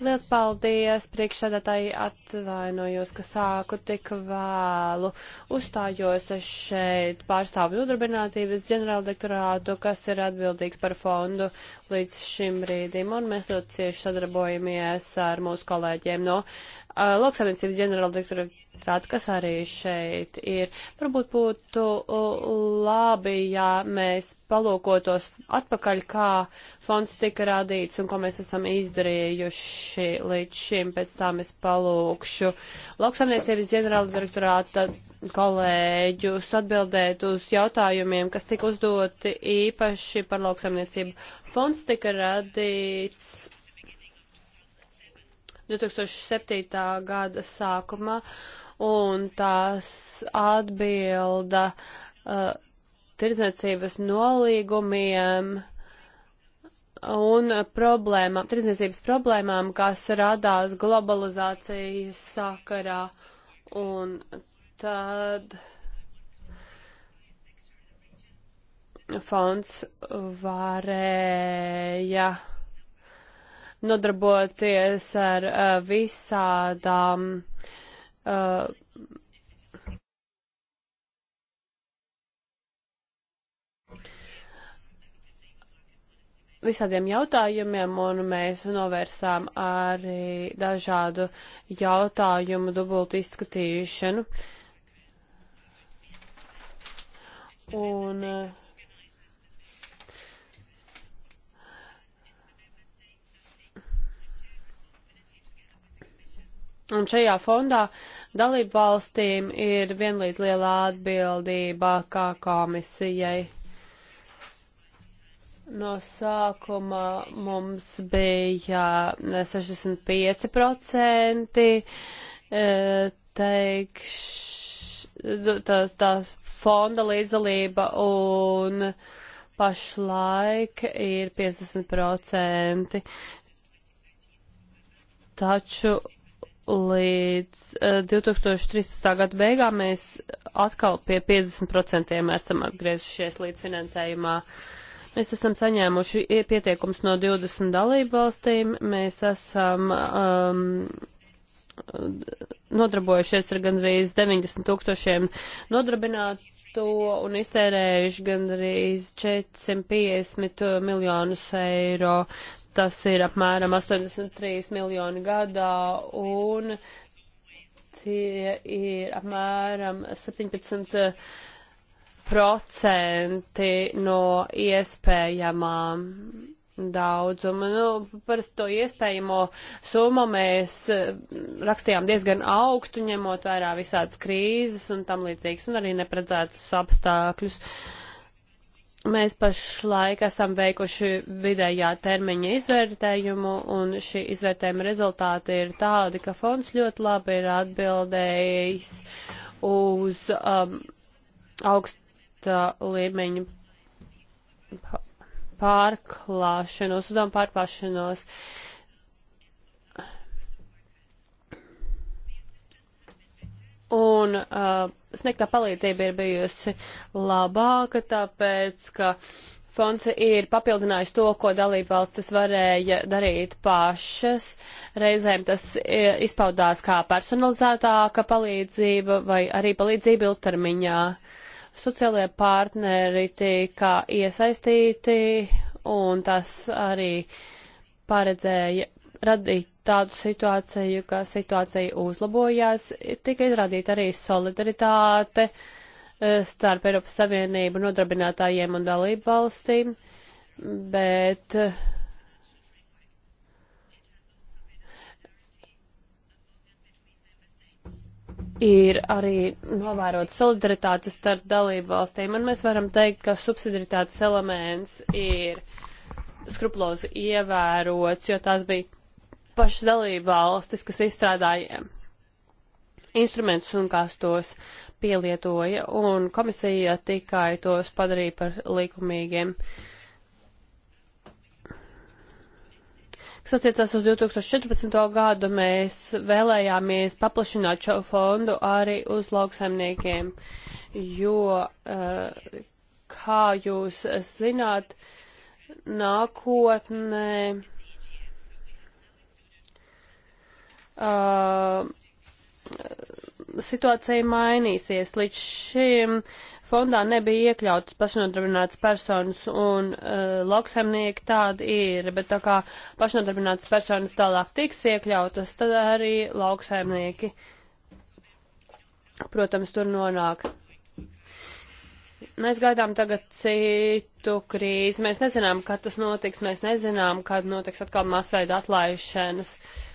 Speaker 4: Liels paldies, priekšsēdētāji atvainojos, ka sāku tik vēlu. Uzstājos šeit pārstāvu nodarbinātības ģenerāldirektorātu, kas ir atbildīgs par fondu līdz šim brīdim, un mēs ļoti cieši sadarbojamies ar mūsu kolēģiem no lauksaimniecības ģenerāldirektorātu, kas arī šeit ir. Varbūt būtu labi, ja mēs palūkotos atpakaļ, kā fonds tika radīts un ko mēs esam izdarījuši līdz šim. Pēc tā mēs palūkšu lauksaimniecības ģenerāldirektorāta kolēģus atbildēt uz jautājumiem, kas tika uzdoti īpaši par lauksaimniecību. Fonds tika radīts 2007. gada sākumā, un tās atbilda uh, tirdzniecības nolīgumiem un problēma, tirdzniecības problēmām, kas radās globalizācijas sakarā. Un tad fonds varēja. Uh, nodarboties ar uh, visādām. Uh, visādiem jautājumiem, un mēs novērsām arī dažādu jautājumu dubultu izskatīšanu. Un uh, Un šajā fondā dalību valstīm ir vienlīdz lielā atbildība kā komisijai. No sākuma mums bija 65% eh, eh, teikš, tās, tās fonda līdzdalība un pašlaik ir 50%. Taču līdz uh, eh, 2013. gada beigām mēs atkal pie 50% esam atgriezušies līdz finansējumā. Mēs esam saņēmuši pieteikums no 20 dalību valstīm, mēs esam um, nodarbojušies ar gandrīz 90 tūkstošiem nodarbināto un iztērējuši gandrīz 450 miljonus eiro tas ir apmēram 83 miljoni gadā, un tie ir apmēram 17 procenti no iespējamām daudzuma. Nu, parasti to iespējamo summu mēs eh, rakstījām diezgan augstu, ņemot vērā visādas krīzes un tam līdzīgas, un arī neparedzētus apstākļus. Uh, Mēs pašlaik esam veikuši vidējā termiņa izvērtējumu, un šī izvērtējuma rezultāti ir tādi, ka fonds ļoti labi ir atbildējis uz um, augsta līmeņa pārklāšanos, uzdevuma pārklāšanos. Un uh, sniegtā palīdzība ir bijusi labāka, tāpēc, ka fonds ir papildinājis to, ko dalību valstis varēja darīt pašas. Reizēm tas e, izpaudās kā personalizētāka palīdzība vai arī palīdzība ilgtermiņā. Sociālajie partneri tika iesaistīti un tas arī paredzēja radīt tādu situāciju, ka situācija uzlabojās, tika izrādīta arī solidaritāte e, starp Eiropas Savienību nodarbinātājiem un dalību valstīm, bet e, ir arī novērot solidaritāti starp dalību valstīm, un mēs varam teikt, ka subsidiritātes elements ir skrupulozi ievērots, jo tās bija pašas dalībvalstis, kas izstrādāja instrumentus un kas tos pielietoja, un komisija tikai tos padarīja par likumīgiem. Kas attiecās uz 2014. gadu, mēs vēlējāmies paplašināt šo fondu arī uz lauksaimniekiem, jo, eh, kā jūs zināt, nākotnē uh, situācija mainīsies. Līdz šim fondā nebija iekļautas pašnodarbinātas personas un uh, lauksaimnieki tādi ir, bet tā kā pašnodarbinātas personas tālāk tiks iekļautas, tad arī lauksaimnieki, protams, tur nonāk. Mēs gaidām tagad citu krīzi. Mēs nezinām, kad tas notiks. Mēs nezinām, kad notiks atkal masveida atlaišanas. Uh,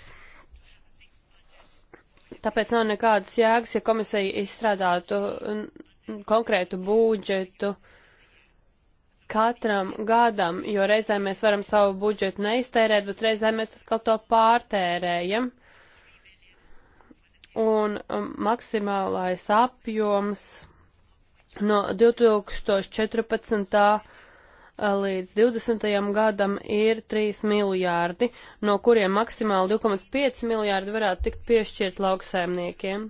Speaker 4: Tāpēc nav nekādas jēgas, ja komisija izstrādātu konkrētu budžetu katram gadam, jo reizē mēs varam savu budžetu neiztērēt, bet reizē mēs atkal to pārtērējam. Un um, maksimālais apjoms no 2014 līdz 20. gadam ir 3 miljārdi, no kuriem maksimāli 2,5 miljārdi varētu tikt piešķirt lauksaimniekiem.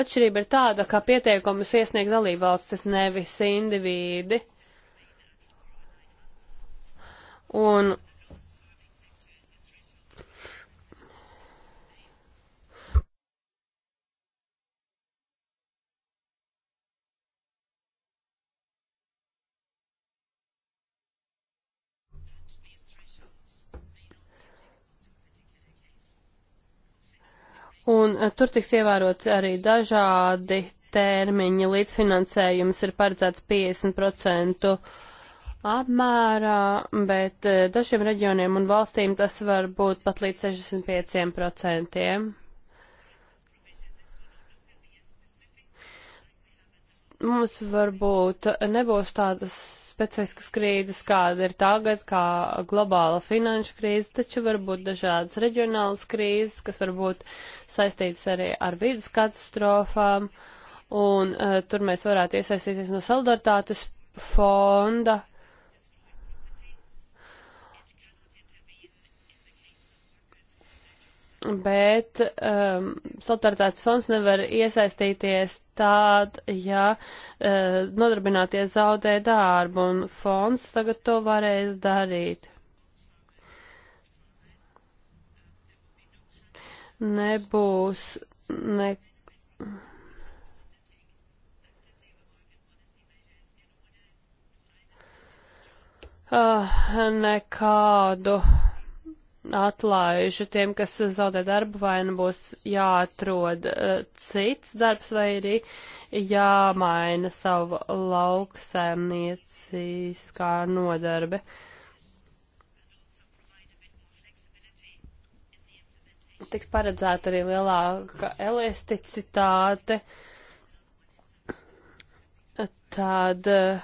Speaker 4: Atšķirība ir tāda, ka pieteikumus iesniegt dalībvalstis nevis indivīdi. Un Un eh, tur tiks ievērot arī dažādi termiņi. Līdzfinansējums ir paredzēts 50% apmērā, bet eh, dažiem reģioniem un valstīm tas var būt pat līdz 65%. Mums varbūt nebūs tādas specifiskas krīzes, kāda ir tagad, kā globāla finanšu krīze, taču var būt dažādas reģionālas krīzes, kas var būt saistītas arī ar vidas katastrofām, un uh, tur mēs varētu iesaistīties no solidaritātes fonda, bet um, solidaritātes fonds nevar iesaistīties tād, ja uh, nodarbināties zaudē darbu, un fonds tagad to varēs darīt. Nebūs ne. Uh, nekādu atlaižu tiem, kas zaudē darbu, vai nu būs jāatrod uh, cits darbs, vai arī jāmaina savu lauksaimnieciskā nodarbe. Tiks paredzēta arī lielāka elasticitāte. Tad uh,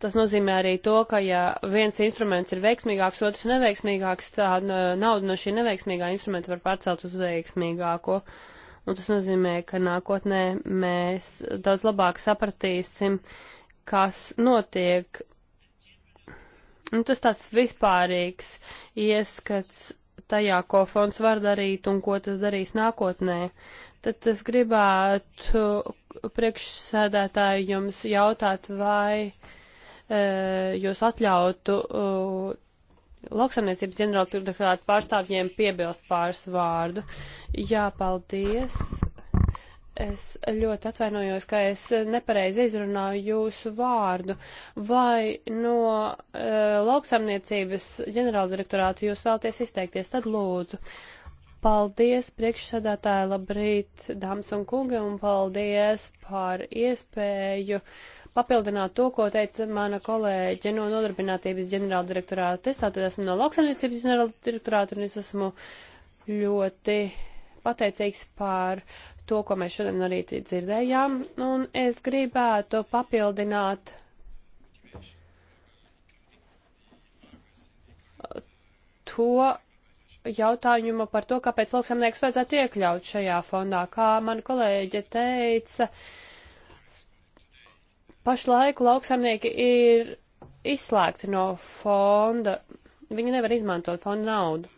Speaker 4: Tas nozīmē arī to, ka ja viens instruments ir veiksmīgāks, otrs neveiksmīgāks, tad naudu no šī neveiksmīgā instrumenta var pārcelt uz veiksmīgāko. Un tas nozīmē, ka nākotnē mēs daudz labāk sapratīsim, kas notiek. Un tas tāds vispārīgs ieskats tajā, ko fonds var darīt un ko tas darīs nākotnē. Tad es gribētu priekšsēdētāju jums jautāt, vai Eh, jūs atļautu eh, lauksamniecības ģenerāla turdakrāta pārstāvjiem piebilst pāris vārdu. Jā, paldies. Es ļoti atvainojos, ka es nepareizi izrunāju jūsu vārdu. Vai no e, eh, lauksamniecības ģenerāldirektorāta jūs vēlties izteikties, tad lūdzu. Paldies, priekšsēdētāji, labrīt, dāmas un kungi, un paldies par iespēju uh, papildināt to, ko teica mana kolēģe no nodarbinātības ģenerāla direktorāta. Es tātad esmu no lauksaimniecības ģenerāla direktorāta un es esmu ļoti pateicīgs par to, ko mēs šodien arī dzirdējām. Un es gribētu papildināt to jautājumu par to, kāpēc lauksamnieks vajadzētu iekļaut šajā fondā. Kā man kolēģe teica, uh, Pašlaik lauksaimnieki ir izslēgti no fonda. Viņi nevar izmantot fonda naudu.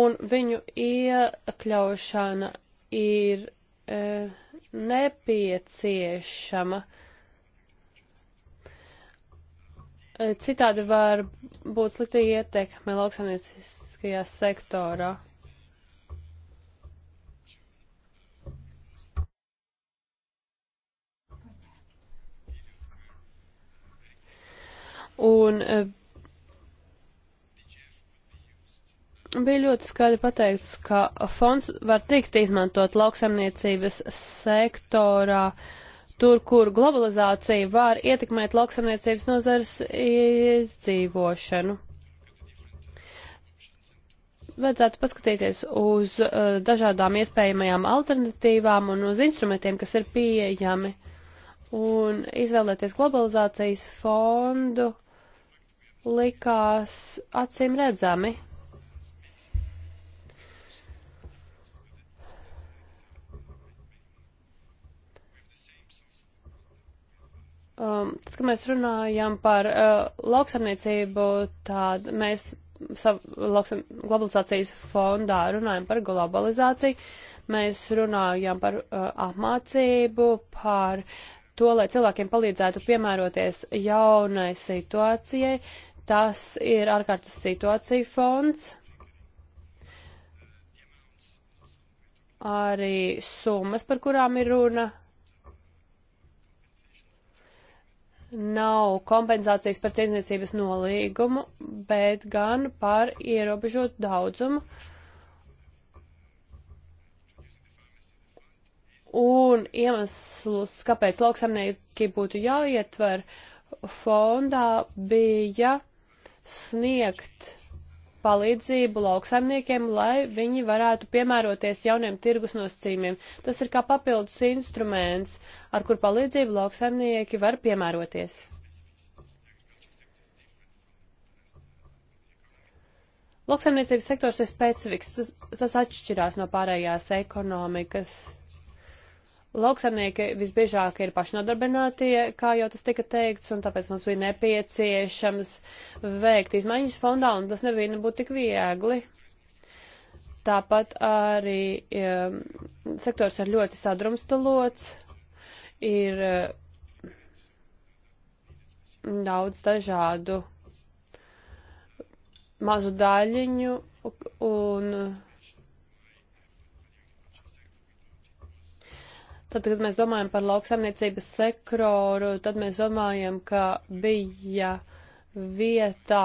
Speaker 4: Un viņu iekļaušana ir e, nepieciešama. E, citādi var būt slikta ietekme lauksaimnieciskajā sektorā. Un eh, bija ļoti skaidri pateikts, ka fonds var tikt izmantot lauksamniecības sektorā, tur, kur globalizācija var ietekmēt lauksamniecības nozares izdzīvošanu vajadzētu paskatīties uz uh, dažādām iespējamajām alternatīvām un uz instrumentiem, kas ir pieejami, un izvēlēties globalizācijas fondu likās acīm redzami. Um, tad, kad mēs runājam par uh, lauksamniecību, tad mēs sav, lauksam, globalizācijas fondā runājam par globalizāciju, mēs runājam par uh, apmācību, par to, lai cilvēkiem palīdzētu piemēroties jaunai situācijai. Uh, Tas ir ārkārtas situācija fonds. Arī summas, par kurām ir runa, nav kompensācijas par tirdzniecības nolīgumu, bet gan par ierobežotu daudzumu. Un iemesls, kāpēc lauksamnieki būtu jāietver fondā, bija sniegt palīdzību lauksaimniekiem, lai viņi varētu piemēroties jauniem tirgus nosacījumiem. Tas ir kā papildus instruments, ar kur palīdzību lauksaimnieki var piemēroties. Lauksaimniecības sektors ir specifiks, tas, tas atšķirās no pārējās ekonomikas. Lauksaimnieki visbiežāk ir pašnodarbinātie, kā jau tas tika teikts, un tāpēc mums bija nepieciešams veikt izmaiņas fondā, un tas nebija nebūtu tik viegli. Tāpat arī um, sektors ir ļoti sadrumstalots, ir um, daudz dažādu mazu daļiņu un. Uh, Tad, kad mēs domājam par lauksaimniecības sektoru, tad mēs domājam, ka bija vietā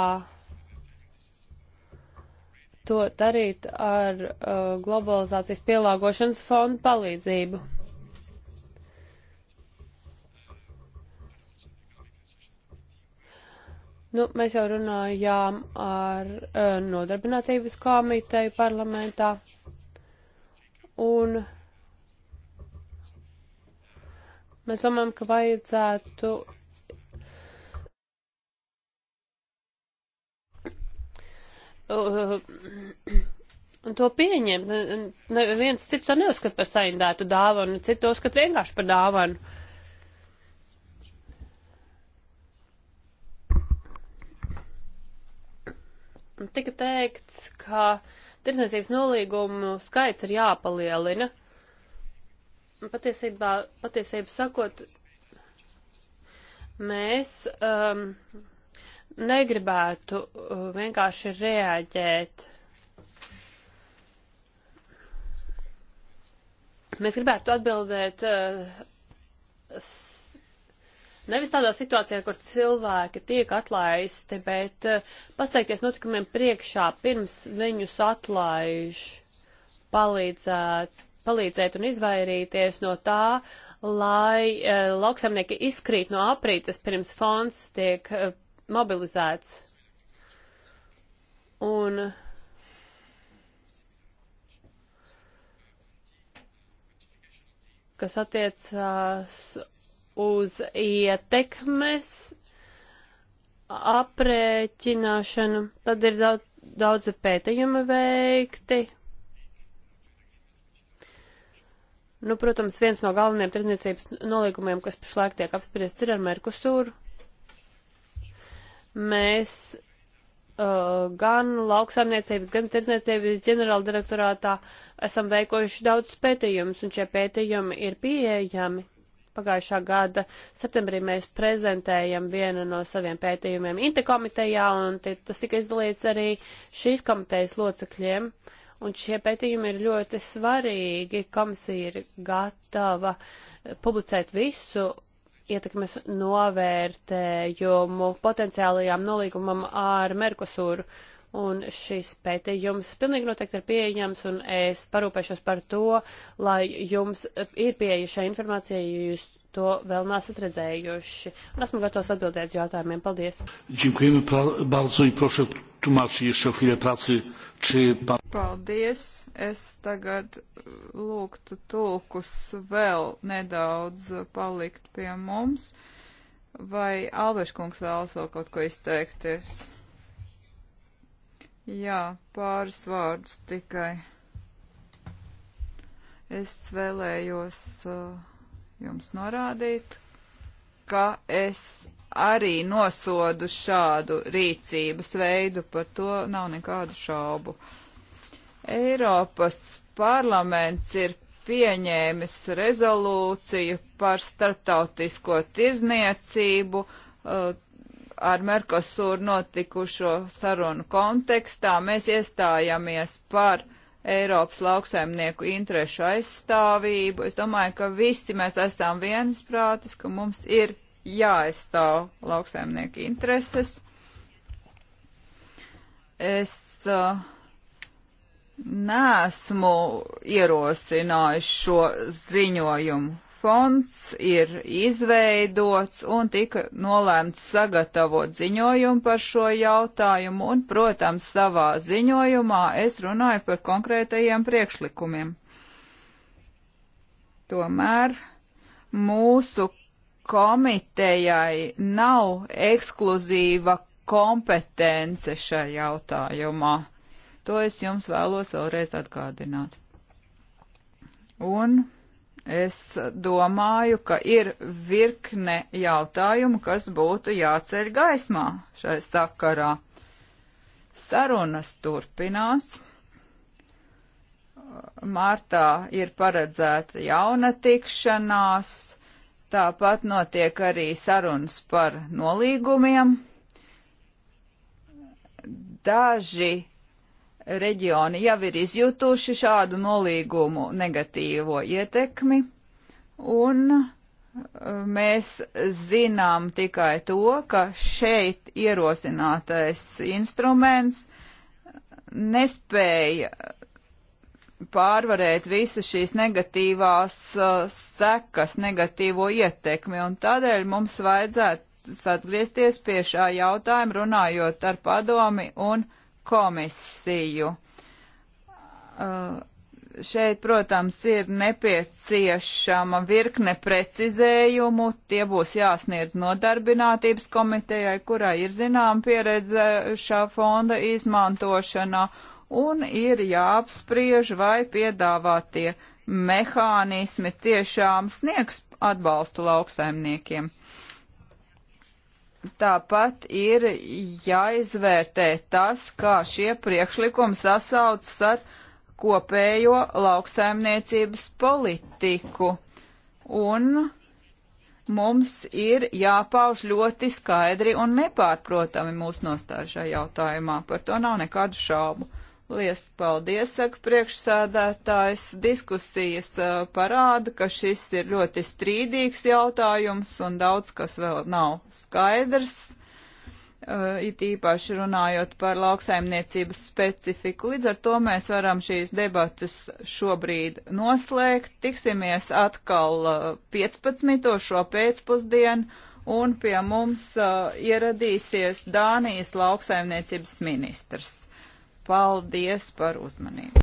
Speaker 4: to darīt ar uh, globalizācijas pielāgošanas fondu palīdzību. Nu, mēs jau runājām ar uh, nodarbinātības komiteju parlamentā. Un uh, Mēs domājam, ka vajadzētu un uh, to pieņemt. Neviens cits to neuzskata par saindētu dāvanu, cits to uzskata vienkārši par dāvanu. Tika teikts, ka tirdzniecības nolīgumu skaits ir jāpalielina. Patiesībā, patiesību sakot, mēs um, negribētu uh, vienkārši reaģēt. Mēs gribētu atbildēt uh, nevis tādā situācijā, kur cilvēki tiek atlaisti, bet uh, pasteikties notikumiem priekšā, pirms viņus atlaiž, palīdzēt palīdzēt un izvairīties no tā, lai uh, eh, lauksamnieki izkrīt no aprītes pirms fonds tiek uh, mobilizēts. Un kas attiecās uz ietekmes aprēķināšanu, tad ir daudz, daudzi pētījumi veikti, Nu, protams, viens no galvenajiem tirdzniecības nolīgumiem, kas pašlaik tiek apspriests, ir ar Merkusūru. Mēs uh, gan lauksaimniecības, gan tirdzniecības ģenerāla direktorātā esam veikojuši daudz pētījumus, un šie pētījumi ir pieejami. Pagājušā gada septembrī mēs prezentējam vienu no saviem pētījumiem Intekomitejā, un tas tika izdalīts arī šīs komitejas locekļiem. Uh, Un šie pētījumi ir ļoti svarīgi. Komisija ir gatava publicēt visu ietekmes novērtējumu potenciālajām nolīgumam ar Merkosūru. Un šis pētījums pilnīgi noteikti ir pieejams, un es parūpēšos par to, lai jums ir pieeja šai informācijai, ja jūs to vēl nesat redzējuši. Un esmu gatavs atbildēt jautājumiem. Paldies!
Speaker 3: Paldies! Es tagad lūgtu tulkus vēl nedaudz palikt pie mums. Vai Alveškungs vēlas vēl kaut ko izteikties? Jā, pāris vārdus tikai. Es vēlējos uh, jums norādīt, ka es arī nosodu šādu rīcības veidu, par to nav nekādu šaubu. Eiropas parlaments ir pieņēmis rezolūciju par starptautisko tirzniecību uh, ar Merkosūru notikušo sarunu kontekstā. Mēs iestājamies par Eiropas lauksaimnieku interešu aizstāvību. Es domāju, ka visi mēs esam viensprātis, ka mums ir jāaizstāv lauksaimnieku intereses. Es uh, nesmu ierosinājis šo ziņojumu fonds ir izveidots un tika nolēmts sagatavot ziņojumu par šo jautājumu, un, protams, savā ziņojumā es runāju par konkrētajiem priekšlikumiem. Tomēr mūsu komitejai nav ekskluzīva kompetence šajā jautājumā. To es jums vēlos vēlreiz atgādināt. Un Es domāju, ka ir virkne jautājumu, kas būtu jāceļ gaismā šai sakarā. Sarunas turpinās. Martā ir paredzēta jauna tikšanās, tāpat notiek arī sarunas par nolīgumiem. Daži reģioni jau ir izjutuši šādu nolīgumu negatīvo ietekmi, un uh, mēs zinām tikai to, ka šeit ierosinātais instruments nespēja pārvarēt visas šīs negatīvās uh, sekas, negatīvo ietekmi, un tādēļ mums vajadzētu atgriezties pie šā jautājuma, runājot ar padomi un uh, komisiju. Uh, šeit, protams, ir nepieciešama virkne precizējumu. Tie būs jāsniedz nodarbinātības komitejai, kurai ir zinām pieredze šā fonda izmantošanā, un ir jāapspriež, vai piedāvātie mehānismi tiešām sniegs atbalstu lauksaimniekiem. Tāpat ir jāizvērtē tas, kā šie priekšlikumi sasaucas ar kopējo lauksaimniecības politiku. Un mums ir jāpauž ļoti skaidri un nepārprotami mūsu nostāja šajā jautājumā. Par to nav nekādu šaubu. Lies paldies, saka priekšsēdētājs. Diskusijas uh, parāda, ka šis ir ļoti strīdīgs jautājums un daudz kas vēl nav skaidrs. Uh, it īpaši runājot par lauksaimniecības specifiku. Līdz ar to mēs varam šīs debatas šobrīd noslēgt. Tiksimies atkal 15. Uh, šo pēcpusdienu un pie mums uh, ieradīsies Dānijas lauksaimniecības ministrs. Paldies par uzmanību!